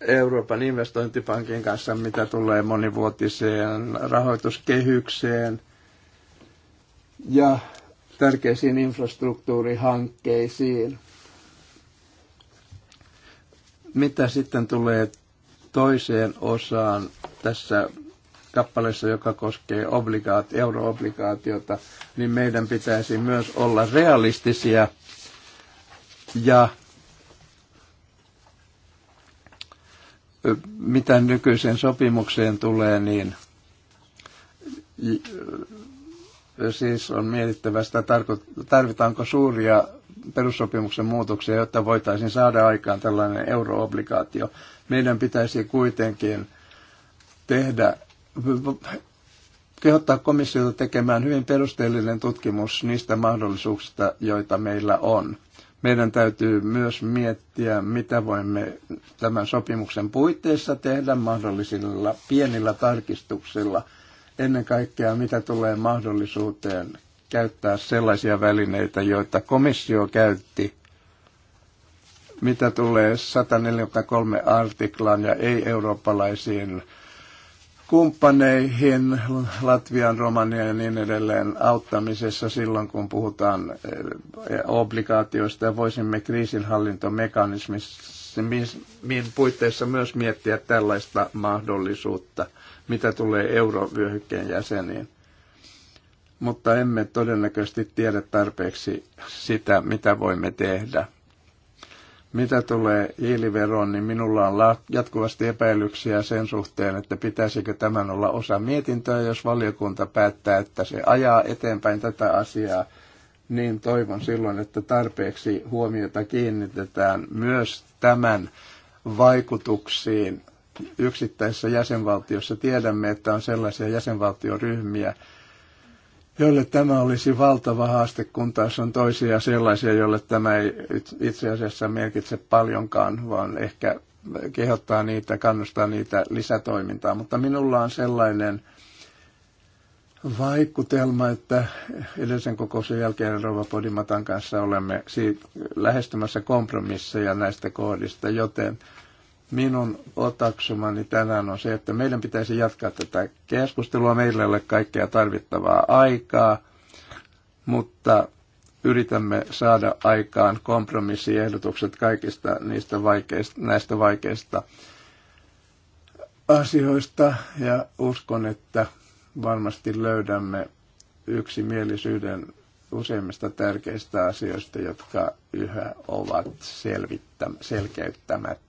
Euroopan investointipankin kanssa, mitä tulee monivuotiseen rahoituskehykseen ja tärkeisiin infrastruktuurihankkeisiin. Mitä sitten tulee toiseen osaan tässä kappaleessa, joka koskee obligaat, euroobligaatiota, niin meidän pitäisi myös olla realistisia ja mitä nykyiseen sopimukseen tulee, niin siis on mietittävä sitä, tarvitaanko suuria perussopimuksen muutoksia, jotta voitaisiin saada aikaan tällainen euroobligaatio. Meidän pitäisi kuitenkin tehdä kehottaa komissiota tekemään hyvin perusteellinen tutkimus niistä mahdollisuuksista, joita meillä on. Meidän täytyy myös miettiä, mitä voimme tämän sopimuksen puitteissa tehdä mahdollisilla pienillä tarkistuksilla. Ennen kaikkea, mitä tulee mahdollisuuteen käyttää sellaisia välineitä, joita komissio käytti, mitä tulee 143 artiklaan ja ei-eurooppalaisiin kumppaneihin Latvian, Romania ja niin edelleen auttamisessa silloin, kun puhutaan eh, obligaatioista ja voisimme kriisinhallintomekanismin puitteissa myös miettiä tällaista mahdollisuutta, mitä tulee eurovyöhykkeen jäseniin. Mutta emme todennäköisesti tiedä tarpeeksi sitä, mitä voimme tehdä – mitä tulee hiiliveroon, niin minulla on jatkuvasti epäilyksiä sen suhteen, että pitäisikö tämän olla osa mietintöä, jos valiokunta päättää, että se ajaa eteenpäin tätä asiaa, niin toivon silloin, että tarpeeksi huomiota kiinnitetään myös tämän vaikutuksiin yksittäisissä jäsenvaltiossa. Tiedämme, että on sellaisia jäsenvaltioryhmiä, joille tämä olisi valtava haaste, kun taas on toisia sellaisia, joille tämä ei itse asiassa merkitse paljonkaan, vaan ehkä kehottaa niitä, kannustaa niitä lisätoimintaa. Mutta minulla on sellainen vaikutelma, että edellisen kokouksen jälkeen Rova Podimatan kanssa olemme lähestymässä kompromisseja näistä kohdista, joten minun otaksumani tänään on se, että meidän pitäisi jatkaa tätä keskustelua. Meillä ei ole kaikkea tarvittavaa aikaa, mutta yritämme saada aikaan kompromissiehdotukset kaikista niistä vaikeista, näistä vaikeista asioista ja uskon, että varmasti löydämme yksimielisyyden useimmista tärkeistä asioista, jotka yhä ovat selkeyttämättä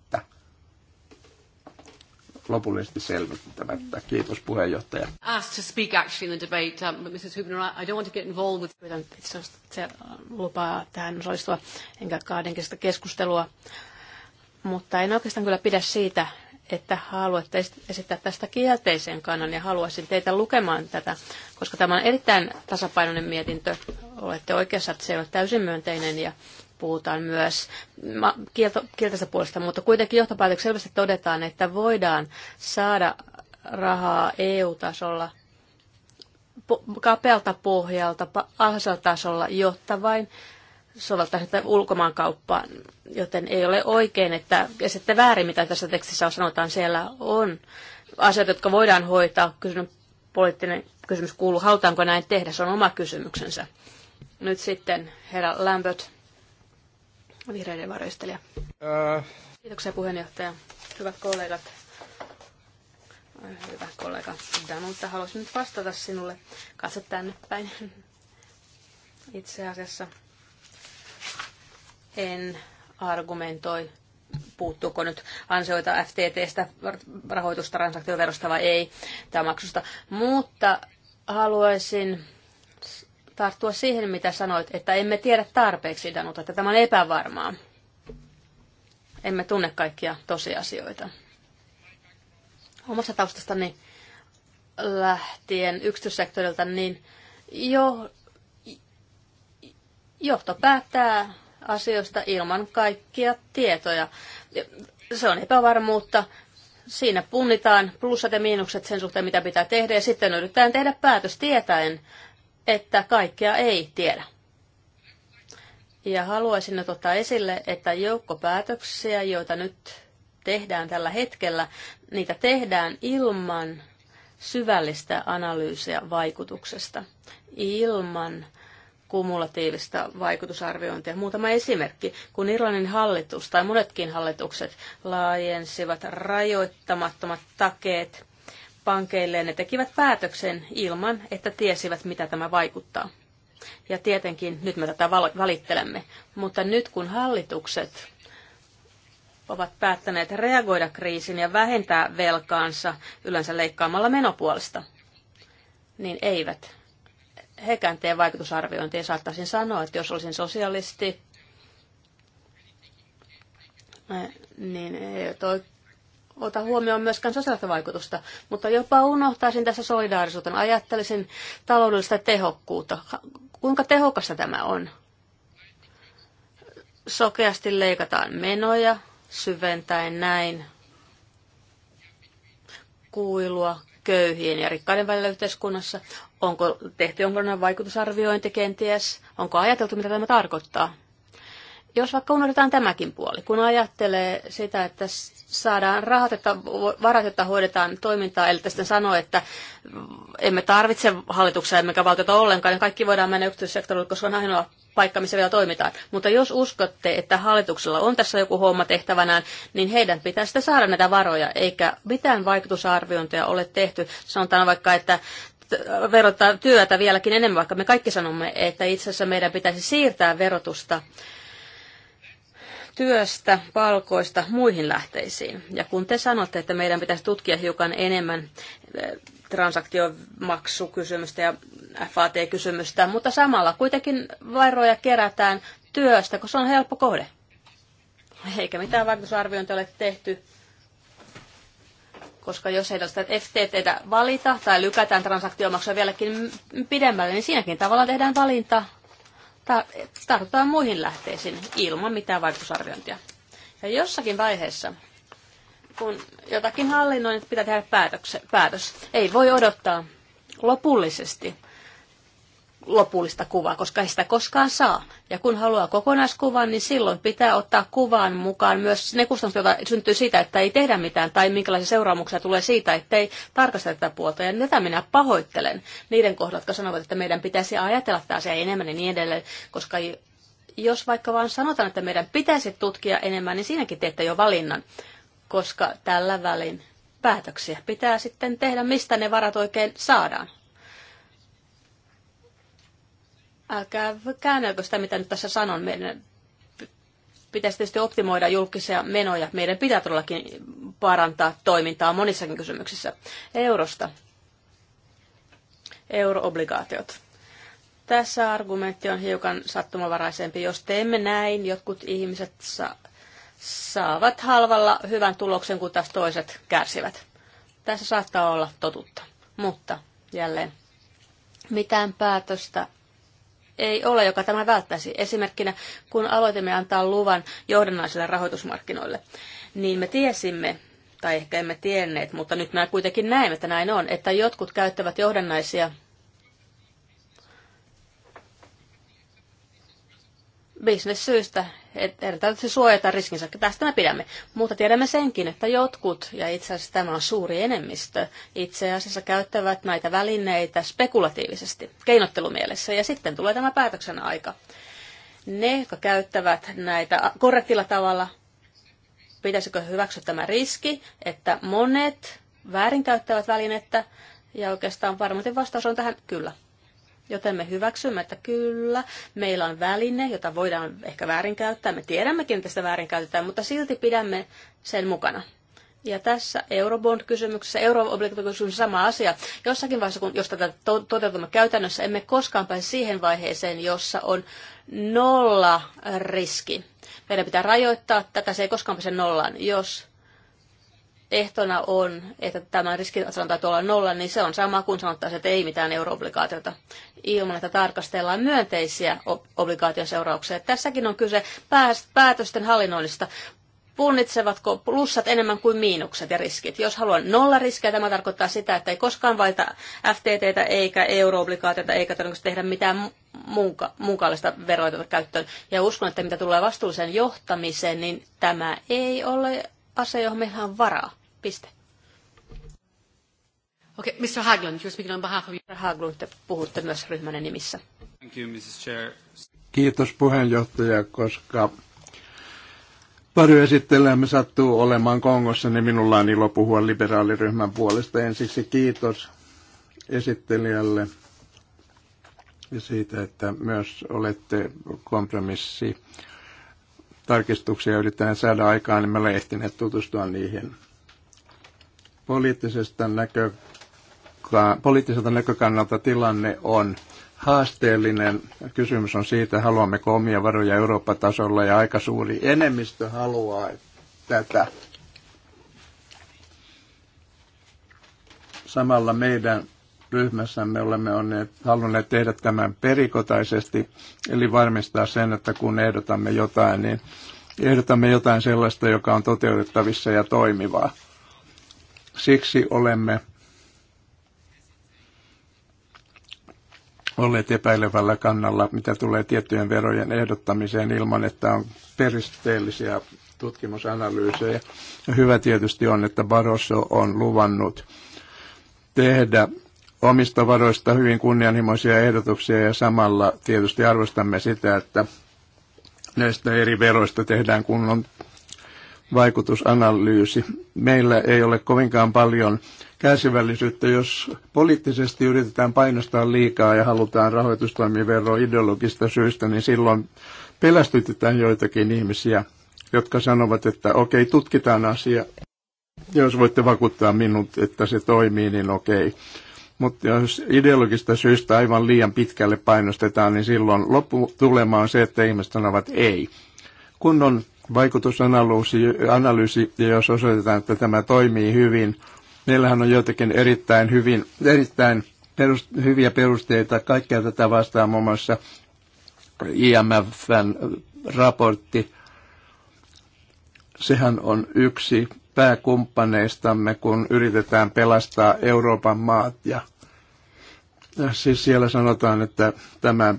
lopullisesti selvittämättä. Kiitos puheenjohtaja. Asked to speak actually in the debate, um, but Mrs. Hubner, I don't want to get involved with... se uh, lupaa tähän osallistua, enkä kahdenkista keskustelua. Mutta en oikeastaan kyllä pidä siitä, että haluatte esittää tästä kielteisen kannan ja haluaisin teitä lukemaan tätä, koska tämä on erittäin tasapainoinen mietintö. Olette oikeassa, että se ei ole täysin myönteinen ja puhutaan myös kielto, kieltästä puolesta, mutta kuitenkin johtopäätöksessä selvästi todetaan, että voidaan saada rahaa EU-tasolla kapealta pohjalta, alhaisella tasolla, jotta vain soveltaa sitä ulkomaankauppaan, joten ei ole oikein, että, ja sitten väärin, mitä tässä tekstissä on, sanotaan, siellä on asioita, jotka voidaan hoitaa, kysymys, poliittinen kysymys kuuluu, halutaanko näin tehdä, se on oma kysymyksensä. Nyt sitten herra Lambert vihreiden varjoistelija. Äh. Kiitoksia puheenjohtaja. Hyvät kollegat. Hyvä kollega mutta haluaisin nyt vastata sinulle. Katso tänne päin. Itse asiassa en argumentoi, puuttuuko nyt ansioita FTTstä, rahoitustransaktioverosta vai ei, tai maksusta. Mutta haluaisin tarttua siihen, mitä sanoit, että emme tiedä tarpeeksi, Danuta, että tämä on epävarmaa. Emme tunne kaikkia tosiasioita. Omasta taustastani lähtien yksityissektorilta, niin jo, johto päättää asioista ilman kaikkia tietoja. Se on epävarmuutta. Siinä punnitaan plussat ja miinukset sen suhteen, mitä pitää tehdä, ja sitten yritetään tehdä päätös tietäen, että kaikkea ei tiedä. Ja haluaisin nyt ottaa esille, että joukkopäätöksiä, päätöksiä, joita nyt tehdään tällä hetkellä, niitä tehdään ilman syvällistä analyysiä vaikutuksesta, ilman kumulatiivista vaikutusarviointia. Muutama esimerkki. Kun Irlannin hallitus tai monetkin hallitukset laajensivat rajoittamattomat takeet pankeilleen, ne tekivät päätöksen ilman, että tiesivät, mitä tämä vaikuttaa. Ja tietenkin nyt me tätä valittelemme. Mutta nyt kun hallitukset ovat päättäneet reagoida kriisin ja vähentää velkaansa yleensä leikkaamalla menopuolesta, niin eivät. Hekään tee vaikutusarviointia. Saattaisin sanoa, että jos olisin sosialisti, niin ei ole ota huomioon myöskään sosiaalista vaikutusta, mutta jopa unohtaisin tässä solidaarisuuden. Ajattelisin taloudellista tehokkuutta. Kuinka tehokasta tämä on? Sokeasti leikataan menoja, syventäen näin kuilua köyhien ja rikkaiden välillä yhteiskunnassa. Onko tehty jonkinlainen vaikutusarviointi kenties? Onko ajateltu, mitä tämä tarkoittaa? Jos vaikka unohdetaan tämäkin puoli, kun ajattelee sitä, että saadaan rahat, että varat, että hoidetaan toimintaa, eli sitten sanoo, että emme tarvitse hallituksia emmekä valtiota ollenkaan, niin kaikki voidaan mennä yksityissektorille, koska on ainoa paikka, missä vielä toimitaan. Mutta jos uskotte, että hallituksella on tässä joku homma tehtävänään, niin heidän pitää sitten saada näitä varoja, eikä mitään vaikutusarviointeja ole tehty. Sanotaan vaikka, että verottaa työtä vieläkin enemmän, vaikka me kaikki sanomme, että itse asiassa meidän pitäisi siirtää verotusta työstä, palkoista muihin lähteisiin. Ja kun te sanotte, että meidän pitäisi tutkia hiukan enemmän eh, transaktiomaksukysymystä ja FAT-kysymystä, mutta samalla kuitenkin vairoja kerätään työstä, koska se on helppo kohde. Eikä mitään vaikutusarviointia ole tehty, koska jos ei tällaista FTTtä valita tai lykätään transaktiomaksua vieläkin pidemmälle, niin siinäkin tavalla tehdään valinta tartutaan muihin lähteisiin ilman mitään vaikutusarviointia. Ja jossakin vaiheessa, kun jotakin hallinnoin, pitää tehdä päätökse, päätös. Ei voi odottaa lopullisesti lopullista kuvaa, koska ei sitä koskaan saa. Ja kun haluaa kokonaiskuvan, niin silloin pitää ottaa kuvan mukaan myös ne kustannukset, joita syntyy siitä, että ei tehdä mitään, tai minkälaisia seuraamuksia tulee siitä, että ei tarkasteta tätä puolta. Ja tätä minä pahoittelen niiden kohdalla, jotka sanovat, että meidän pitäisi ajatella tämä asia enemmän ja niin edelleen, koska jos vaikka vaan sanotaan, että meidän pitäisi tutkia enemmän, niin siinäkin teette jo valinnan, koska tällä välin päätöksiä pitää sitten tehdä, mistä ne varat oikein saadaan älkää käännelkö sitä, mitä nyt tässä sanon. Meidän pitäisi tietysti optimoida julkisia menoja. Meidän pitää todellakin parantaa toimintaa monissakin kysymyksissä. Eurosta. Euroobligaatiot. Tässä argumentti on hiukan sattumavaraisempi. Jos teemme näin, jotkut ihmiset sa- saavat halvalla hyvän tuloksen, kun taas toiset kärsivät. Tässä saattaa olla totuutta, mutta jälleen mitään päätöstä ei ole, joka tämä välttäisi. Esimerkkinä, kun aloitimme antaa luvan johdannaisille rahoitusmarkkinoille, niin me tiesimme, tai ehkä emme tienneet, mutta nyt mä kuitenkin näemme, että näin on, että jotkut käyttävät johdannaisia bisnessyistä, että se suojata riskinsä. Tästä me pidämme. Mutta tiedämme senkin, että jotkut, ja itse asiassa tämä on suuri enemmistö, itse asiassa käyttävät näitä välineitä spekulatiivisesti, keinottelumielessä. Ja sitten tulee tämä päätöksen aika. Ne, jotka käyttävät näitä korrektilla tavalla, pitäisikö hyväksyä tämä riski, että monet väärinkäyttävät välinettä, ja oikeastaan varmasti vastaus on tähän kyllä. Joten me hyväksymme, että kyllä, meillä on väline, jota voidaan ehkä väärinkäyttää. Me tiedämmekin, että sitä väärinkäytetään, mutta silti pidämme sen mukana. Ja tässä Eurobond-kysymyksessä, on sama asia. Jossakin vaiheessa, kun, jos tätä to- toteutumme käytännössä, emme koskaan pääse siihen vaiheeseen, jossa on nolla riski. Meidän pitää rajoittaa tätä, se ei koskaan pääse nollaan. Jos ehtona on, että tämä riskitason täytyy olla nolla, niin se on sama kuin sanottaisiin, että ei mitään euroobligaatiota ilman, että tarkastellaan myönteisiä obligaatioseurauksia. Tässäkin on kyse päätösten hallinnoinnista. Punnitsevatko plussat enemmän kuin miinukset ja riskit? Jos haluan nolla riskejä, tämä tarkoittaa sitä, että ei koskaan valita FTTtä eikä euroobligaatiota eikä todennäköisesti tehdä mitään muunkaallista veroita käyttöön. Ja uskon, että mitä tulee vastuulliseen johtamiseen, niin tämä ei ole asia, johon meillä on varaa. Piste. okay, Mr. Haglund, you're speaking on behalf of... Mr. Haglund, te puhutte myös ryhmänne nimissä. Thank you, Mrs. Chair. Kiitos puheenjohtaja, koska pari esittelemme sattuu olemaan Kongossa, niin minulla on ilo puhua liberaaliryhmän puolesta. Ensiksi kiitos esittelijälle ja siitä, että myös olette kompromissi tarkistuksia yritetään saada aikaan, niin me olemme ehtineet tutustua niihin poliittisesta, näkö, poliittiselta näkökannalta tilanne on haasteellinen. Kysymys on siitä, haluammeko omia varoja Eurooppa-tasolla ja aika suuri enemmistö haluaa tätä. Samalla meidän ryhmässämme olemme onneet, halunneet tehdä tämän perikotaisesti, eli varmistaa sen, että kun ehdotamme jotain, niin ehdotamme jotain sellaista, joka on toteutettavissa ja toimivaa. Siksi olemme olleet epäilevällä kannalla, mitä tulee tiettyjen verojen ehdottamiseen ilman, että on peristeellisiä tutkimusanalyysejä. Hyvä tietysti on, että Barroso on luvannut tehdä omista varoista hyvin kunnianhimoisia ehdotuksia ja samalla tietysti arvostamme sitä, että näistä eri veroista tehdään kunnon vaikutusanalyysi. Meillä ei ole kovinkaan paljon kärsivällisyyttä, jos poliittisesti yritetään painostaa liikaa ja halutaan rahoitustoimivero ideologista syistä, niin silloin pelästytetään joitakin ihmisiä, jotka sanovat, että okei, okay, tutkitaan asia. Jos voitte vakuuttaa minut, että se toimii, niin okei. Okay. Mutta jos ideologista syystä aivan liian pitkälle painostetaan, niin silloin lopputulema on se, että ihmiset sanovat ei. Kun on vaikutusanalyysi, analyysi, ja jos osoitetaan, että tämä toimii hyvin, meillähän on joitakin erittäin, hyvin, erittäin perust, hyviä perusteita kaikkea tätä vastaan, muun muassa IMFn raportti. Sehän on yksi pääkumppaneistamme, kun yritetään pelastaa Euroopan maat. Ja, ja siis siellä sanotaan, että tämä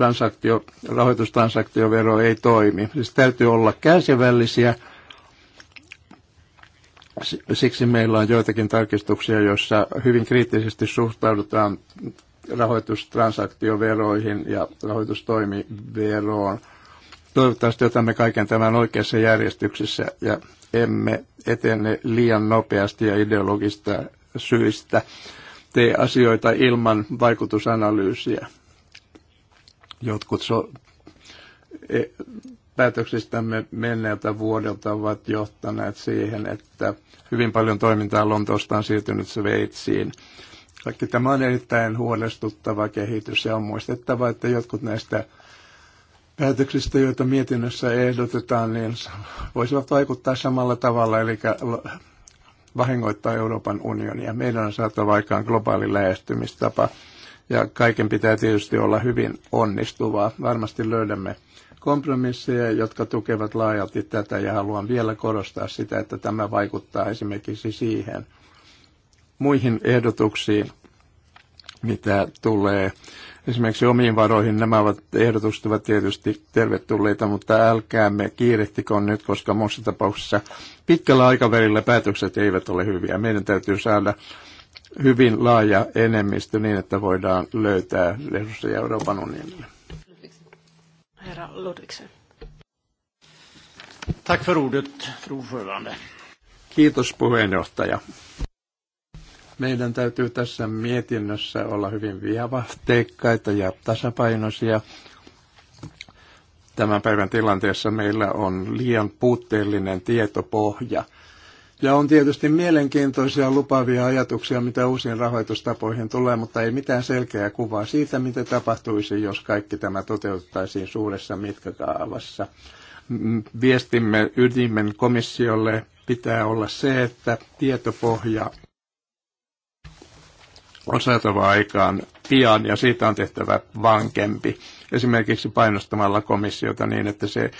transaktio, rahoitustransaktiovero ei toimi. Siis täytyy olla kärsivällisiä. Siksi meillä on joitakin tarkistuksia, joissa hyvin kriittisesti suhtaudutaan rahoitustransaktioveroihin ja rahoitustoimiveroon. Toivottavasti otamme kaiken tämän oikeassa järjestyksessä ja emme etene liian nopeasti ja ideologista syistä tee asioita ilman vaikutusanalyysiä. Jotkut so- e- päätöksistämme menneeltä vuodelta ovat johtaneet siihen, että hyvin paljon toimintaa Lontoosta on siirtynyt Sveitsiin. Kaikki tämä on erittäin huolestuttava kehitys ja on muistettava, että jotkut näistä päätöksistä, joita mietinnössä ehdotetaan, niin voisivat vaikuttaa samalla tavalla, eli vahingoittaa Euroopan unionia. Meidän on saatava aikaan globaali lähestymistapa, ja kaiken pitää tietysti olla hyvin onnistuvaa. Varmasti löydämme kompromisseja, jotka tukevat laajalti tätä ja haluan vielä korostaa sitä, että tämä vaikuttaa esimerkiksi siihen muihin ehdotuksiin, mitä tulee esimerkiksi omiin varoihin. Nämä ovat ehdotukset ovat tietysti tervetulleita, mutta älkäämme kiirehtikoon nyt, koska muussa tapauksessa pitkällä aikavälillä päätökset eivät ole hyviä. Meidän täytyy saada hyvin laaja enemmistö niin, että voidaan löytää resursseja Euroopan unionille. Herra Ludvigsen. Tack för ordet, ordförande. Kiitos puheenjohtaja. Meidän täytyy tässä mietinnössä olla hyvin viavahteikkaita ja tasapainoisia. Tämän päivän tilanteessa meillä on liian puutteellinen tietopohja – ja on tietysti mielenkiintoisia lupaavia ajatuksia, mitä uusiin rahoitustapoihin tulee, mutta ei mitään selkeää kuvaa siitä, mitä tapahtuisi, jos kaikki tämä toteutettaisiin suuressa mitkakaavassa. Viestimme ydimen komissiolle pitää olla se, että tietopohja on saatava aikaan pian ja siitä on tehtävä vankempi. Esimerkiksi painostamalla komissiota niin, että se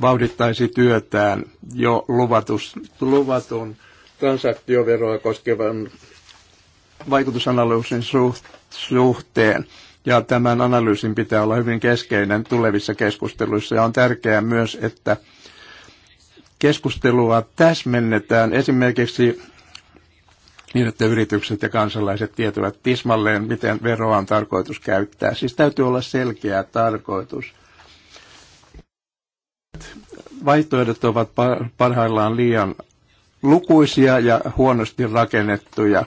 vauhdittaisi työtään jo luvatus, luvatun transaktioveroa koskevan vaikutusanalyysin suhteen. Ja tämän analyysin pitää olla hyvin keskeinen tulevissa keskusteluissa. Ja on tärkeää myös, että keskustelua täsmennetään esimerkiksi niin, että yritykset ja kansalaiset tietävät tismalleen, miten veroa on tarkoitus käyttää. Siis täytyy olla selkeä tarkoitus. Vaihtoehdot ovat parhaillaan liian lukuisia ja huonosti rakennettuja.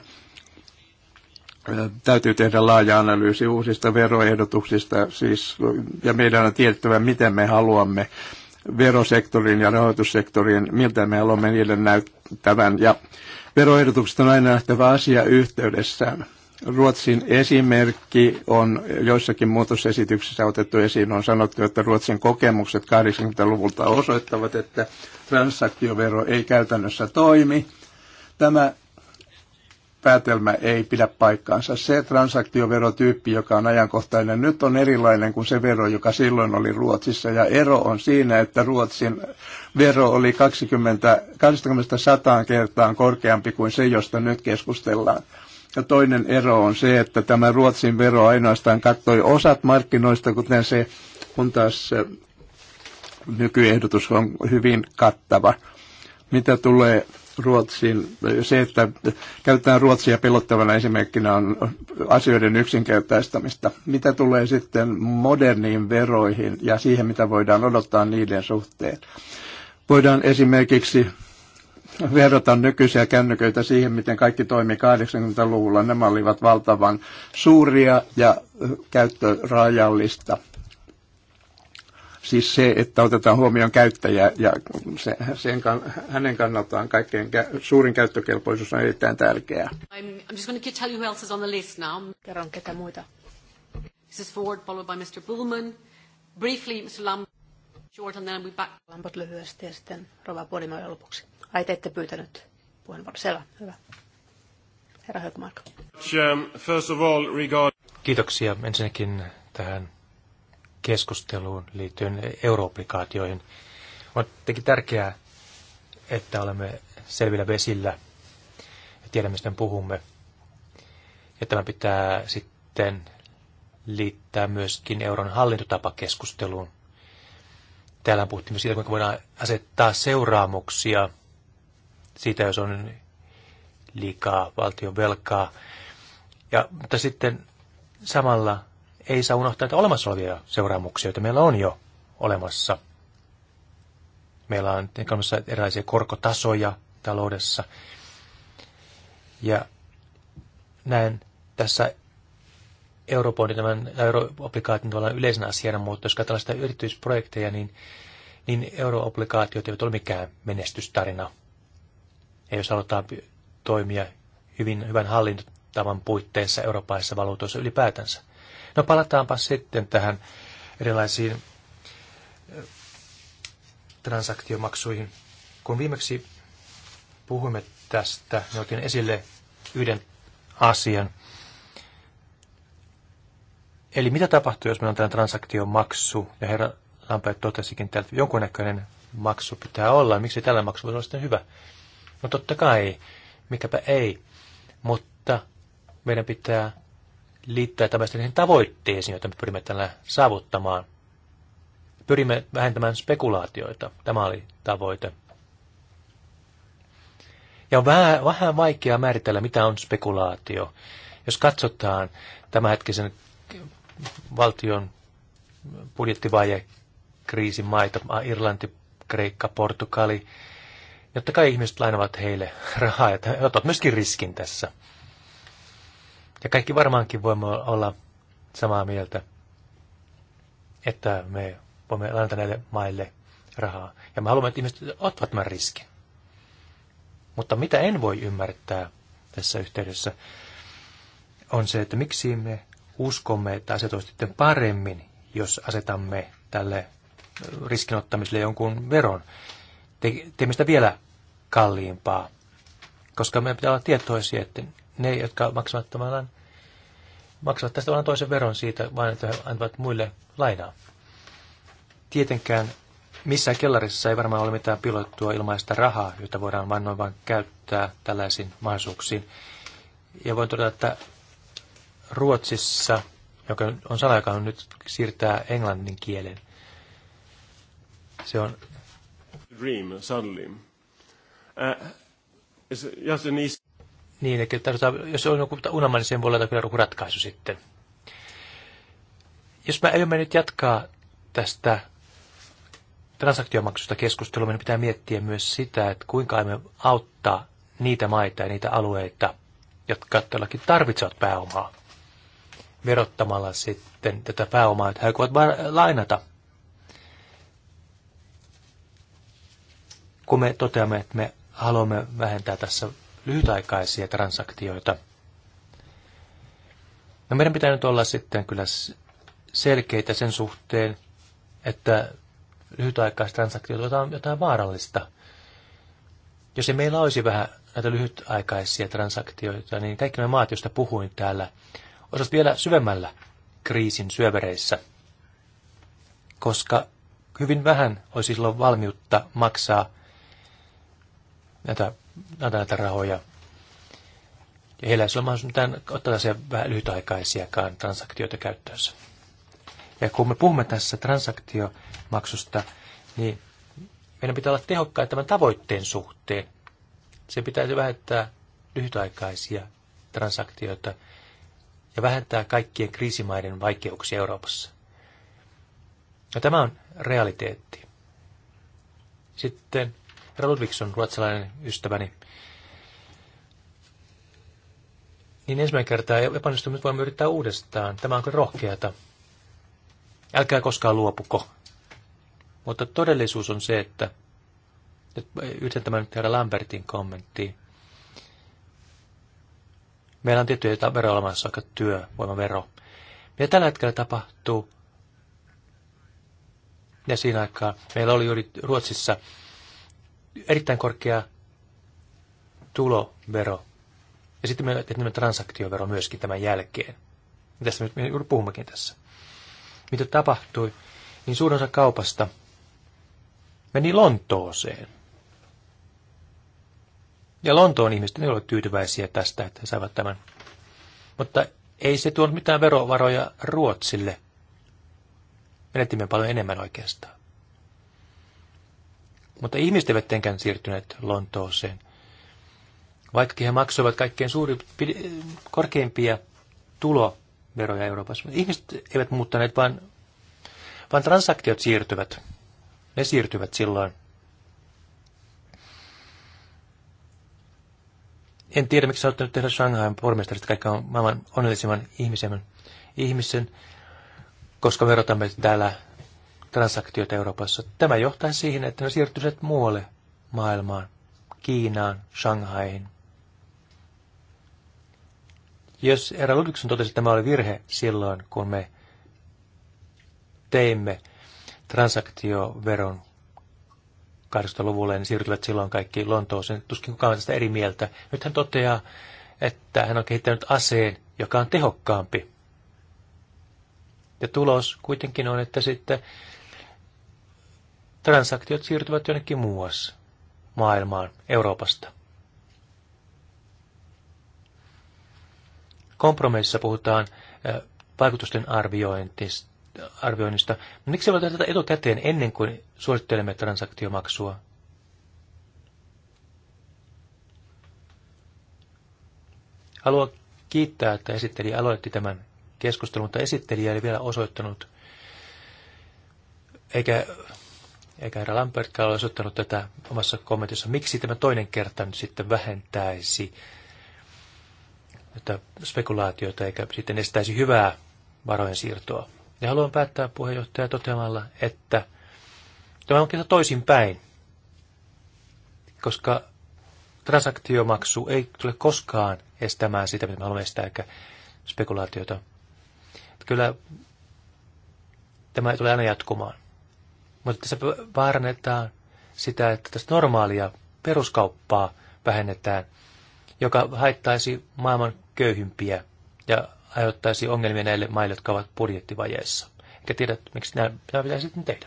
Täytyy tehdä laaja analyysi uusista veroehdotuksista, siis, ja meidän on tiedettävä, miten me haluamme verosektorin ja rahoitussektorin, miltä me haluamme niille näyttävän. Ja veroehdotukset on aina nähtävä asia yhteydessään. Ruotsin esimerkki on joissakin muutosesityksissä otettu esiin. On sanottu, että Ruotsin kokemukset 80-luvulta osoittavat, että transaktiovero ei käytännössä toimi. Tämä päätelmä ei pidä paikkaansa. Se transaktioverotyyppi, joka on ajankohtainen nyt, on erilainen kuin se vero, joka silloin oli Ruotsissa. Ja ero on siinä, että Ruotsin vero oli 20, 20 kertaan korkeampi kuin se, josta nyt keskustellaan. Ja toinen ero on se, että tämä Ruotsin vero ainoastaan kattoi osat markkinoista, kuten se, kun taas nykyehdotus on hyvin kattava. Mitä tulee Ruotsiin, se, että käytetään Ruotsia pelottavana esimerkkinä on asioiden yksinkertaistamista. Mitä tulee sitten moderniin veroihin ja siihen, mitä voidaan odottaa niiden suhteen? Voidaan esimerkiksi verrata nykyisiä kännyköitä siihen, miten kaikki toimi 80-luvulla. Nämä olivat valtavan suuria ja käyttörajallista. Siis se, että otetaan huomioon käyttäjä ja se, sen, hänen kannaltaan kaikkein suurin käyttökelpoisuus on erittäin tärkeää. on Kerron ketä muita. is Ford, followed by Mr. Bullman. Briefly, Mr. Lambert, short, and then we'll be back. Lambert lyhyesti ja sitten Rova Puolimoja lopuksi. Ai te ette pyytänyt puheenvuoro. Selvä, hyvä. Herra Hökmark. Um, regard... Kiitoksia ensinnäkin tähän keskusteluun liittyen euroopplikaatioihin. On tietenkin tärkeää, että olemme selvillä vesillä ja tiedämme, mistä puhumme. Ja tämä pitää sitten liittää myöskin euron hallintotapakeskusteluun. Täällä puhuttiin myös siitä, kuinka voidaan asettaa seuraamuksia siitä, jos on liikaa valtion velkaa. Ja, mutta sitten samalla ei saa unohtaa että olemassa olevia seuraamuksia, joita meillä on jo olemassa. Meillä on olemassa erilaisia korkotasoja taloudessa. Ja näen tässä Euroopan tämän euroobligaation tavallaan yleisenä asiana, mutta jos katsotaan sitä yritysprojekteja, niin, niin euroobligaatiot eivät ole mikään menestystarina ja jos halutaan toimia hyvin, hyvän hallintotavan puitteissa eurooppalaisissa valuutoissa ylipäätänsä. No palataanpa sitten tähän erilaisiin transaktiomaksuihin. Kun viimeksi puhuimme tästä, niin otin esille yhden asian. Eli mitä tapahtuu, jos meillä on tämä transaktiomaksu, ja herra Lampere totesikin, että jonkunnäköinen maksu pitää olla, miksi tällä maksu voisi olla sitten hyvä? No totta kai, mikäpä ei. Mutta meidän pitää liittää tämmöistä niihin tavoitteisiin, joita me pyrimme tällä saavuttamaan. Pyrimme vähentämään spekulaatioita. Tämä oli tavoite. Ja on vähän, vähän vaikea määritellä, mitä on spekulaatio. Jos katsotaan tämänhetkisen valtion budjettivaje kriisimaita, Irlanti, Kreikka, Portugali, Jotta kai ihmiset lainavat heille rahaa, että he ottavat myöskin riskin tässä. Ja kaikki varmaankin voimme olla samaa mieltä, että me voimme lainata näille maille rahaa. Ja me haluamme, että ihmiset ottavat tämän riskin. Mutta mitä en voi ymmärtää tässä yhteydessä, on se, että miksi me uskomme, että asiat olisi sitten paremmin, jos asetamme tälle riskinottamiselle jonkun veron te, teemme sitä vielä kalliimpaa, koska meidän pitää olla tietoisia, että ne, jotka maksavat tavallaan, maksavat tästä vain toisen veron siitä, vaan että he antavat muille lainaa. Tietenkään missään kellarissa ei varmaan ole mitään pilottua ilmaista rahaa, jota voidaan vain noin vain käyttää tällaisiin mahdollisuuksiin. Ja voin todeta, että Ruotsissa, joka on sana, joka on nyt siirtää englannin kielen, se on dream suddenly. Uh, just an easy... Niin, eli tarvitaan, jos on joku unelma, niin sen voi olla kyllä joku ratkaisu sitten. Jos mä aion nyt jatkaa tästä transaktiomaksusta keskustelua, meidän pitää miettiä myös sitä, että kuinka aiomme auttaa niitä maita ja niitä alueita, jotka todellakin tarvitsevat pääomaa verottamalla sitten tätä pääomaa, että he voivat lainata kun me toteamme, että me haluamme vähentää tässä lyhytaikaisia transaktioita. No meidän pitää nyt olla sitten kyllä selkeitä sen suhteen, että lyhytaikaiset transaktiot ovat jotain vaarallista. Jos ei meillä olisi vähän näitä lyhytaikaisia transaktioita, niin kaikki nämä maat, joista puhuin täällä, olisivat vielä syvemmällä kriisin syövereissä, koska hyvin vähän olisi silloin valmiutta maksaa näitä, näitä, näitä rahoja. Ja heillä ei ole mahdollisuus ottaa tällaisia vähän lyhytaikaisiakaan transaktioita käyttöönsä. Ja kun me puhumme tässä transaktiomaksusta, niin meidän pitää olla tehokkaita tämän tavoitteen suhteen. Se pitäisi vähentää lyhytaikaisia transaktioita ja vähentää kaikkien kriisimaiden vaikeuksia Euroopassa. Ja tämä on realiteetti. Sitten Ludvigsson, ruotsalainen ystäväni, niin ensimmäinen kertaa nyt voimme yrittää uudestaan. Tämä on kyllä rohkeata. Älkää koskaan luopuko. Mutta todellisuus on se, että yhden tämän nyt herra Lambertin kommenttiin. Meillä on tiettyjä veroja olemassa, vaikka työvoimavero. Mitä tällä hetkellä tapahtuu? Ja siinä aikaa meillä oli juuri Ruotsissa erittäin korkea tulovero. Ja sitten me teemme transaktiovero myöskin tämän jälkeen. Ja tässä nyt me juuri puhummekin tässä. Mitä tapahtui? Niin suurin osa kaupasta meni Lontooseen. Ja Lontoon ihmiset ne olivat tyytyväisiä tästä, että he saivat tämän. Mutta ei se tuonut mitään verovaroja Ruotsille. Menetimme paljon enemmän oikeastaan. Mutta ihmiset eivät tietenkään siirtyneet Lontooseen, vaikka he maksoivat kaikkein suuri, korkeimpia tuloveroja Euroopassa. Ihmiset eivät muuttaneet, vaan, vaan transaktiot siirtyvät. Ne siirtyvät silloin. En tiedä, miksi olette nyt tehdä Shanghain pormestarista kaikkea on maailman onnellisimman ihmisen, ihmisen, koska verotamme täällä transaktioita Euroopassa. Tämä johtaa siihen, että ne siirtyisivät muualle maailmaan, Kiinaan, Shanghaihin. Jos Erä Ludvigson totesi, että tämä oli virhe silloin, kun me teimme transaktioveron 80 luvulle niin siirtyivät silloin kaikki Lontooseen. Tuskin kukaan on tästä eri mieltä. Nyt hän toteaa, että hän on kehittänyt aseen, joka on tehokkaampi. Ja tulos kuitenkin on, että sitten transaktiot siirtyvät jonnekin muuas maailmaan Euroopasta. Kompromississa puhutaan vaikutusten arvioinnista. Miksi voi tehdä tätä etukäteen ennen kuin suosittelemme transaktiomaksua? Haluan kiittää, että esittelijä aloitti tämän keskustelun, mutta esittelijä ei vielä osoittanut eikä eikä herra Lambertkaan ole osoittanut tätä omassa kommentissa. Miksi tämä toinen kerta nyt sitten vähentäisi tätä spekulaatiota eikä sitten estäisi hyvää varojen siirtoa? Ja haluan päättää puheenjohtaja toteamalla, että tämä on toisin päin, koska transaktiomaksu ei tule koskaan estämään sitä, mitä me haluamme estää, eikä spekulaatiota. Että kyllä tämä ei tule aina jatkumaan. Mutta tässä vaarannetaan sitä, että tästä normaalia peruskauppaa vähennetään, joka haittaisi maailman köyhimpiä ja aiheuttaisi ongelmia näille maille, jotka ovat budjettivajeissa. Enkä tiedä, miksi nämä pitäisi sitten tehdä.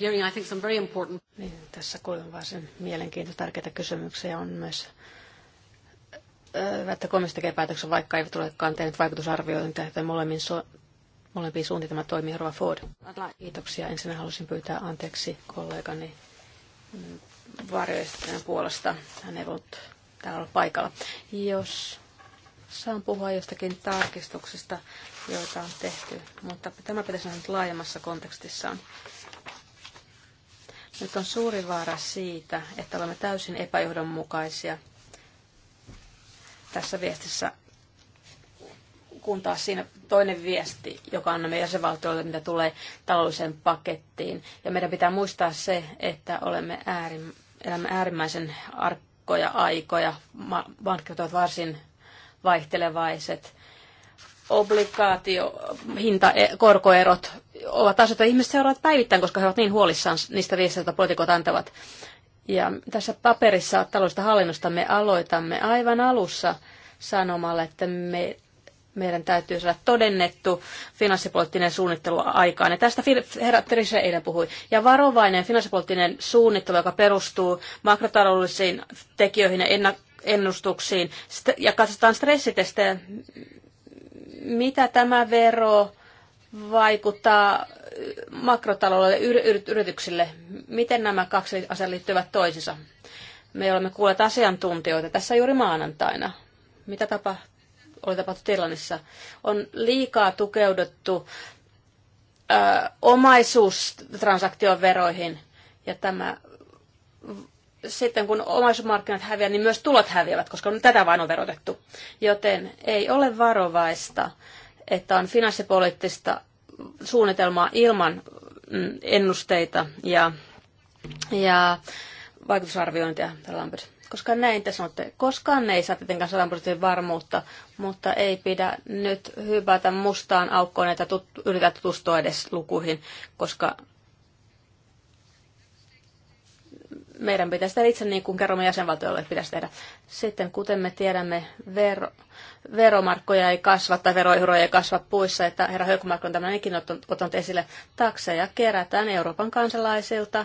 Hearing, I think, some very important... niin, tässä kuulen varsin mielenkiintoisia tärkeitä kysymyksiä. On myös että komissio tekee päätöksen, vaikka ei tulekaan tehnyt vaikutusarvioita, niin molemmin so- molempiin suuntiin tämä toimii, Rova Ford. Kiitoksia. Ensin halusin pyytää anteeksi kollegani mm, varjoistajan puolesta. Hän ei ollut täällä olla paikalla. Jos saan puhua jostakin tarkistuksista, joita on tehty, mutta tämä pitäisi olla nyt laajemmassa kontekstissaan. Nyt on suuri vaara siitä, että olemme täysin epäjohdonmukaisia tässä viestissä kun taas siinä toinen viesti, joka annamme jäsenvaltioille, mitä tulee taloudelliseen pakettiin. Ja meidän pitää muistaa se, että olemme äärim, elämme äärimmäisen arkkoja aikoja. Markkinat ovat varsin vaihtelevaiset. Obligaatio, hinta, e-, korkoerot ovat asioita, joita ihmiset seuraavat päivittäin, koska he ovat niin huolissaan niistä viesteistä, joita poliitikot antavat. Ja tässä paperissa taloudellisesta hallinnosta me aloitamme aivan alussa sanomalla, että me meidän täytyy saada todennettu finanssipoliittinen suunnittelu aikaan. Ja tästä herra Trisha eilen puhui. Ja varovainen finanssipoliittinen suunnittelu, joka perustuu makrotaloudellisiin tekijöihin ja ennustuksiin. Ja katsotaan stressitestejä, mitä tämä vero vaikuttaa makrotaloudelle yrityksille. Miten nämä kaksi asiaa liittyvät toisiinsa? Me olemme kuulleet asiantuntijoita tässä juuri maanantaina. Mitä tapa, oli tapahtunut Irlannissa, on liikaa tukeuduttu ö, omaisuustransaktion veroihin. Ja tämä, sitten kun omaisuusmarkkinat häviävät, niin myös tulot häviävät, koska tätä vain on verotettu. Joten ei ole varovaista, että on finanssipoliittista suunnitelmaa ilman mm, ennusteita ja, ja vaikutusarviointia. Lambert koska näin te sanotte, koskaan ne ei saa tietenkään 100 prosentin varmuutta, mutta ei pidä nyt hypätä mustaan aukkoon, että tut, yritä tutustua edes lukuihin, koska meidän pitäisi tehdä itse niin kuin kerromme jäsenvaltioille, että pitäisi tehdä. Sitten kuten me tiedämme, vero, veromarkkoja ei kasva tai veroeuroja ei kasva puissa, että herra Höökumarkko on tämän ikinä ottanut esille. Takseja kerätään Euroopan kansalaisilta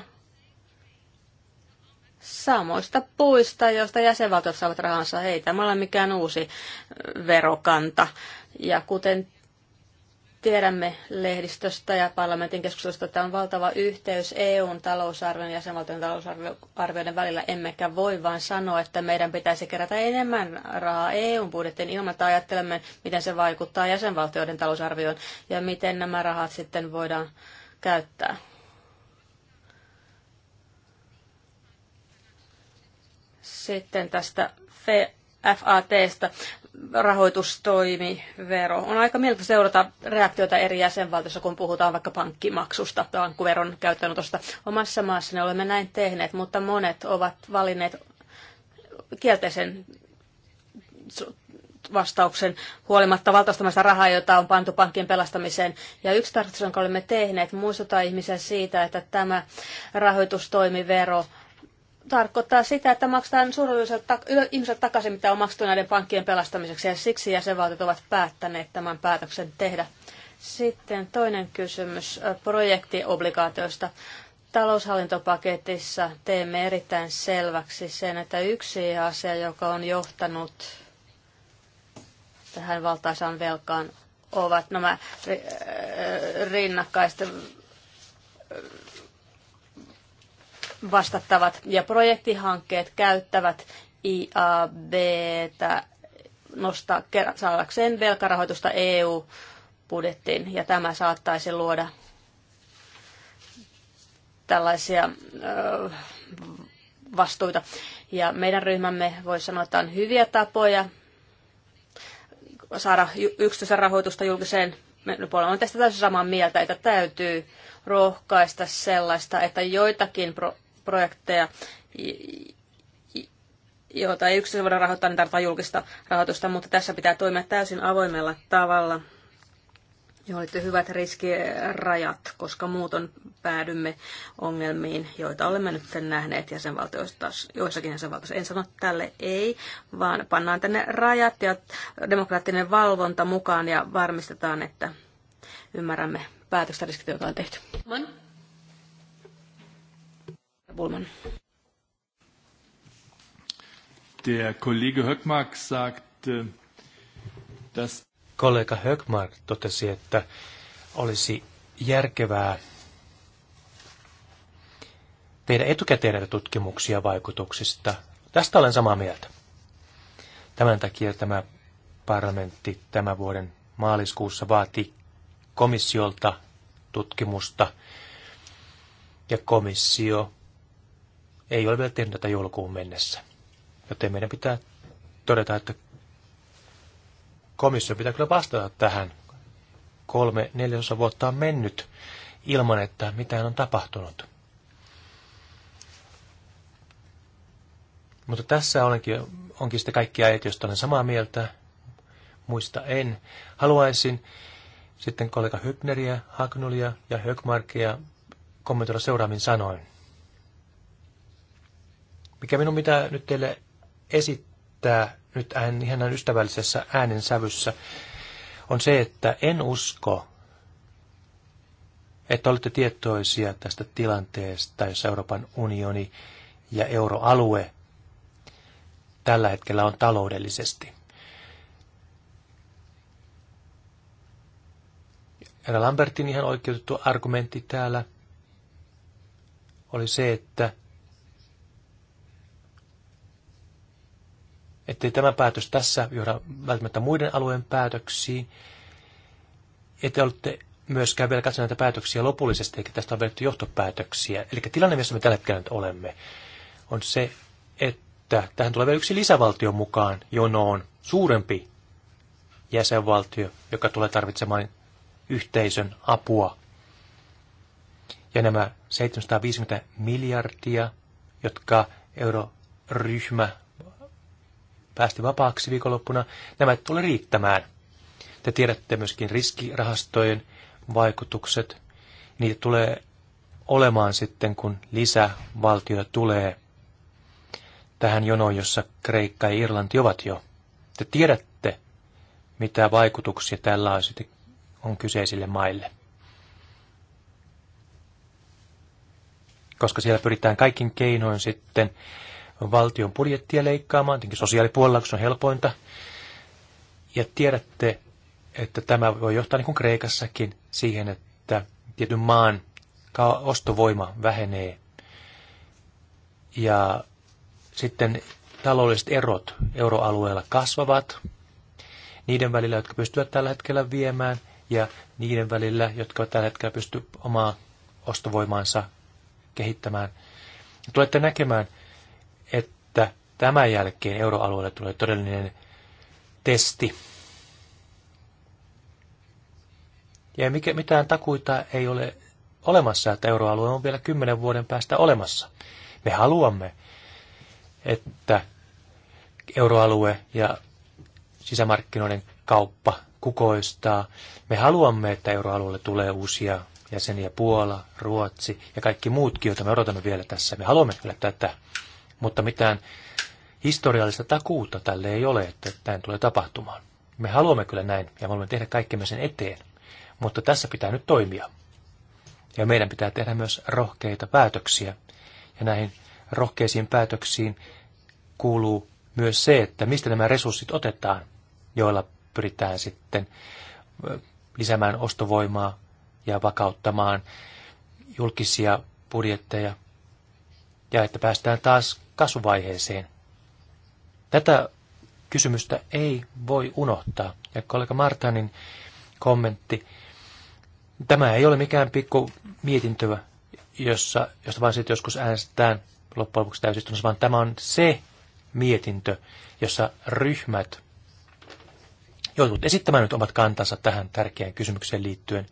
samoista puista, joista jäsenvaltiot saavat rahansa. Ei tämä ole mikään uusi verokanta. Ja kuten tiedämme lehdistöstä ja parlamentin keskustelusta, että on valtava yhteys EUn talousarvion ja jäsenvaltion talousarvioiden välillä, emmekä voi vain sanoa, että meidän pitäisi kerätä enemmän rahaa EUn budjettiin ilman, että ajattelemme, miten se vaikuttaa jäsenvaltioiden talousarvioon ja miten nämä rahat sitten voidaan käyttää. Sitten tästä FATstä rahoitustoimivero. On aika mielenkiintoista seurata reaktioita eri jäsenvaltioissa, kun puhutaan vaikka pankkimaksusta, pankkuveron käyttöönotosta. Omassa maassa ne olemme näin tehneet, mutta monet ovat valinneet kielteisen vastauksen huolimatta valtaistamasta rahaa, jota on pantu pankkien pelastamiseen. Ja yksi tarkoitus, jonka olemme tehneet, muistuttaa ihmisiä siitä, että tämä rahoitustoimivero – tarkoittaa sitä, että maksetaan suurelliselle tak- ihmiselle takaisin, mitä on maksettu näiden pankkien pelastamiseksi, ja siksi jäsenvaltiot ovat päättäneet tämän päätöksen tehdä. Sitten toinen kysymys projektiobligaatioista. Taloushallintopaketissa teemme erittäin selväksi sen, että yksi asia, joka on johtanut tähän valtaisaan velkaan, ovat nämä rinnakkaiset vastattavat ja projektihankkeet käyttävät IABtä nostaa saadakseen velkarahoitusta EU-budjettiin ja tämä saattaisi luoda tällaisia ö, vastuita. Ja meidän ryhmämme voi sanoa, että on hyviä tapoja saada yksityisen rahoitusta julkiseen puolelle. Olen tästä täysin samaa mieltä, että täytyy rohkaista sellaista, että joitakin pro- projekteja, joita ei yksin voida rahoittaa, niin tarvitaan julkista rahoitusta, mutta tässä pitää toimia täysin avoimella tavalla, johon liittyy hyvät riskirajat, koska muuton päädymme ongelmiin, joita olemme nyt sen nähneet jäsenvaltioista, joissakin jäsenvaltioissa. En sano tälle ei, vaan pannaan tänne rajat ja demokraattinen valvonta mukaan ja varmistetaan, että ymmärrämme päätöstä riskit, joita on tehty. Bullmann. Der Kollege Höckmark sagt, äh, dass... Kollega Höckmark totesi, että olisi järkevää tehdä etukäteen näitä tutkimuksia vaikutuksista. Tästä olen samaa mieltä. Tämän takia tämä parlamentti tämän vuoden maaliskuussa vaati komissiolta tutkimusta, ja komissio ei ole vielä tehnyt tätä joulukuun mennessä. Joten meidän pitää todeta, että komissio pitää kyllä vastata tähän. Kolme neljäsosa vuotta on mennyt ilman, että mitään on tapahtunut. Mutta tässä olenkin, onkin sitten kaikki ajat, joista olen samaa mieltä. Muista en. Haluaisin sitten kollega Hypneriä, Hagnulia ja Högmarkia kommentoida seuraavin sanoin mikä minun pitää nyt teille esittää nyt ään, ihan ystävällisessä äänensävyssä, on se, että en usko, että olette tietoisia tästä tilanteesta, jos Euroopan unioni ja euroalue tällä hetkellä on taloudellisesti. Herra Lambertin ihan oikeutettu argumentti täällä oli se, että ettei tämä päätös tässä johda välttämättä muiden alueen päätöksiin, että olette myöskään vielä katsoneet näitä päätöksiä lopullisesti, eikä tästä on vedetty johtopäätöksiä. Eli tilanne, missä me tällä hetkellä nyt olemme, on se, että tähän tulee vielä yksi lisävaltio mukaan jonoon, suurempi jäsenvaltio, joka tulee tarvitsemaan yhteisön apua. Ja nämä 750 miljardia, jotka euroryhmä päästi vapaaksi viikonloppuna, nämä tule riittämään. Te tiedätte myöskin riskirahastojen vaikutukset. Niitä tulee olemaan sitten, kun lisävaltio tulee tähän jonoon, jossa Kreikka ja Irlanti ovat jo. Te tiedätte, mitä vaikutuksia tällä on, sitten, on kyseisille maille. Koska siellä pyritään kaikin keinoin sitten valtion budjettia leikkaamaan, tietenkin sosiaalipuolella, kun se on helpointa. Ja tiedätte, että tämä voi johtaa niin kuin Kreikassakin siihen, että tietyn maan ostovoima vähenee. Ja sitten taloudelliset erot euroalueella kasvavat niiden välillä, jotka pystyvät tällä hetkellä viemään, ja niiden välillä, jotka tällä hetkellä pystyvät omaa ostovoimaansa kehittämään. tulette näkemään, tämän jälkeen euroalueelle tulee todellinen testi. Ja mikä, mitään takuita ei ole olemassa, että euroalue on vielä kymmenen vuoden päästä olemassa. Me haluamme, että euroalue ja sisämarkkinoiden kauppa kukoistaa. Me haluamme, että euroalueelle tulee uusia jäseniä Puola, Ruotsi ja kaikki muutkin, joita me odotamme vielä tässä. Me haluamme kyllä tätä, mutta mitään historiallista takuuta tälle ei ole, että näin tulee tapahtumaan. Me haluamme kyllä näin ja me haluamme tehdä kaikkemme sen eteen, mutta tässä pitää nyt toimia. Ja meidän pitää tehdä myös rohkeita päätöksiä. Ja näihin rohkeisiin päätöksiin kuuluu myös se, että mistä nämä resurssit otetaan, joilla pyritään sitten lisäämään ostovoimaa ja vakauttamaan julkisia budjetteja ja että päästään taas kasvuvaiheeseen. Tätä kysymystä ei voi unohtaa. Ja kollega Martanin kommentti, tämä ei ole mikään pikku mietintöä, jossa, josta vaan sitten joskus äänestetään loppujen lopuksi täysistunnossa, vaan tämä on se mietintö, jossa ryhmät joutuvat esittämään nyt omat kantansa tähän tärkeään kysymykseen liittyen.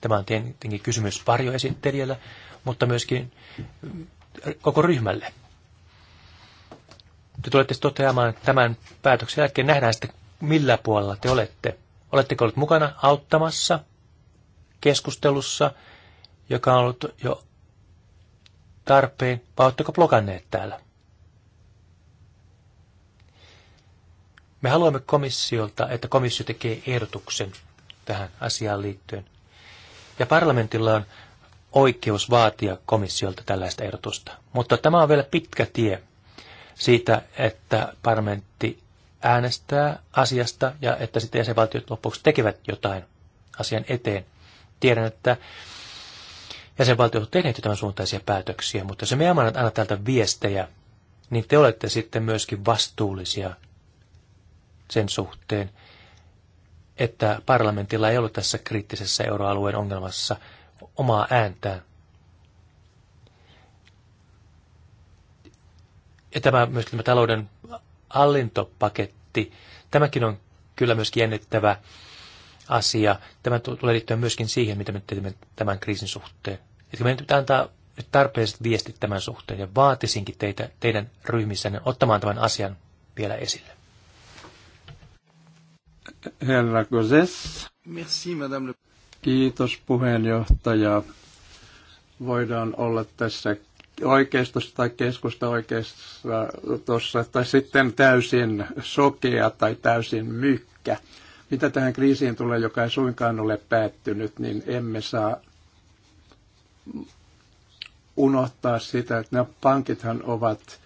Tämä on tietenkin kysymys varjoesittelijällä, mutta myöskin koko ryhmälle te tulette toteamaan että tämän päätöksen jälkeen, nähdään sitten millä puolella te olette. Oletteko olleet mukana auttamassa keskustelussa, joka on ollut jo tarpeen, vai oletteko blokanneet täällä? Me haluamme komissiolta, että komissio tekee ehdotuksen tähän asiaan liittyen. Ja parlamentilla on oikeus vaatia komissiolta tällaista ehdotusta. Mutta tämä on vielä pitkä tie siitä, että parlamentti äänestää asiasta ja että sitten jäsenvaltiot lopuksi tekevät jotain asian eteen. Tiedän, että jäsenvaltiot ovat tehneet jotain suuntaisia päätöksiä, mutta se me anna täältä viestejä, niin te olette sitten myöskin vastuullisia sen suhteen, että parlamentilla ei ollut tässä kriittisessä euroalueen ongelmassa omaa ääntään. Ja tämä myös tämä talouden hallintopaketti, tämäkin on kyllä myöskin jännittävä asia. Tämä tulee liittyä myöskin siihen, mitä me teemme tämän kriisin suhteen. Eli meidän pitää antaa nyt tarpeelliset viestit tämän suhteen ja vaatisinkin teitä, teidän ryhmissänne ottamaan tämän asian vielä esille. Herra Gozes. Merci, madame. Kiitos puheenjohtaja. Voidaan olla tässä oikeistossa tai keskusta oikeistossa, tai sitten täysin sokea tai täysin mykkä. Mitä tähän kriisiin tulee, joka ei suinkaan ole päättynyt, niin emme saa unohtaa sitä, että nämä pankithan ovat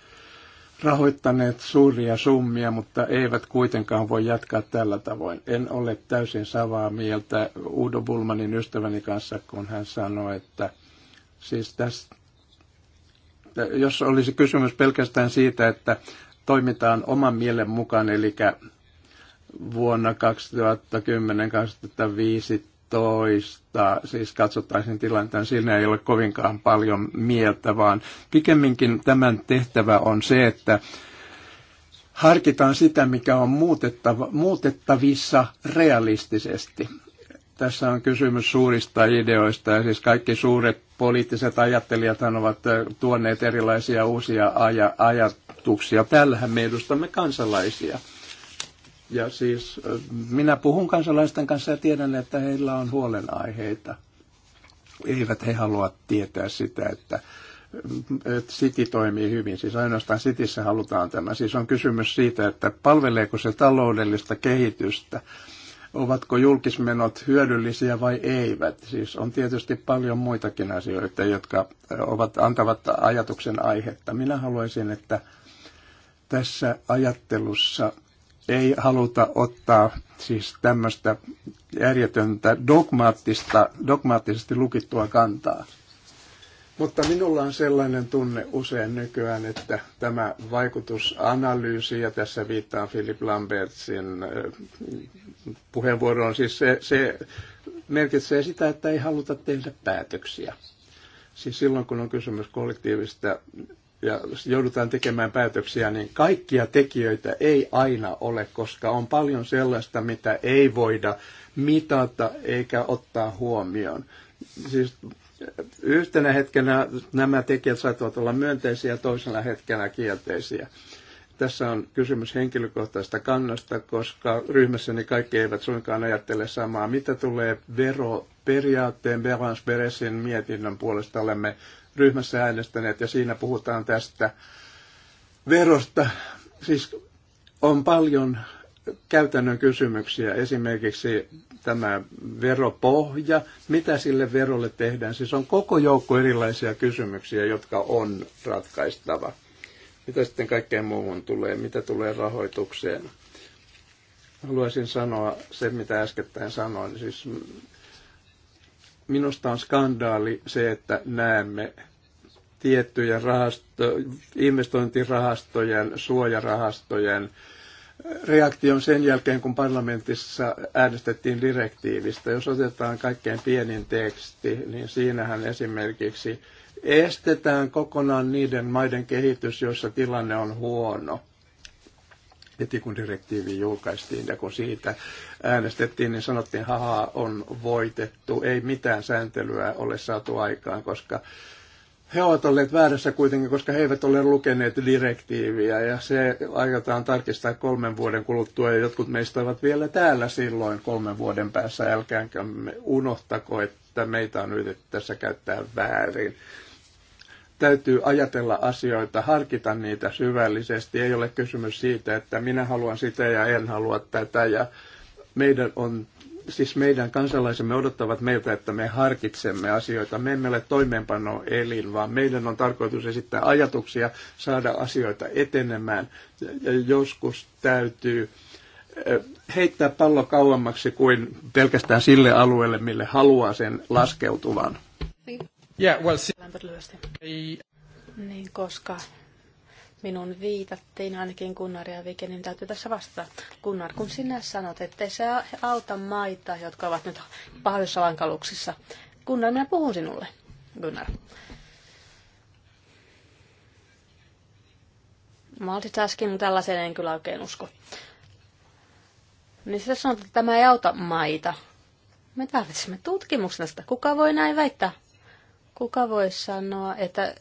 rahoittaneet suuria summia, mutta eivät kuitenkaan voi jatkaa tällä tavoin. En ole täysin samaa mieltä Udo Bulmanin ystäväni kanssa, kun hän sanoi, että siis tästä jos olisi kysymys pelkästään siitä, että toimitaan oman mielen mukaan, eli vuonna 2010-2015, siis katsottaisiin tilanteen, siinä ei ole kovinkaan paljon mieltä, vaan pikemminkin tämän tehtävä on se, että harkitaan sitä, mikä on muutettava, muutettavissa realistisesti. Tässä on kysymys suurista ideoista, ja siis kaikki suuret poliittiset ajattelijat ovat tuoneet erilaisia uusia aj- ajatuksia. Tällähän me edustamme kansalaisia. Ja siis minä puhun kansalaisten kanssa ja tiedän, että heillä on huolenaiheita. Eivät he halua tietää sitä, että City toimii hyvin. Siis ainoastaan Cityssä halutaan tämä. Siis on kysymys siitä, että palveleeko se taloudellista kehitystä ovatko julkismenot hyödyllisiä vai eivät. Siis on tietysti paljon muitakin asioita, jotka ovat, antavat ajatuksen aihetta. Minä haluaisin, että tässä ajattelussa ei haluta ottaa siis tämmöistä järjetöntä dogmaattista, dogmaattisesti lukittua kantaa. Mutta minulla on sellainen tunne usein nykyään, että tämä vaikutusanalyysi, ja tässä viittaan Philip Lambertsin puheenvuoroon, siis se, se merkitsee sitä, että ei haluta tehdä päätöksiä. Siis silloin, kun on kysymys kollektiivista ja joudutaan tekemään päätöksiä, niin kaikkia tekijöitä ei aina ole, koska on paljon sellaista, mitä ei voida mitata eikä ottaa huomioon. Siis yhtenä hetkenä nämä tekijät saattavat olla myönteisiä, toisella hetkenä kielteisiä. Tässä on kysymys henkilökohtaista kannasta, koska ryhmässäni kaikki eivät suinkaan ajattele samaa. Mitä tulee veroperiaatteen Berans Beresin mietinnön puolesta olemme ryhmässä äänestäneet ja siinä puhutaan tästä verosta. Siis on paljon käytännön kysymyksiä, esimerkiksi tämä veropohja, mitä sille verolle tehdään. Siis on koko joukko erilaisia kysymyksiä, jotka on ratkaistava. Mitä sitten kaikkeen muuhun tulee, mitä tulee rahoitukseen. Haluaisin sanoa se, mitä äskettäin sanoin. Siis minusta on skandaali se, että näemme tiettyjä rahasto, investointirahastojen, suojarahastojen, reaktion sen jälkeen, kun parlamentissa äänestettiin direktiivistä. Jos otetaan kaikkein pienin teksti, niin siinähän esimerkiksi estetään kokonaan niiden maiden kehitys, joissa tilanne on huono. Heti kun direktiivi julkaistiin ja kun siitä äänestettiin, niin sanottiin, haha, on voitettu, ei mitään sääntelyä ole saatu aikaan, koska he ovat olleet väärässä kuitenkin, koska he eivät ole lukeneet direktiiviä ja se aiotaan tarkistaa kolmen vuoden kuluttua ja jotkut meistä ovat vielä täällä silloin kolmen vuoden päässä. Älkäänkö me unohtako, että meitä on yritetty tässä käyttää väärin. Täytyy ajatella asioita, harkita niitä syvällisesti. Ei ole kysymys siitä, että minä haluan sitä ja en halua tätä ja meidän on siis meidän kansalaisemme odottavat meiltä, että me harkitsemme asioita. Me emme ole elin, vaan meidän on tarkoitus esittää ajatuksia, saada asioita etenemään. Joskus täytyy eh, heittää pallo kauemmaksi kuin pelkästään sille alueelle, mille haluaa sen laskeutuvan. Niin. Yeah, well, see... Niin, koska minun viitattiin, ainakin Kunnaria ja Vike, niin täytyy tässä vastata. Gunnar, kun sinä sanot, ettei se auta maita, jotka ovat nyt pahoissa lankaluksissa. Gunnar, minä puhun sinulle. Gunnar. Multitasking tällaiseen en kyllä oikein usko. Niin sä sanot, että tämä ei auta maita. Me tarvitsemme tutkimuksesta. Kuka voi näin väittää? Kuka voi sanoa, että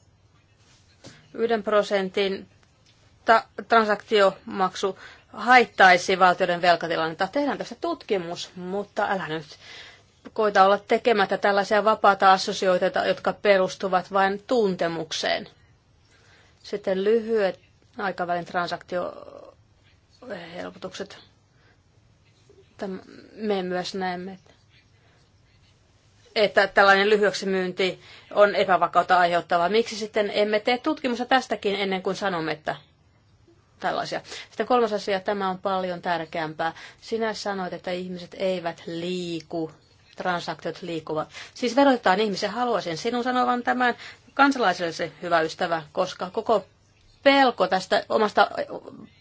Yhden prosentin ta- transaktiomaksu haittaisi valtioiden velkatilannetta. Tehdään tästä tutkimus, mutta älä nyt koita olla tekemättä tällaisia vapaata assosioita, jotka perustuvat vain tuntemukseen. Sitten lyhyet aikavälin transaktiohelpotukset. Me myös näemme, että että tällainen lyhyeksi myynti on epävakautta aiheuttavaa. Miksi sitten emme tee tutkimusta tästäkin ennen kuin sanomme, että tällaisia. Sitten kolmas asia, tämä on paljon tärkeämpää. Sinä sanoit, että ihmiset eivät liiku, transaktiot liikuvat. Siis verotetaan ihmisiä, haluaisin sinun sanovan tämän kansalaiselle se hyvä ystävä, koska koko pelko tästä omasta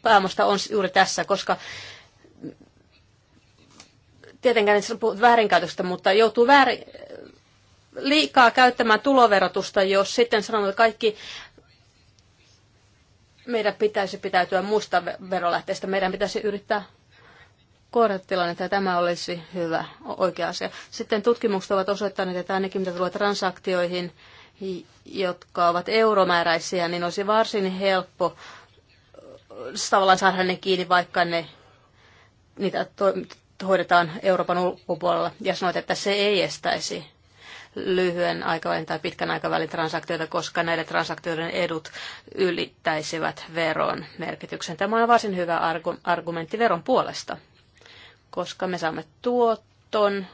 pääomasta on juuri tässä, koska tietenkään ei puhut väärinkäytöstä, mutta joutuu väärin, liikaa käyttämään tuloverotusta, jos sitten sanoo, että kaikki meidän pitäisi pitäytyä muista verolähteistä, meidän pitäisi yrittää korjata tilannetta ja tämä olisi hyvä, oikea asia. Sitten tutkimukset ovat osoittaneet, että ainakin mitä tulee transaktioihin, jotka ovat euromääräisiä, niin olisi varsin helppo äh, tavallaan saada ne kiinni, vaikka ne, niitä hoidetaan Euroopan ulkopuolella ja sanoit, että se ei estäisi lyhyen aikavälin tai pitkän aikavälin transaktioita, koska näiden transaktioiden edut ylittäisivät veron merkityksen. Tämä on varsin hyvä argumentti veron puolesta, koska me saamme tuoton,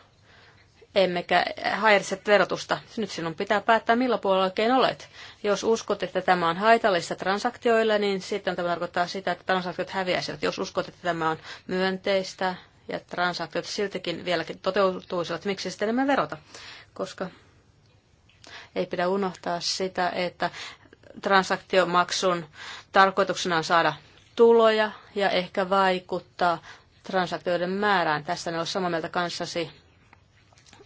emmekä häiritse verotusta. Nyt sinun pitää päättää, millä puolella oikein olet. Jos uskot, että tämä on haitallista transaktioille, niin sitten tämä tarkoittaa sitä, että transaktiot häviäisivät. Jos uskot, että tämä on myönteistä, ja transaktiot siltikin vieläkin toteutuisivat, miksi sitten emme verota? Koska ei pidä unohtaa sitä, että transaktiomaksun tarkoituksena on saada tuloja ja ehkä vaikuttaa transaktioiden määrään. Tässä ne on samaa mieltä kanssasi,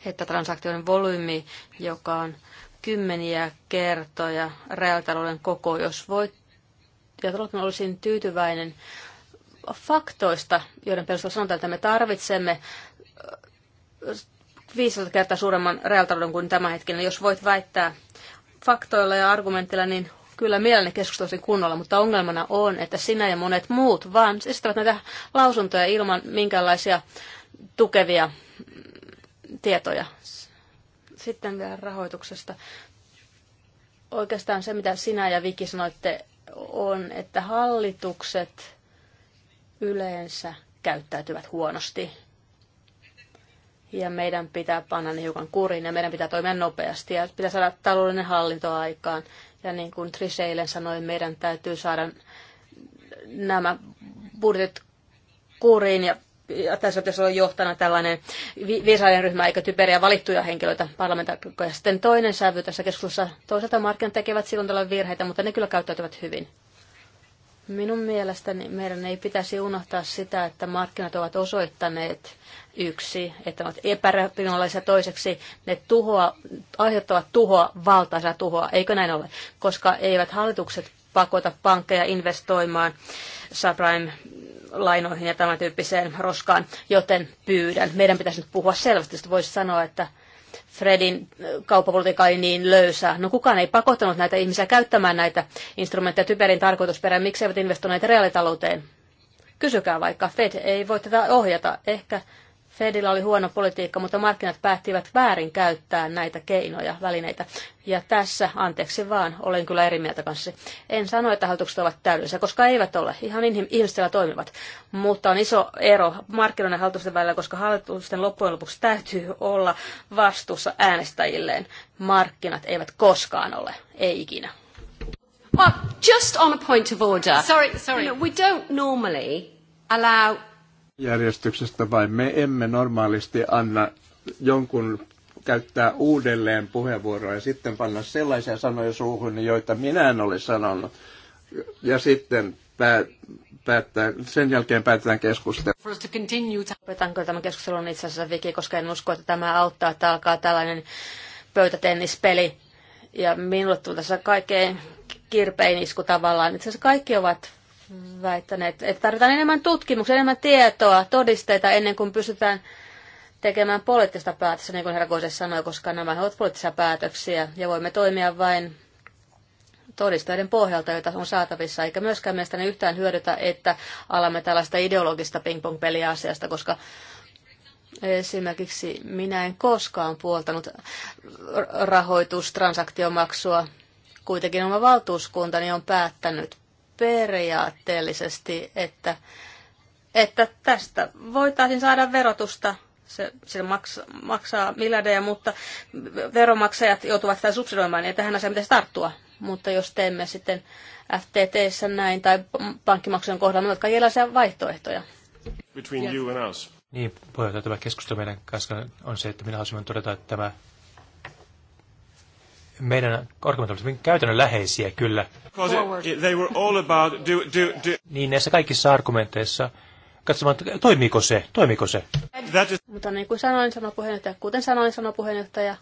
että transaktioiden volyymi, joka on kymmeniä kertoja reaalitalouden koko, jos voit, ja olisin tyytyväinen, faktoista, joiden perusteella sanotaan, että me tarvitsemme 500 äh, kertaa suuremman realtalouden kuin tämä hetkinen. Jos voit väittää faktoilla ja argumentilla, niin kyllä mielelläni keskustelisin kunnolla, mutta ongelmana on, että sinä ja monet muut vaan esittävät näitä lausuntoja ilman minkäänlaisia tukevia mm, tietoja. Sitten vielä rahoituksesta. Oikeastaan se, mitä sinä ja Viki sanoitte, on, että hallitukset yleensä käyttäytyvät huonosti. Ja meidän pitää panna ne hiukan kuriin ja meidän pitää toimia nopeasti ja pitää saada taloudellinen hallinto aikaan. Ja niin kuin Trise eilen sanoi, meidän täytyy saada nämä budjetit kuriin ja ja tässä pitäisi olla johtana tällainen viisaiden ryhmä, eikä typeriä valittuja henkilöitä parlamentaarikkoja. Sitten toinen sävy tässä keskustelussa. Toisaalta markkinat tekevät silloin tällä virheitä, mutta ne kyllä käyttäytyvät hyvin. Minun mielestäni meidän ei pitäisi unohtaa sitä, että markkinat ovat osoittaneet yksi, että ovat epärapinnollisia toiseksi, ne tuhoa, aiheuttavat tuhoa, valtaisa tuhoa, eikö näin ole? Koska eivät hallitukset pakota pankkeja investoimaan subprime-lainoihin ja tämän tyyppiseen roskaan, joten pyydän. Meidän pitäisi nyt puhua selvästi, voisi sanoa, että Fredin kauppapolitiikka oli niin löysää. No kukaan ei pakottanut näitä ihmisiä käyttämään näitä instrumentteja typerin tarkoitusperään. Miksi eivät investoineet reaalitalouteen? Kysykää vaikka, Fed ei voi tätä ohjata. Ehkä Fedillä oli huono politiikka, mutta markkinat päättivät väärin käyttää näitä keinoja, välineitä. Ja tässä, anteeksi vaan, olen kyllä eri mieltä kanssa. En sano, että hallitukset ovat täydellisiä, koska eivät ole. Ihan ihmisillä toimivat. Mutta on iso ero markkinoiden ja hallitusten välillä, koska hallitusten loppujen lopuksi täytyy olla vastuussa äänestäjilleen. Markkinat eivät koskaan ole. Ei ikinä. Well, just on a point of order. Sorry, sorry. You know, we don't normally allow järjestyksestä vai me emme normaalisti anna jonkun käyttää uudelleen puheenvuoroa ja sitten panna sellaisia sanoja suuhun, joita minä en ole sanonut. Ja sitten päättää, sen jälkeen päätetään keskustella. Lopetanko tämän keskustelun itse asiassa Viki, koska en usko, että tämä auttaa, että alkaa tällainen pöytätennispeli. Ja minulle tuli tässä kaikkein kirpein isku tavallaan. Itse asiassa kaikki ovat väittäneet, että tarvitaan enemmän tutkimuksia, enemmän tietoa, todisteita ennen kuin pystytään tekemään poliittista päätöstä, niin kuin herra Kose sanoi, koska nämä ovat poliittisia päätöksiä ja voimme toimia vain todisteiden pohjalta, joita on saatavissa, eikä myöskään mielestäni yhtään hyödytä, että alamme tällaista ideologista ping-pong-peliä asiasta, koska esimerkiksi minä en koskaan puoltanut rahoitustransaktiomaksua. Kuitenkin oma valtuuskuntani on päättänyt periaatteellisesti, että, että tästä voitaisiin saada verotusta. Se, se maksaa, maksaa miljardeja, mutta veromaksajat joutuvat sitä subsidoimaan, niin tähän asiaan pitäisi tarttua. Mutta jos teemme sitten FTTssä näin tai pankkimaksujen kohdalla, niin on erilaisia vaihtoehtoja. Between you and us. Niin, puheenjohtaja, tämä keskustelu meidän kanssa on se, että minä haluaisin todeta, että tämä meidän argumentit olivat hyvin käytännönläheisiä kyllä. They were all about do, do, do. Niin näissä kaikissa argumenteissa katsomaan, että toimiiko se, toimiiko se. Is... Mutta niin kuin sanoin, sanoi puheenjohtaja, kuten sanoin, sanoi puheenjohtaja,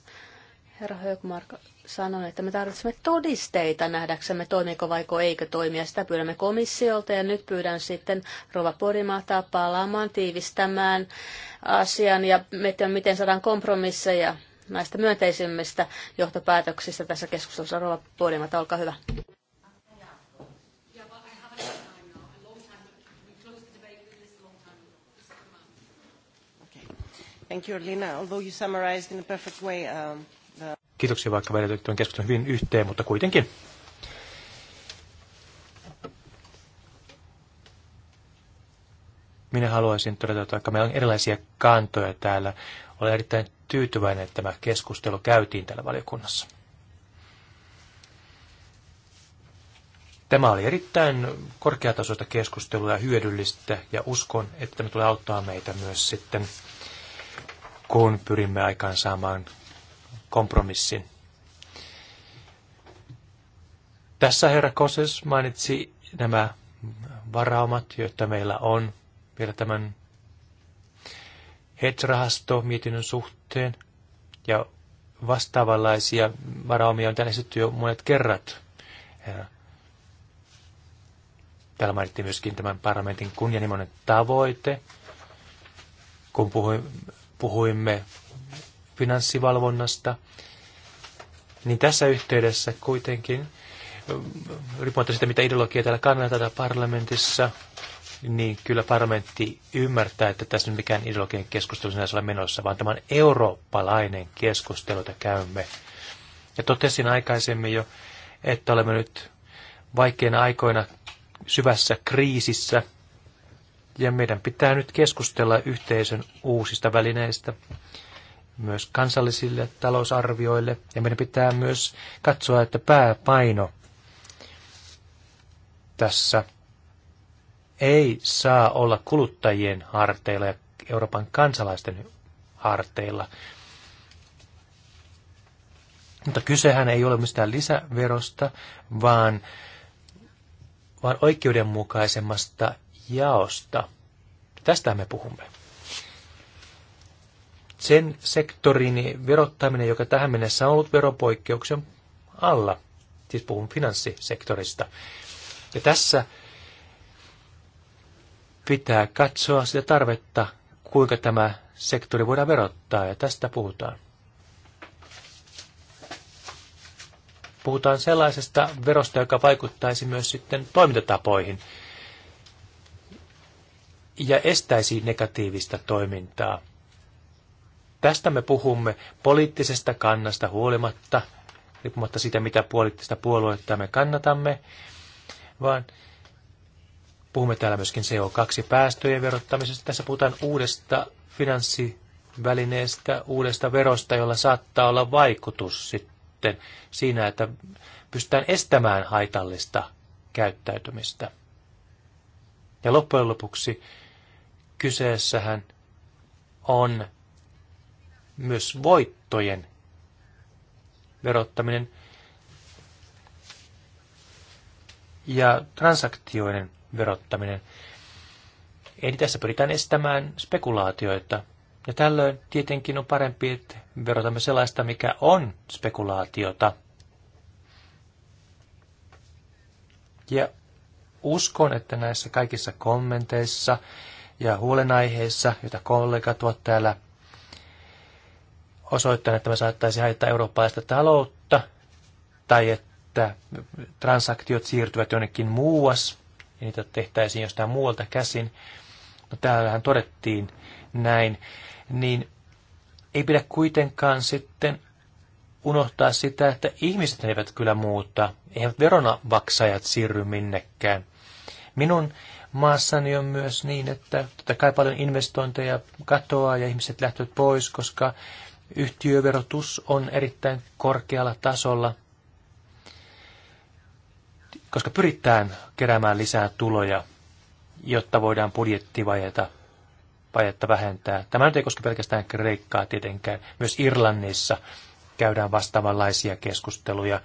herra Höökmark sanoi, että me tarvitsemme todisteita nähdäksemme, toimiko vaiko eikö toimia. Sitä pyydämme komissiolta ja nyt pyydän sitten Rova Porimataa palaamaan, tiivistämään asian ja miettimään, miten saadaan kompromisseja näistä myönteisimmistä johtopäätöksistä tässä keskustelussa. Rova Puolimata, olkaa hyvä. Thank you, Lina. Although you summarized in a perfect way um, the... Kiitoksia, vaikka vedetyt tuon keskustelun hyvin yhteen, mutta kuitenkin. Minä haluaisin todeta, että vaikka meillä on erilaisia kantoja täällä, olen erittäin tyytyväinen, että tämä keskustelu käytiin täällä valiokunnassa. Tämä oli erittäin korkeatasoista keskustelua ja hyödyllistä, ja uskon, että tämä tulee auttaa meitä myös sitten, kun pyrimme aikaan saamaan kompromissin. Tässä herra Koses mainitsi nämä varaumat, joita meillä on vielä tämän hedge-rahasto mietinnön suhteen ja vastaavanlaisia varaumia on täällä esitetty jo monet kerrat. Täällä mainittiin myöskin tämän parlamentin kunnianhimoinen tavoite, kun puhuimme finanssivalvonnasta. Niin tässä yhteydessä kuitenkin, riippumatta siitä, mitä ideologiaa täällä kannatetaan parlamentissa, niin kyllä parlamentti ymmärtää, että tässä nyt mikään ideologinen keskustelu sinänsä ole menossa, vaan tämä on eurooppalainen keskustelu, jota käymme. Ja totesin aikaisemmin jo, että olemme nyt vaikeina aikoina syvässä kriisissä, ja meidän pitää nyt keskustella yhteisön uusista välineistä myös kansallisille talousarvioille, ja meidän pitää myös katsoa, että pääpaino tässä – ei saa olla kuluttajien harteilla ja Euroopan kansalaisten harteilla. Mutta kysehän ei ole mistään lisäverosta, vaan, vaan oikeudenmukaisemmasta jaosta. Tästä me puhumme. Sen sektorin verottaminen, joka tähän mennessä on ollut veropoikkeuksen alla, siis puhun finanssisektorista. Ja tässä pitää katsoa sitä tarvetta, kuinka tämä sektori voidaan verottaa, ja tästä puhutaan. Puhutaan sellaisesta verosta, joka vaikuttaisi myös sitten toimintatapoihin ja estäisi negatiivista toimintaa. Tästä me puhumme poliittisesta kannasta huolimatta, riippumatta siitä, mitä poliittista puoluetta me kannatamme, vaan Puhumme täällä myöskin CO2-päästöjen verottamisesta. Tässä puhutaan uudesta finanssivälineestä, uudesta verosta, jolla saattaa olla vaikutus sitten siinä, että pystytään estämään haitallista käyttäytymistä. Ja loppujen lopuksi kyseessähän on myös voittojen verottaminen ja transaktioiden verottaminen. Eli tässä pyritään estämään spekulaatioita. Ja tällöin tietenkin on parempi, että verotamme sellaista, mikä on spekulaatiota. Ja uskon, että näissä kaikissa kommenteissa ja huolenaiheissa, joita kollegat ovat täällä osoittaneet, että me saattaisi haittaa eurooppalaista taloutta, tai että transaktiot siirtyvät jonnekin muuas ja niitä tehtäisiin jostain muualta käsin, no täällähän todettiin näin, niin ei pidä kuitenkaan sitten unohtaa sitä, että ihmiset eivät kyllä muuta, eivät veronavaksajat siirry minnekään. Minun maassani on myös niin, että totta kai paljon investointeja katoaa ja ihmiset lähtevät pois, koska yhtiöverotus on erittäin korkealla tasolla – koska pyritään keräämään lisää tuloja, jotta voidaan budjettivajetta vajetta vähentää. Tämä nyt ei koske pelkästään Kreikkaa tietenkään. Myös Irlannissa käydään vastaavanlaisia keskusteluja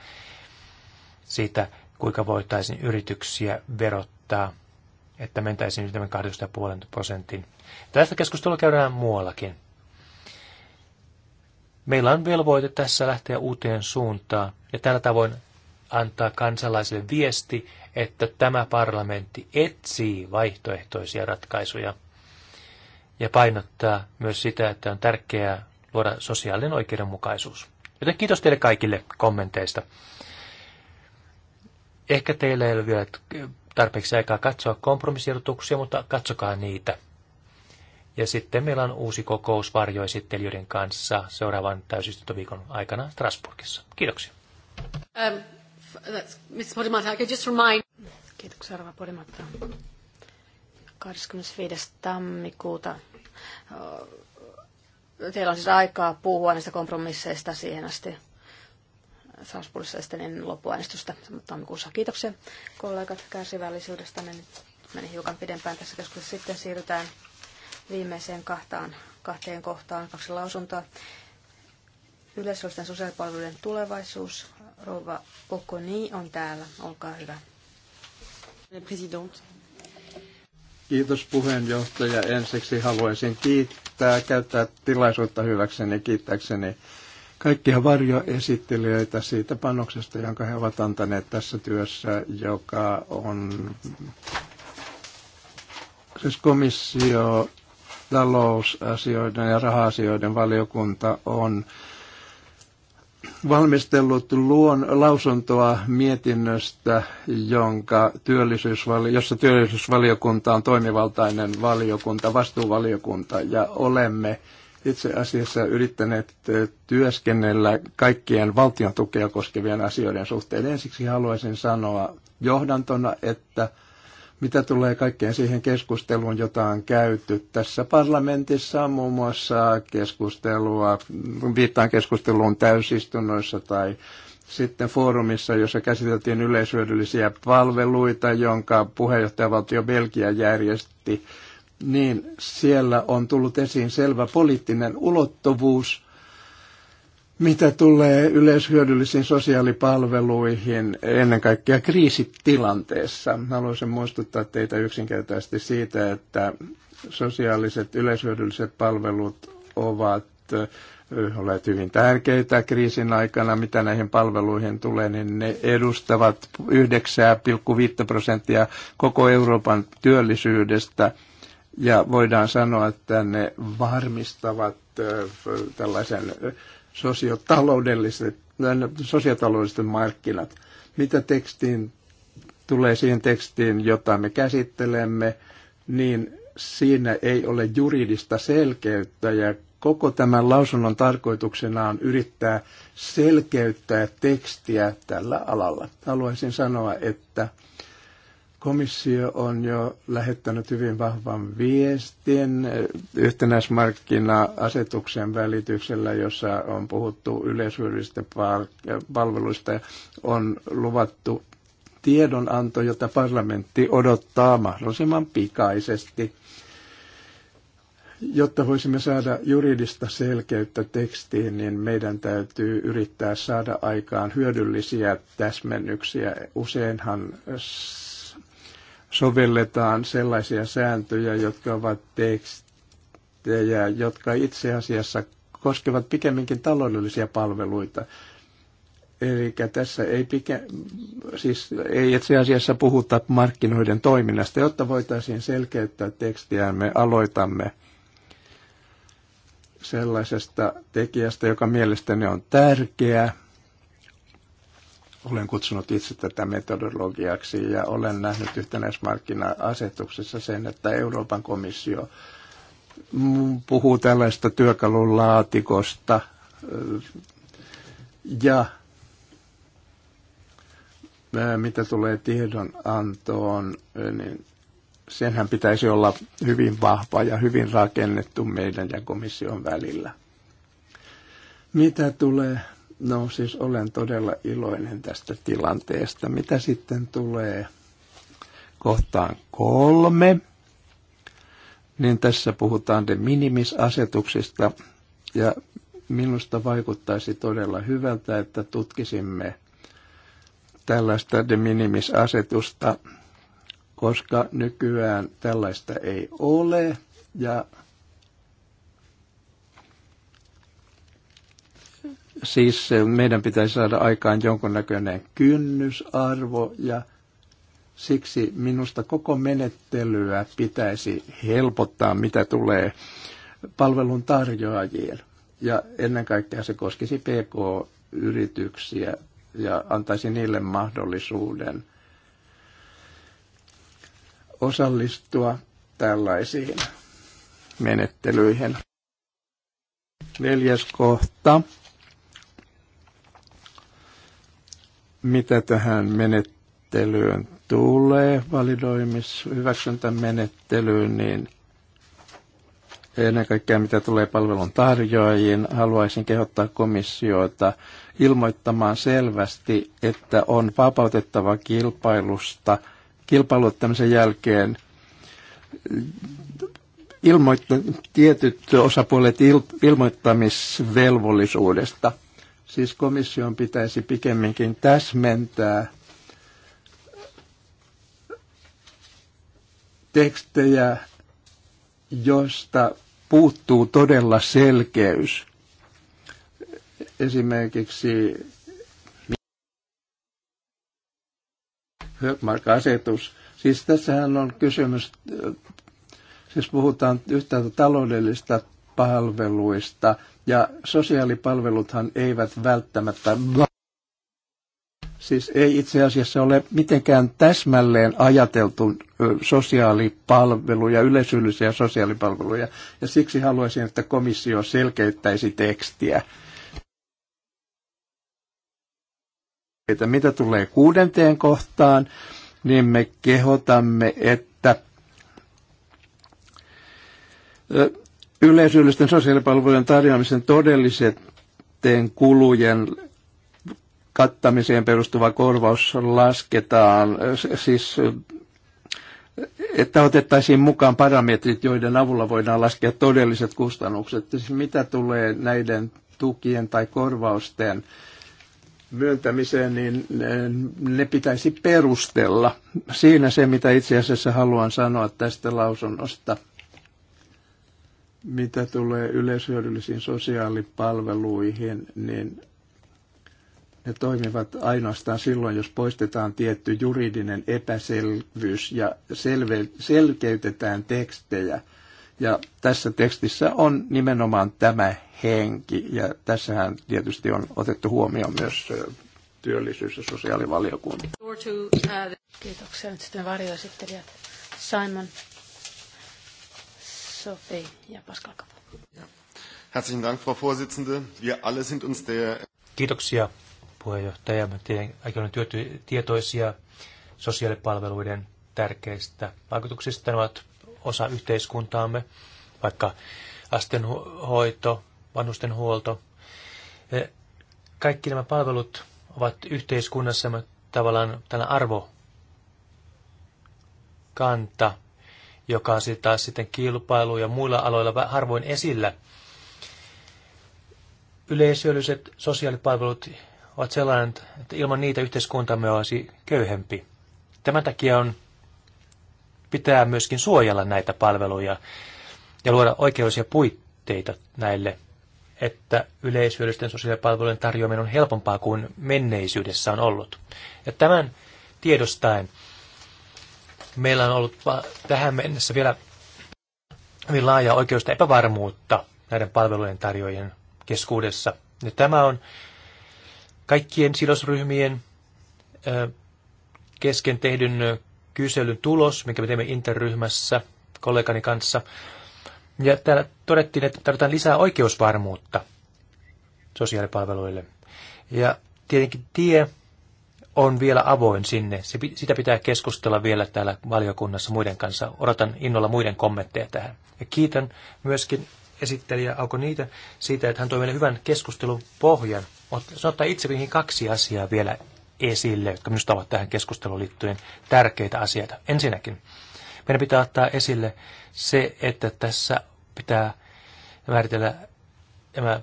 siitä, kuinka voitaisiin yrityksiä verottaa, että mentäisiin nyt tämän 2,5 prosentin. Tästä keskustelua käydään muuallakin. Meillä on velvoite tässä lähteä uuteen suuntaan ja tällä tavoin antaa kansalaisille viesti, että tämä parlamentti etsii vaihtoehtoisia ratkaisuja ja painottaa myös sitä, että on tärkeää luoda sosiaalinen oikeudenmukaisuus. Joten kiitos teille kaikille kommenteista. Ehkä teillä ei ole vielä tarpeeksi aikaa katsoa kompromissirjoituksia, mutta katsokaa niitä. Ja sitten meillä on uusi kokous varjoesittelijöiden kanssa seuraavan täysistuntoviikon aikana Strasbourgissa. Kiitoksia. Ähm that's Miss Podimata. I could just remind... Kiitoksia, Rova Podimata. 25. tammikuuta äh, teillä on siis aikaa puhua näistä kompromisseista siihen asti. Salzburgissa sitten ennen loppuäänestystä tammikuussa. Kiitoksia kollegat kärsivällisyydestä. Meni, meni hiukan pidempään tässä keskustelussa. Sitten siirrytään viimeiseen kahtaan, kahteen kohtaan, kaksi lausuntoa. Yleisöllisten sosiaalipalveluiden tulevaisuus. Rouva Okoni on täällä. Olkaa hyvä. Kiitos puheenjohtaja. Ensiksi haluaisin kiittää, käyttää tilaisuutta hyväkseni, kiittääkseni kaikkia varjoesittelijöitä siitä panoksesta, jonka he ovat antaneet tässä työssä, joka on siis komissio, talousasioiden ja raha-asioiden valiokunta on valmistellut luon lausuntoa mietinnöstä, jonka työllisyysvali- jossa työllisyysvaliokunta on toimivaltainen valiokunta, vastuuvaliokunta, ja olemme itse asiassa yrittäneet työskennellä kaikkien valtion tukea koskevien asioiden suhteen. Ensiksi haluaisin sanoa johdantona, että mitä tulee kaikkeen siihen keskusteluun, jota on käyty tässä parlamentissa, on muun muassa keskustelua, viittaan keskusteluun täysistunnoissa tai sitten foorumissa, jossa käsiteltiin yleisyödyllisiä palveluita, jonka puheenjohtajavaltio Belgia järjesti, niin siellä on tullut esiin selvä poliittinen ulottuvuus, mitä tulee yleishyödyllisiin sosiaalipalveluihin ennen kaikkea kriisitilanteessa. Haluaisin muistuttaa teitä yksinkertaisesti siitä, että sosiaaliset yleishyödylliset palvelut ovat eh, olleet hyvin tärkeitä kriisin aikana. Mitä näihin palveluihin tulee, niin ne edustavat 9,5 prosenttia koko Euroopan työllisyydestä. Ja voidaan sanoa, että ne varmistavat eh, tällaisen eh, sosiotaloudelliset, sosiotaloudelliset markkinat. Mitä tekstiin tulee siihen tekstiin, jota me käsittelemme, niin siinä ei ole juridista selkeyttä ja koko tämän lausunnon tarkoituksena on yrittää selkeyttää tekstiä tällä alalla. Haluaisin sanoa, että Komissio on jo lähettänyt hyvin vahvan viestin yhtenäismarkkina-asetuksen välityksellä, jossa on puhuttu yleishyödyllisistä palveluista, on luvattu tiedonanto, jota parlamentti odottaa mahdollisimman pikaisesti, jotta voisimme saada juridista selkeyttä tekstiin, niin meidän täytyy yrittää saada aikaan hyödyllisiä täsmennyksiä. Useinhan sovelletaan sellaisia sääntöjä, jotka ovat tekstejä, jotka itse asiassa koskevat pikemminkin taloudellisia palveluita. Eli tässä ei, pike, siis ei itse asiassa puhuta markkinoiden toiminnasta. Jotta voitaisiin selkeyttää tekstiä, me aloitamme sellaisesta tekijästä, joka mielestäni on tärkeä, olen kutsunut itse tätä metodologiaksi ja olen nähnyt yhtenäismarkkina-asetuksessa sen, että Euroopan komissio puhuu tällaista työkalun laatikosta ja mitä tulee tiedonantoon, niin senhän pitäisi olla hyvin vahva ja hyvin rakennettu meidän ja komission välillä. Mitä tulee No siis olen todella iloinen tästä tilanteesta. Mitä sitten tulee kohtaan kolme, niin tässä puhutaan de minimisasetuksista ja minusta vaikuttaisi todella hyvältä, että tutkisimme tällaista de minimisasetusta, koska nykyään tällaista ei ole ja Siis eh, meidän pitäisi saada aikaan jonkunnäköinen kynnysarvo ja siksi minusta koko menettelyä pitäisi helpottaa, mitä tulee palvelun tarjoajien. Ja ennen kaikkea se koskisi PK-yrityksiä ja antaisi niille mahdollisuuden osallistua tällaisiin menettelyihin. Neljäs kohta Mitä tähän menettelyyn tulee, validoimis- hyväksyntämenettelyyn, niin ennen kaikkea mitä tulee palvelun tarjoajiin, haluaisin kehottaa komissiota ilmoittamaan selvästi, että on vapautettava kilpailusta kilpailuttamisen jälkeen ilmoitta, tietyt osapuolet il, ilmoittamisvelvollisuudesta. Siis komission pitäisi pikemminkin täsmentää tekstejä, josta puuttuu todella selkeys. Esimerkiksi hökmark asetus Siis tässähän on kysymys, äh, siis puhutaan yhtäältä taloudellista palveluista – ja sosiaalipalveluthan eivät välttämättä, siis ei itse asiassa ole mitenkään täsmälleen ajateltu sosiaalipalveluja, yleisöllisiä sosiaalipalveluja. Ja siksi haluaisin, että komissio selkeyttäisi tekstiä. että mitä tulee kuudenteen kohtaan, niin me kehotamme, että yleisyydellisten sosiaalipalvelujen tarjoamisen todellisten kulujen kattamiseen perustuva korvaus lasketaan, siis että otettaisiin mukaan parametrit, joiden avulla voidaan laskea todelliset kustannukset. Siis mitä tulee näiden tukien tai korvausten myöntämiseen, niin ne pitäisi perustella. Siinä se, mitä itse asiassa haluan sanoa tästä lausunnosta. Mitä tulee yleishyödyllisiin sosiaalipalveluihin, niin ne toimivat ainoastaan silloin, jos poistetaan tietty juridinen epäselvyys ja selve, selkeytetään tekstejä. Ja tässä tekstissä on nimenomaan tämä henki, ja tässähän tietysti on otettu huomioon myös työllisyys- ja sosiaalivaliokunta. Äh, Kiitoksia nyt sitten varjoesittelijät. Simon Sophie ja Pascal Kapo. Herzlichen Dank, Frau Vorsitzende. Wir alle sind uns der... Kiitoksia, puheenjohtaja. Me olemme tietoisia sosiaalipalveluiden tärkeistä vaikutuksista. Ne ovat osa yhteiskuntaamme, vaikka astenhoito, vanhustenhuolto. E, kaikki nämä palvelut ovat yhteiskunnassa tavallaan tällainen arvo kanta, joka on taas sitten kilpailu ja muilla aloilla harvoin esillä. Yleisölliset sosiaalipalvelut ovat sellainen, että ilman niitä yhteiskuntamme olisi köyhempi. Tämän takia on, pitää myöskin suojella näitä palveluja ja luoda oikeudellisia puitteita näille, että yleisöllisten sosiaalipalvelujen tarjoaminen on helpompaa kuin menneisyydessä on ollut. Ja tämän tiedostaen meillä on ollut tähän mennessä vielä hyvin laaja oikeusta epävarmuutta näiden palvelujen tarjoajien keskuudessa. Ja tämä on kaikkien sidosryhmien kesken tehdyn kyselyn tulos, minkä me teemme interryhmässä kollegani kanssa. Ja täällä todettiin, että tarvitaan lisää oikeusvarmuutta sosiaalipalveluille. Ja tietenkin tie on vielä avoin sinne. Se, sitä pitää keskustella vielä täällä valiokunnassa muiden kanssa. Odotan innolla muiden kommentteja tähän. Ja kiitän myöskin esittelijä Auko Niitä siitä, että hän toi meille hyvän keskustelun pohjan. Se ottaa itse kaksi asiaa vielä esille, jotka minusta ovat tähän keskusteluun liittyen tärkeitä asioita. Ensinnäkin meidän pitää ottaa esille se, että tässä pitää määritellä nämä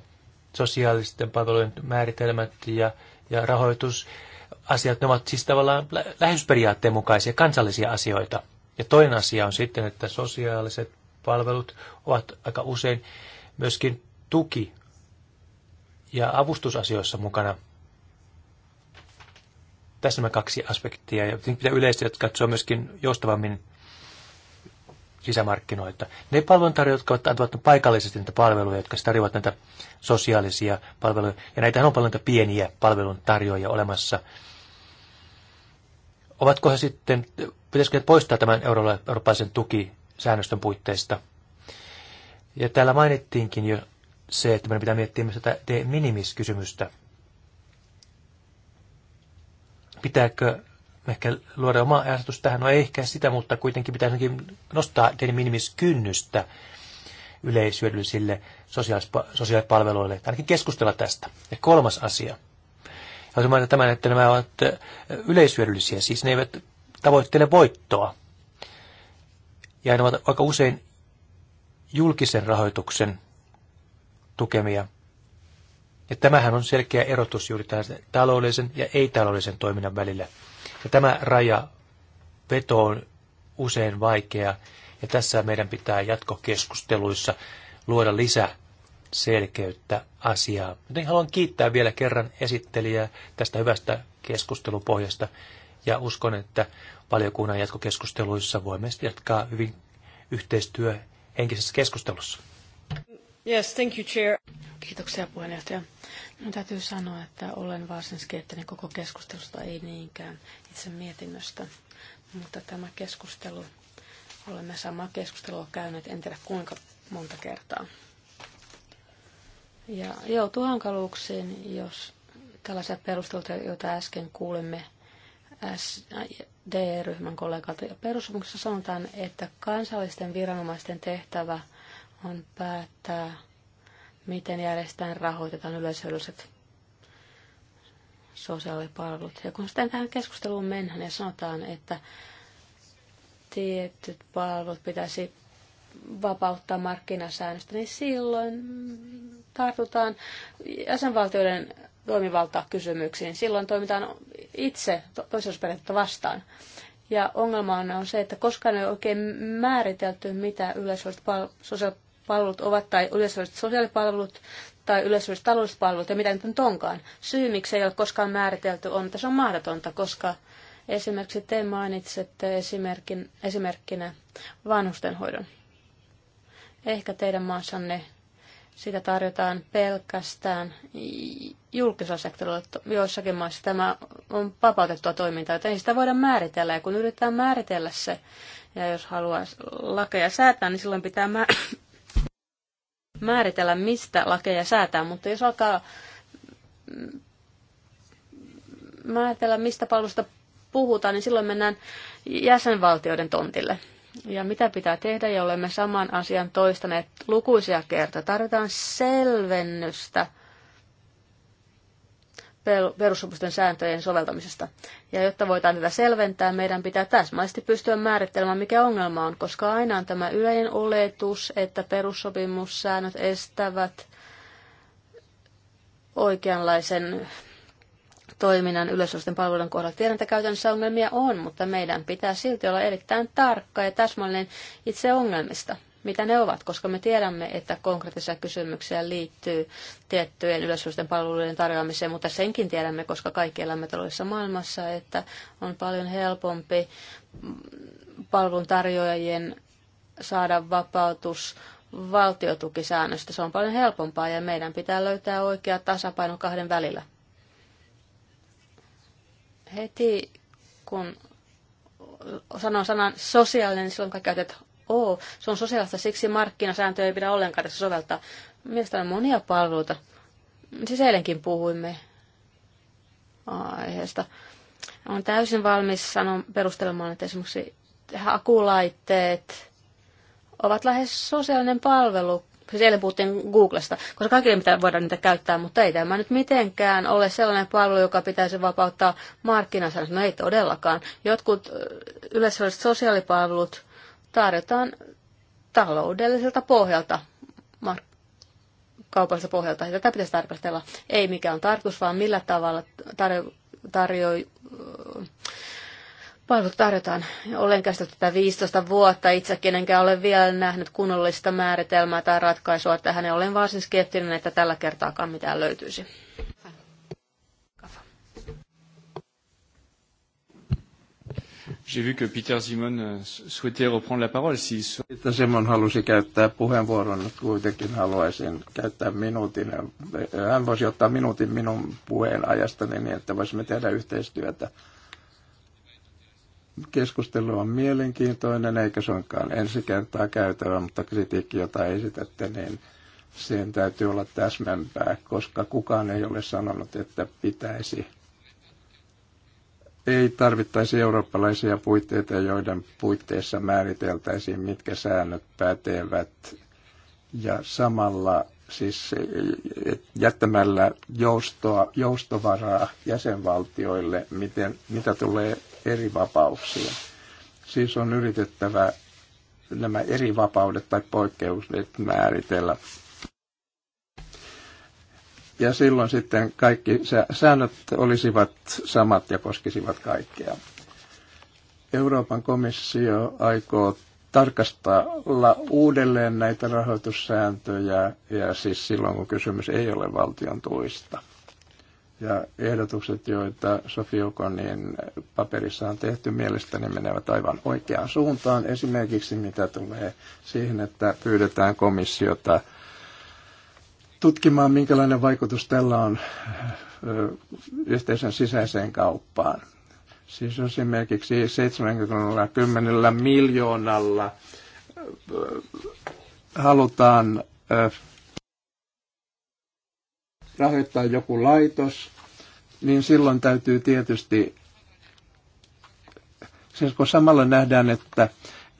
sosiaalisten palvelujen määritelmät ja, ja rahoitus asiat, ne ovat siis tavallaan lähetysperiaatteen mukaisia kansallisia asioita. Ja toinen asia on sitten, että sosiaaliset palvelut ovat aika usein myöskin tuki- ja avustusasioissa mukana. Tässä nämä kaksi aspektia, ja pitää yleisesti katsoa myöskin joustavammin sisämarkkinoita. Ne palveluntarjoajat, jotka antavat paikallisesti näitä palveluja, jotka siis tarjoavat näitä sosiaalisia palveluja, ja näitähän on paljon niitä pieniä palveluntarjoajia olemassa, ovatko he sitten, pitäisikö he poistaa tämän eurooppalaisen tukisäännöstön puitteista? Ja täällä mainittiinkin jo se, että meidän pitää miettiä myös tätä de minimis-kysymystä. Pitääkö ehkä luoda oma ajatus tähän? No ei ehkä sitä, mutta kuitenkin pitää nostaa de minimis-kynnystä yleishyödyllisille sosiaalipalveluille, ainakin keskustella tästä. Ja kolmas asia – Haluaisin mainita tämän, että nämä ovat yleisyödyllisiä, siis ne eivät tavoittele voittoa. Ja ne ovat aika usein julkisen rahoituksen tukemia. Ja tämähän on selkeä erotus juuri tähän taloudellisen ja ei-taloudellisen toiminnan välillä. Ja tämä raja veto on usein vaikea, ja tässä meidän pitää jatkokeskusteluissa luoda lisää selkeyttä asiaa. Joten haluan kiittää vielä kerran esittelijää tästä hyvästä keskustelupohjasta ja uskon, että valiokunnan jatkokeskusteluissa voimme jatkaa hyvin yhteistyö henkisessä keskustelussa. Yes, thank you, Chair. Kiitoksia puheenjohtaja. No, täytyy sanoa, että olen varsin skeettinen koko keskustelusta, ei niinkään itse mietinnöstä. Mutta tämä keskustelu, olemme samaa keskustelua käyneet en tiedä kuinka monta kertaa ja joutuu hankaluuksiin, jos tällaisia perusteluita, joita äsken kuulimme SD-ryhmän kollegalta. Perussopimuksessa sanotaan, että kansallisten viranomaisten tehtävä on päättää, miten järjestetään rahoitetaan yleisölliset sosiaalipalvelut. Ja kun sitten tähän keskusteluun mennään ja sanotaan, että tietyt palvelut pitäisi vapauttaa markkinasäännöstä, niin silloin tartutaan jäsenvaltioiden toimivaltakysymyksiin. Silloin toimitaan itse toisellisuusperiaatetta vastaan. Ja ongelma on se, että koskaan ei ole oikein määritelty, mitä yleisölliset pal- sosiaalipalvelut ovat, tai yleisölliset sosiaalipalvelut, tai yleisölliset taloudelliset palvelut, ja mitä nyt on tonkaan. Syy, miksi ei ole koskaan määritelty, on, että se on mahdotonta, koska esimerkiksi te mainitsette esimerkin, esimerkkinä vanhustenhoidon. Ehkä teidän maassanne sitä tarjotaan pelkästään julkisella sektorilla. Joissakin maissa tämä on vapautettua toimintaa, joten ei sitä voida määritellä. Ja kun yritetään määritellä se, ja jos haluaa lakeja säätää, niin silloin pitää määritellä, mistä lakeja säätää. Mutta jos alkaa määritellä, mistä palvelusta puhutaan, niin silloin mennään jäsenvaltioiden tontille ja mitä pitää tehdä, ja olemme saman asian toistaneet lukuisia kertoja. Tarvitaan selvennystä perussopimusten sääntöjen soveltamisesta. Ja jotta voidaan tätä selventää, meidän pitää täsmällisesti pystyä määrittelemään, mikä ongelma on, koska aina on tämä yleinen oletus, että perussopimussäännöt estävät oikeanlaisen toiminnan yleisöllisten palveluiden kohdalla. Tiedän, että käytännössä ongelmia on, mutta meidän pitää silti olla erittäin tarkka ja täsmällinen itse ongelmista mitä ne ovat, koska me tiedämme, että konkreettisia kysymyksiä liittyy tiettyjen yleisöllisten palveluiden tarjoamiseen, mutta senkin tiedämme, koska kaikki elämme todellisessa maailmassa, että on paljon helpompi palvelun tarjoajien saada vapautus valtiotukisäännöstä. Se on paljon helpompaa ja meidän pitää löytää oikea tasapaino kahden välillä. Heti kun sanon sanan sosiaalinen, niin silloin kaikki että oo. Se on sosiaalista, siksi markkinasääntöä ei pidä ollenkaan tässä soveltaa. Mielestäni on monia palveluita. Siis eilenkin puhuimme aiheesta. On täysin valmis sanon perustelemaan, että esimerkiksi hakulaitteet ovat lähes sosiaalinen palvelu, siellä puhuttiin Googlesta, koska kaikille mitä voidaan niitä käyttää, mutta ei tämä nyt mitenkään ole sellainen palvelu, joka pitäisi vapauttaa markkinansa No ei todellakaan. Jotkut yleisölliset sosiaalipalvelut tarjotaan taloudelliselta pohjalta, mark- kaupalliselta pohjalta. Ja tätä pitäisi tarkastella ei mikä on tarkoitus, vaan millä tavalla tarjo- tarjo- Palvelut tarjotaan. Olen käsitellyt tätä 15 vuotta itsekin, enkä ole vielä nähnyt kunnollista määritelmää tai ratkaisua tähän. Ja olen varsin skeptinen, että tällä kertaakaan mitään löytyisi. J'ai vu que Peter Simon euh, souhaitait reprendre la parole. Si... Peter Simon halusi käyttää puheenvuoron, mutta kuitenkin haluaisin käyttää minuutin. Hän voisi ottaa minuutin minun puheen niin, että voisimme tehdä yhteistyötä. Keskustelu on mielenkiintoinen, eikä suinkaan ensi kertaa käytävä, mutta kritiikki, jota esitätte, niin sen täytyy olla täsmämpää, koska kukaan ei ole sanonut, että pitäisi. Ei tarvittaisi eurooppalaisia puitteita, joiden puitteissa määriteltäisiin, mitkä säännöt pätevät. Ja samalla siis jättämällä joustoa, joustovaraa jäsenvaltioille, miten, mitä tulee eri vapauksia. Siis on yritettävä nämä eri vapaudet tai poikkeukset määritellä. Ja silloin sitten kaikki säännöt olisivat samat ja koskisivat kaikkea. Euroopan komissio aikoo tarkastella uudelleen näitä rahoitussääntöjä, ja siis silloin kun kysymys ei ole valtion tuista. Ja ehdotukset, joita Okonin paperissa on tehty, mielestäni menevät aivan oikeaan suuntaan. Esimerkiksi mitä tulee siihen, että pyydetään komissiota tutkimaan, minkälainen vaikutus tällä on yhteisön sisäiseen kauppaan. Siis esimerkiksi 70 miljoonalla halutaan rahoittaa joku laitos, niin silloin täytyy tietysti, siis kun samalla nähdään, että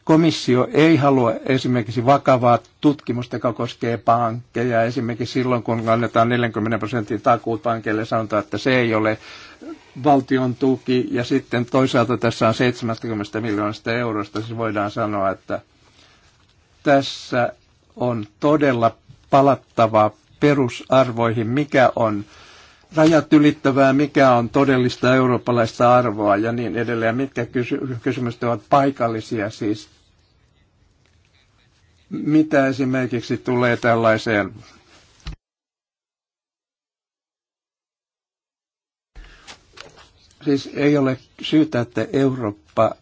komissio ei halua esimerkiksi vakavaa tutkimusta, joka koskee pankkeja. Esimerkiksi silloin, kun annetaan 40 prosentin takuut pankille, sanotaan, että se ei ole valtion tuki. Ja sitten toisaalta tässä on 70 miljoonasta eurosta, siis voidaan sanoa, että tässä on todella palattavaa perusarvoihin, mikä on rajat ylittävää, mikä on todellista eurooppalaista arvoa ja niin edelleen, mitkä kysy- kysymykset ovat paikallisia siis. Mitä esimerkiksi tulee tällaiseen Siis ei ole syytä, että Eurooppa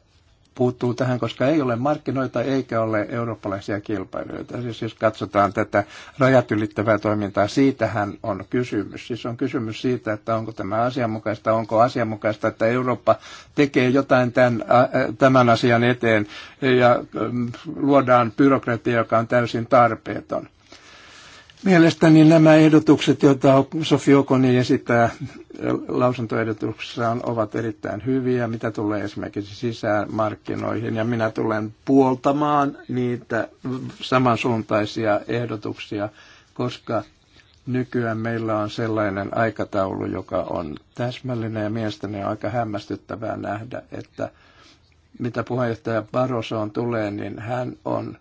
puuttuu tähän, koska ei ole markkinoita eikä ole eurooppalaisia kilpailijoita. Siis jos katsotaan tätä rajat ylittävää toimintaa, siitähän on kysymys. Siis on kysymys siitä, että onko tämä asianmukaista, onko asianmukaista, että Eurooppa tekee jotain tämän, tämän asian eteen ja luodaan byrokratia, joka on täysin tarpeeton. Mielestäni nämä ehdotukset, joita Sofi Okoni esittää lausuntoehdotuksessaan, ovat erittäin hyviä, mitä tulee esimerkiksi sisämarkkinoihin. Ja minä tulen puoltamaan niitä samansuuntaisia ehdotuksia, koska nykyään meillä on sellainen aikataulu, joka on täsmällinen ja mielestäni on aika hämmästyttävää nähdä, että mitä puheenjohtaja on tulee, niin hän on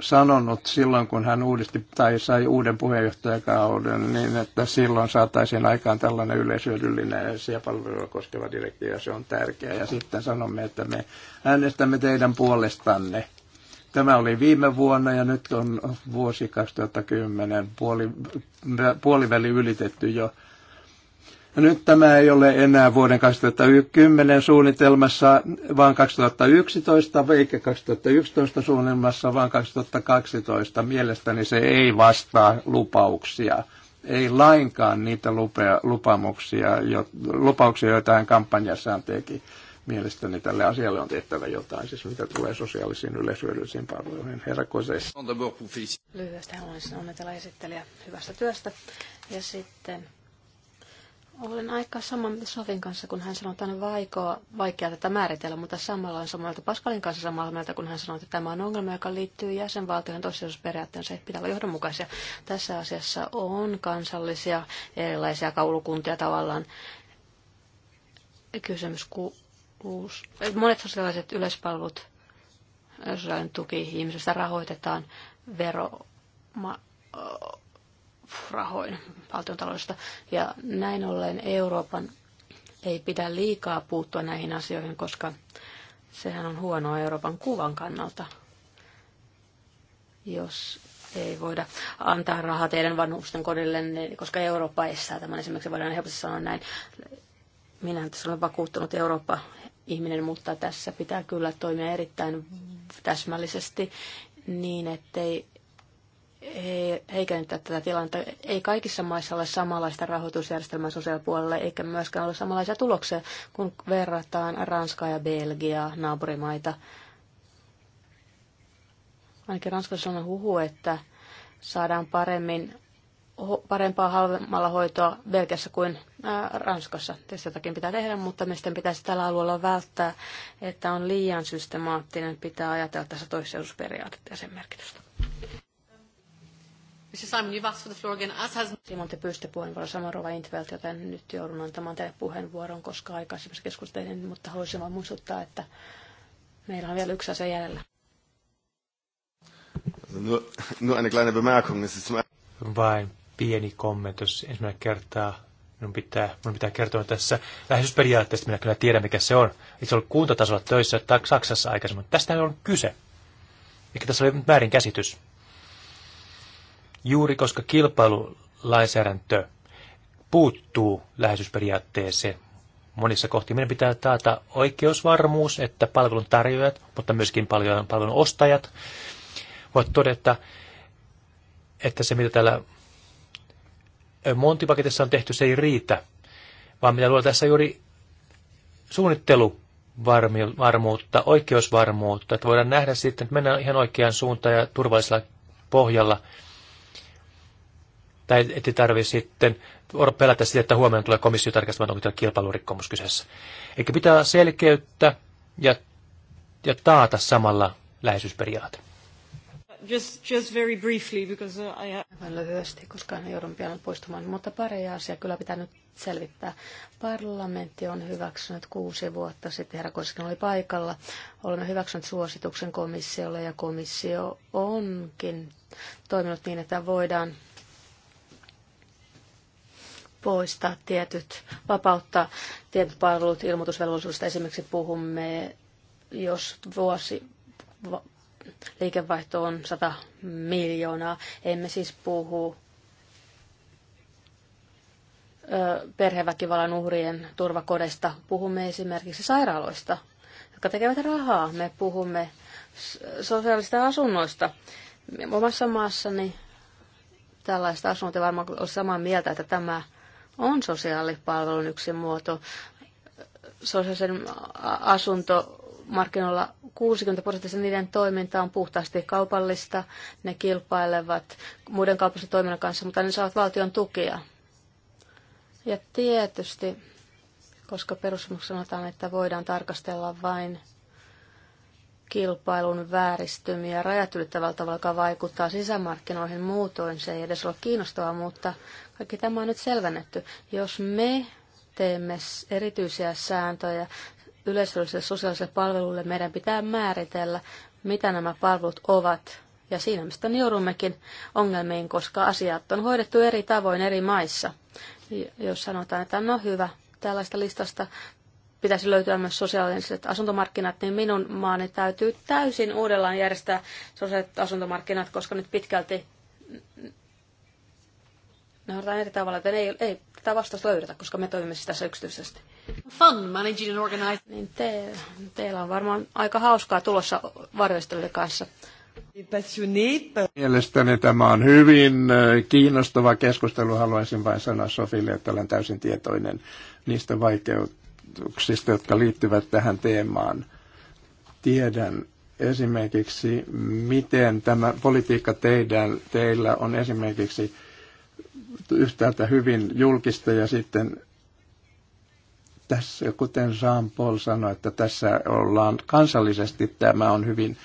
sanonut silloin, kun hän uudisti tai sai uuden puheenjohtajakauden, niin että silloin saataisiin aikaan tällainen yleisyödyllinen ja palvelua koskeva direktiivi, ja se on tärkeä. Ja sitten sanomme, että me äänestämme teidän puolestanne. Tämä oli viime vuonna ja nyt on vuosi 2010, puoli, puoliväli ylitetty jo No nyt tämä ei ole enää vuoden 2010 suunnitelmassa, vaan 2011, eikä 2011 suunnitelmassa, vaan 2012. Mielestäni se ei vastaa lupauksia, ei lainkaan niitä lupea, lupamuksia, jo, lupauksia, joita hän kampanjassaan teki. Mielestäni tälle asialle on tehtävä jotain, siis mitä tulee sosiaalisiin yleisyydellisiin palveluihin herrakoiseissa. Lyhyesti haluaisin onnitella esittelijä hyvästä työstä. Ja sitten olen aika samaa mitä Sofin kanssa, kun hän sanoi, että on vaikoa, vaikea tätä määritellä, mutta samalla on samalta Pascalin kanssa samalla mieltä, kun hän sanoi, että tämä on ongelma, joka liittyy jäsenvaltioiden tosiasuusperiaatteen. Se pitää olla johdonmukaisia. Tässä asiassa on kansallisia erilaisia kaulukuntia tavallaan. Kysymys kuuluu. Monet sosiaaliset yleispalvelut, sosiaalinen tuki ihmisestä rahoitetaan vero, ma, rahoin valtiontaloudesta. Ja näin ollen Euroopan ei pidä liikaa puuttua näihin asioihin, koska sehän on huonoa Euroopan kuvan kannalta, jos ei voida antaa rahaa teidän vanhusten kodille, niin koska Eurooppa estää tämän esimerkiksi, voidaan helposti sanoa näin. Minä tässä olen vakuuttunut Eurooppa-ihminen, mutta tässä pitää kyllä toimia erittäin täsmällisesti niin, ettei heikentää tätä tilannetta. Ei kaikissa maissa ole samanlaista rahoitusjärjestelmää sosiaalipuolella, eikä myöskään ole samanlaisia tuloksia, kun verrataan Ranskaa ja Belgiaa, naapurimaita. Ainakin Ranskassa on huhu, että saadaan paremmin, parempaa halvemmalla hoitoa Belgiassa kuin Ranskassa. Tietysti jotakin pitää tehdä, mutta mistä pitäisi tällä alueella välttää, että on liian systemaattinen, pitää ajatella tässä toissijaisuusperiaatteessa ja sen merkitystä. Mrs. Simon, you've asked for the floor again, as has... Simon, te pyysitte puheenvuoron saman Rova Intvelt, joten nyt joudun antamaan teille puheenvuoron, koska aikaisemmassa keskustelin, mutta haluaisin vain muistuttaa, että meillä on vielä yksi asia jäljellä. Nur, Vain pieni kommentti, jos ensimmäinen kertaa minun pitää, minun pitää kertoa tässä läheisyysperiaatteesta, minä kyllä tiedän mikä se on. itse se ollut kuntatasolla töissä Saksassa aikaisemmin? Tästä on kyse. Eikä tässä oli väärin käsitys juuri koska kilpailulainsäädäntö puuttuu läheisyysperiaatteeseen monissa kohti. Meidän pitää taata oikeusvarmuus, että palvelun tarjoajat, mutta myöskin paljon palvelun ostajat voivat todeta, että se mitä täällä Montipaketissa on tehty, se ei riitä, vaan mitä luo tässä juuri suunnitteluvarmuutta, oikeusvarmuutta, että voidaan nähdä sitten, että mennään ihan oikeaan suuntaan ja turvallisella pohjalla – tai ettei tarvitse sitten pelätä sitä, että huomenna tulee komissio tarkastamaan, onko tämä kilpailurikkomus kyseessä. Eli pitää olla selkeyttä ja, ja taata samalla läheisyysperiaate. Just, just very briefly, because uh, I have... lyhyesti, koska joudun pian poistumaan, mutta pari asiaa kyllä pitää nyt selvittää. Parlamentti on hyväksynyt kuusi vuotta sitten, herra Koskinen oli paikalla. Olemme hyväksyneet suosituksen komissiolle ja komissio onkin toiminut niin, että voidaan poistaa tietyt, vapauttaa tietyt palvelut ilmoitusvelvollisuudesta. Esimerkiksi puhumme, jos vuosi liikevaihto on 100 miljoonaa, emme siis puhu perheväkivallan uhrien turvakodeista. Puhumme esimerkiksi sairaaloista, jotka tekevät rahaa. Me puhumme sosiaalista asunnoista. Omassa maassani tällaista asuntoa varmaan olisi samaa mieltä, että tämä on sosiaalipalvelun yksi muoto. Sosiaalisen asuntomarkkinoilla 60 prosenttia niiden toiminta on puhtaasti kaupallista. Ne kilpailevat muiden kaupallisen toiminnan kanssa, mutta ne saavat valtion tukia. Ja tietysti, koska perussopimuksessa sanotaan, että voidaan tarkastella vain kilpailun vääristymiä rajat ylittävällä tavalla, joka vaikuttaa sisämarkkinoihin muutoin. Se ei edes ole kiinnostavaa, mutta kaikki tämä on nyt selvennetty. Jos me teemme erityisiä sääntöjä yleisölliselle sosiaaliselle palvelulle, meidän pitää määritellä, mitä nämä palvelut ovat. Ja siinä mistä joudummekin ongelmiin, koska asiat on hoidettu eri tavoin eri maissa. Jos sanotaan, että no hyvä, tällaista listasta pitäisi löytyä myös sosiaaliset asuntomarkkinat, niin minun maani täytyy täysin uudellaan järjestää sosiaaliset asuntomarkkinat, koska nyt pitkälti ne no, on eri tavalla, että ei, ei tätä vastausta löydetä, koska me toimimme sitä siis tässä yksityisesti. Fun managing and organizing. Niin te, teillä on varmaan aika hauskaa tulossa varjoistelujen kanssa. Mielestäni tämä on hyvin kiinnostava keskustelu. Haluaisin vain sanoa Sofille, että olen täysin tietoinen niistä vaikeuksista, jotka liittyvät tähän teemaan. Tiedän esimerkiksi, miten tämä politiikka teidän, teillä on esimerkiksi yhtäältä hyvin julkista ja sitten tässä, kuten Jean-Paul sanoi, että tässä ollaan kansallisesti, tämä on hyvin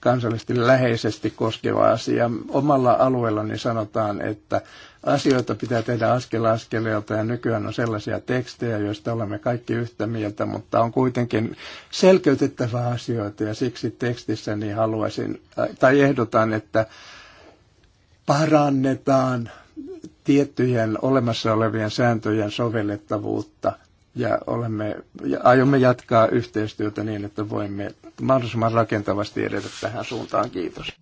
kansallisesti läheisesti koskeva asia. Omalla alueellani sanotaan, että asioita pitää tehdä askel askeleelta ja nykyään on sellaisia tekstejä, joista olemme kaikki yhtä mieltä, mutta on kuitenkin selkeytettävä asioita ja siksi tekstissä niin haluaisin tai ehdotan, että parannetaan tiettyjen olemassa olevien sääntöjen sovellettavuutta ja olemme, ja aiomme jatkaa yhteistyötä niin, että voimme mahdollisimman rakentavasti edetä tähän suuntaan. Kiitos.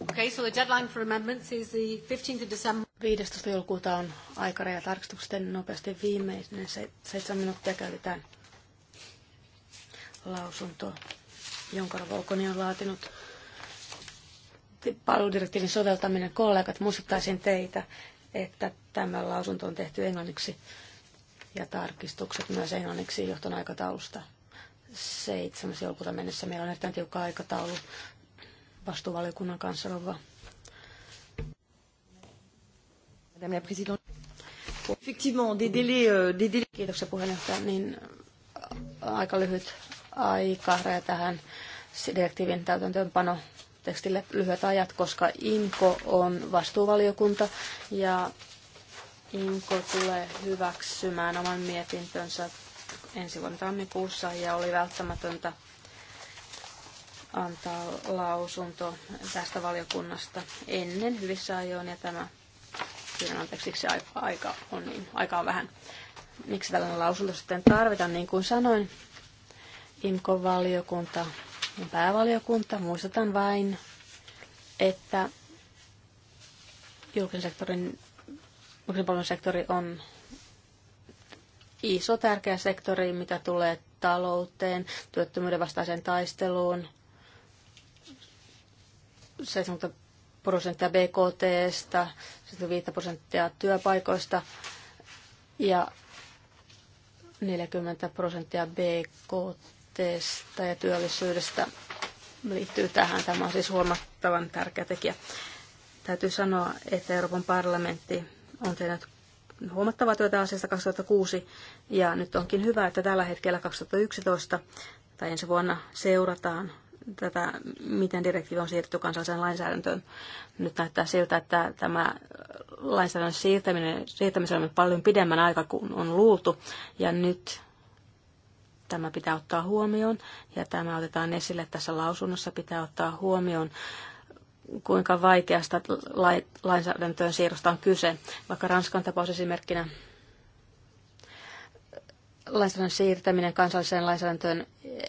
Okay, so the deadline for amendments is the 15th of December. 15. joulukuuta on aikaraja tarkistuksen nopeasti viimeinen. Seitsemän minuuttia käytetään lausunto, jonka Volkoni on laatinut. Paluudirektiivin soveltaminen kollegat, muistuttaisin teitä, että tämä lausunto on tehty englanniksi ja tarkistukset myös englanniksi johton aikataulusta. 7. joulukuuta mennessä meillä on erittäin tiukka aikataulu vastuuvaliokunnan kanssa rouva. Madame la Présidente. Effectivement, des délais, euh, des délais. Kiitoksia puheenjohtaja. Niin, aika lyhyt aika tähän direktiivin täytäntöönpano tekstille lyhyet ajat, koska Inko on vastuuvaliokunta ja Inko tulee hyväksymään oman mietintönsä ensi vuonna tammikuussa ja oli välttämätöntä antaa lausunto tästä valiokunnasta ennen hyvissä ajoin ja tämä pyydän anteeksi, se aika, on niin, aika on vähän. Miksi tällainen lausunto sitten tarvitaan? Niin kuin sanoin, Inko valiokunta päävaliokunta. Muistutan vain, että julkisen sektorin julkisen palvelun sektori on iso tärkeä sektori, mitä tulee talouteen, työttömyyden vastaiseen taisteluun, 70 prosenttia BKTstä, 75 prosenttia työpaikoista ja 40 prosenttia BKT tavoitteesta ja työllisyydestä liittyy tähän. Tämä on siis huomattavan tärkeä tekijä. Täytyy sanoa, että Euroopan parlamentti on tehnyt huomattavaa työtä asiasta 2006 ja nyt onkin hyvä, että tällä hetkellä 2011 tai ensi vuonna seurataan tätä, miten direktiivi on siirretty kansalliseen lainsäädäntöön. Nyt näyttää siltä, että tämä lainsäädännön siirtäminen, siirtämisellä on paljon pidemmän aika kuin on luultu ja nyt Tämä pitää ottaa huomioon ja tämä otetaan esille tässä lausunnossa. Pitää ottaa huomioon kuinka vaikeasta lainsäädäntöön siirrosta on kyse. Vaikka Ranskan tapaus esimerkkinä lainsäädännön siirtäminen kansalliseen lainsäädäntöön e,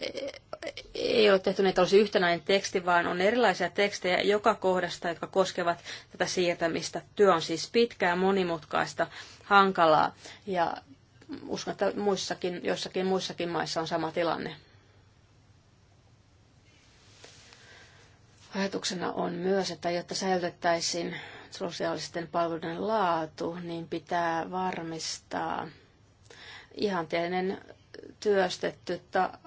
ei ole tehty, niin että olisi yhtenäinen teksti, vaan on erilaisia tekstejä joka kohdasta, jotka koskevat tätä siirtämistä. Työ on siis pitkää, monimutkaista, hankalaa ja Uskon, että muissakin, jossakin muissakin maissa on sama tilanne. Ajatuksena on myös, että jotta säilytettäisiin sosiaalisten palveluiden laatu, niin pitää varmistaa ihanteellinen työstetty ta-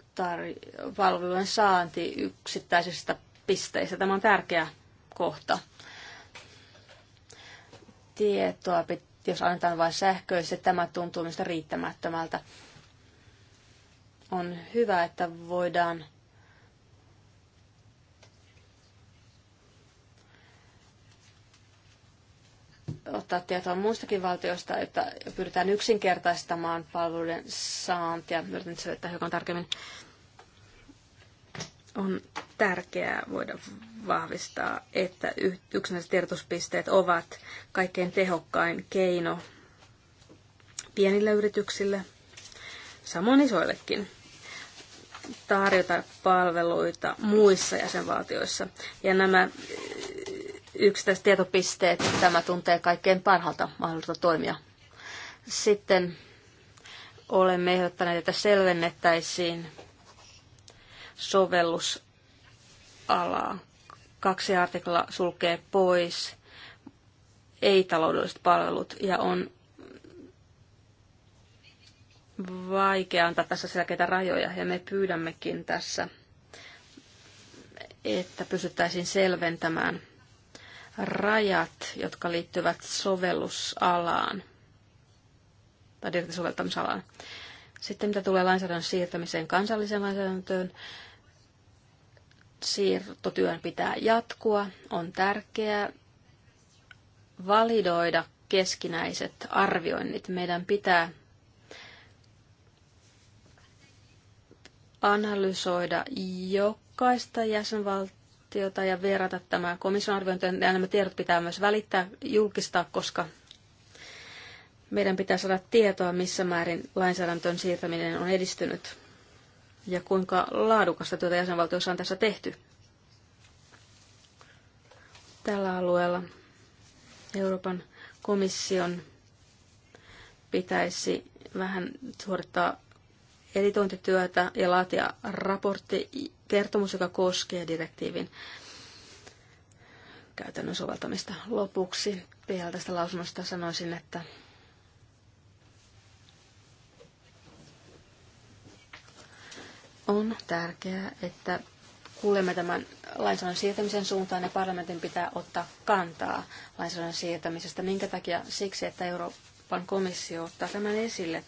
tar- palvelujen saanti yksittäisistä pisteistä. Tämä on tärkeä kohta. Tietoa pitää jos annetaan vain sähköisesti, tämä tuntuu minusta riittämättömältä. On hyvä, että voidaan ottaa tietoa muistakin valtioista, että pyritään yksinkertaistamaan palveluiden saantia. Yritän selittää hiukan tarkemmin on tärkeää voida vahvistaa, että yksinäiset tiedotuspisteet ovat kaikkein tehokkain keino pienille yrityksille, samoin isoillekin, tarjota palveluita muissa jäsenvaltioissa. Ja nämä yksittäiset tietopisteet, tämä tuntee kaikkein parhaalta mahdollista toimia. Sitten olemme ehdottaneet, että selvennettäisiin sovellusalaa. Kaksi artikla sulkee pois ei-taloudelliset palvelut ja on vaikea antaa tässä selkeitä rajoja ja me pyydämmekin tässä, että pysyttäisiin selventämään rajat, jotka liittyvät sovellusalaan tai direktisoveltamisalaan. Sitten mitä tulee lainsäädännön siirtämiseen kansalliseen lainsäädäntöön, siirtotyön pitää jatkua. On tärkeää validoida keskinäiset arvioinnit. Meidän pitää analysoida jokaista jäsenvaltiota ja verrata tämä komission arviointi. Ja nämä tiedot pitää myös välittää, julkistaa, koska meidän pitää saada tietoa, missä määrin lainsäädäntön siirtäminen on edistynyt ja kuinka laadukasta työtä jäsenvaltioissa on tässä tehty tällä alueella. Euroopan komission pitäisi vähän suorittaa editointityötä ja laatia raportti, kertomus, joka koskee direktiivin käytännön soveltamista. Lopuksi vielä tästä lausunnosta sanoisin, että On tärkeää, että kuulemme tämän lainsäädännön siirtämisen suuntaan ja parlamentin pitää ottaa kantaa lainsäädännön siirtämisestä. Minkä takia? Siksi, että Euroopan komissio ottaa tämän esille.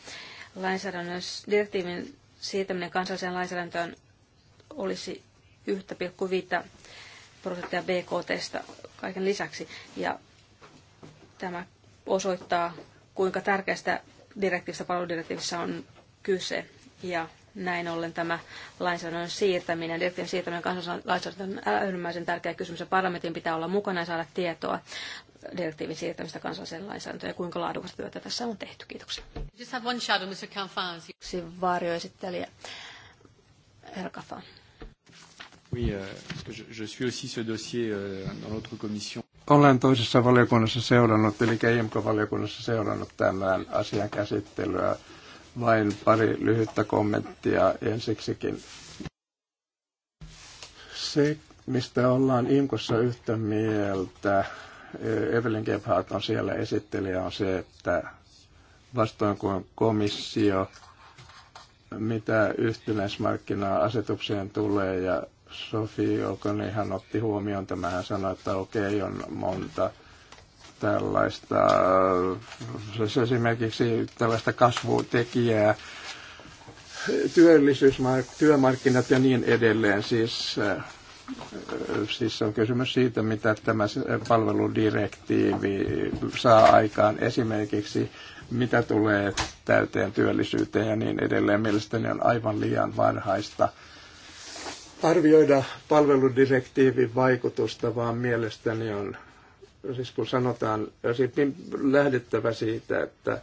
Lainsäädännön direktiivin siirtäminen kansalliseen lainsäädäntöön olisi 1,5 prosenttia BKTstä kaiken lisäksi. Ja tämä osoittaa, kuinka tärkeästä direktiivistä palveludirektiivissä on kyse. Ja näin ollen tämä lainsäädännön siirtäminen, direktiivin siirtäminen kansallisen on äärimmäisen tärkeä kysymys. Ja parlamentin pitää olla mukana ja saada tietoa direktiivin siirtämistä kansalliseen lainsäädäntöön ja kuinka laadukasta työtä tässä on tehty. Kiitoksia. Just have one shadow, Mr. Canfans. Yksi varjoesittelijä. Herra Canfan. Oui, euh, je, je suis aussi ce dossier euh, dans l'autre commission. Olen toisessa valiokunnassa seurannut, eli IMK-valiokunnassa seurannut tämän asian käsittelyä vain pari lyhyttä kommenttia ensiksikin. Se, mistä ollaan Imkossa yhtä mieltä, e, Evelyn Gebhardt on siellä esittelijä, on se, että vastoin kuin komissio, mitä yhtenäismarkkina-asetukseen tulee, ja Sofi Okonihan otti huomioon, tämähän sanoi, että okei, okay, on monta tällaista, esimerkiksi tällaista kasvutekijää, työmarkkinat ja niin edelleen. Siis, äh, äh, siis on kysymys siitä, mitä tämä palveludirektiivi saa aikaan esimerkiksi mitä tulee täyteen työllisyyteen ja niin edelleen. Mielestäni on aivan liian varhaista arvioida palveludirektiivin vaikutusta, vaan mielestäni on siis kun sanotaan, äh, siis niin lähdettävä siitä, että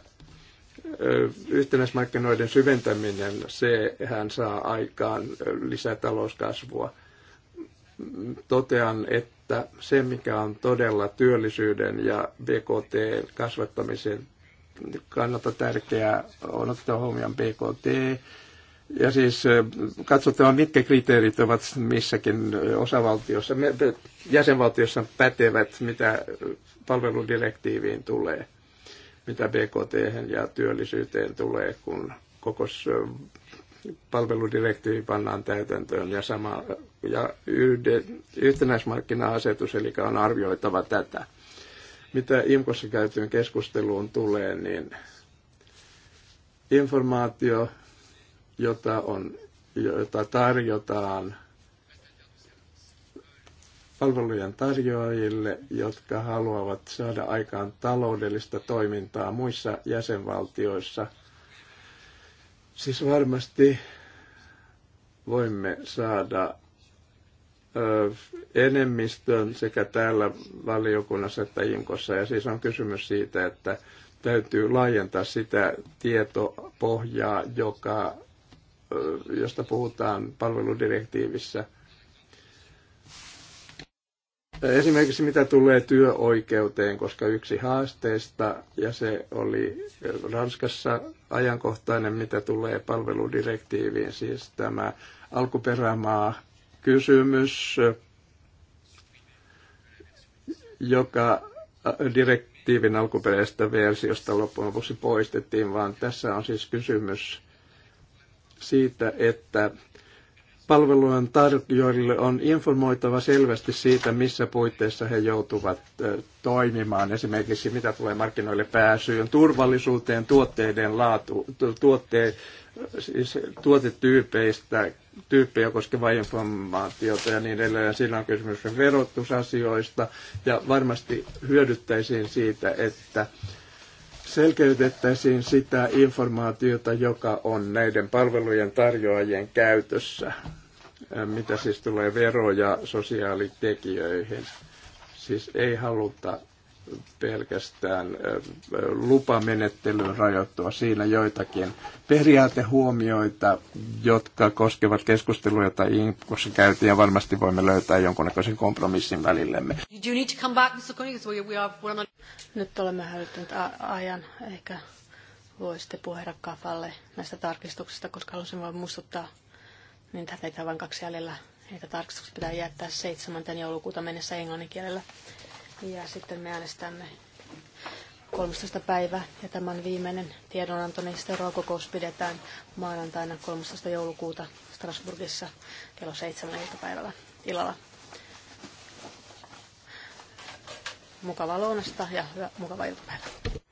yhtenäismarkkinoiden syventäminen, sehän saa aikaan lisätalouskasvua. Totean, että se mikä on todella työllisyyden ja BKT kasvattamisen kannalta tärkeää on ottaa huomioon BKT, ja siis katsotaan, mitkä kriteerit ovat missäkin osavaltiossa, jäsenvaltiossa pätevät, mitä palveludirektiiviin tulee, mitä BKT ja työllisyyteen tulee, kun koko palveludirektiivi pannaan täytäntöön ja, sama, ja yhden, yhtenäismarkkina-asetus, eli on arvioitava tätä. Mitä IMKossa käytyyn keskusteluun tulee, niin informaatio jota, on, jota tarjotaan palvelujen tarjoajille, jotka haluavat saada aikaan taloudellista toimintaa muissa jäsenvaltioissa. Siis varmasti voimme saada enemmistön sekä täällä valiokunnassa että Inkossa. Ja siis on kysymys siitä, että täytyy laajentaa sitä tietopohjaa, joka josta puhutaan palveludirektiivissä. Esimerkiksi mitä tulee työoikeuteen, koska yksi haasteista, ja se oli Ranskassa ajankohtainen, mitä tulee palveludirektiiviin, siis tämä alkuperämaa kysymys, joka direktiivin alkuperäisestä versiosta loppujen lopuksi poistettiin, vaan tässä on siis kysymys siitä, että palvelujen tarjoajille on informoitava selvästi siitä, missä puitteissa he joutuvat toimimaan. Esimerkiksi mitä tulee markkinoille pääsyyn, turvallisuuteen, tuotteiden laatu, tuotteen, siis tuotetyypeistä, tyyppejä koskevaa informaatiota ja niin edelleen. Siinä on kysymys verotusasioista ja varmasti hyödyttäisiin siitä, että selkeytettäisiin sitä informaatiota, joka on näiden palvelujen tarjoajien käytössä, mitä siis tulee veroja sosiaalitekijöihin. Siis ei haluta pelkästään lupamenettelyyn rajoittua siinä joitakin periaatehuomioita, jotka koskevat keskustelua, jota Inkossa käytiin, ja varmasti voimme löytää jonkunnäköisen kompromissin välillemme. Nyt olemme hälyttäneet ajan, ehkä voisitte puhera Kafalle näistä tarkistuksista, koska halusin vain muistuttaa, niin tätä vain kaksi jäljellä. Niitä tarkistukset pitää jättää 7. joulukuuta mennessä englannin kielellä. Ja sitten me äänestämme 13. päivä ja tämän viimeinen tiedonanto, niin kokous pidetään maanantaina 13. joulukuuta Strasbourgissa kello 7 iltapäivällä illalla. Mukavaa lounasta ja hyvä, mukavaa iltapäivää.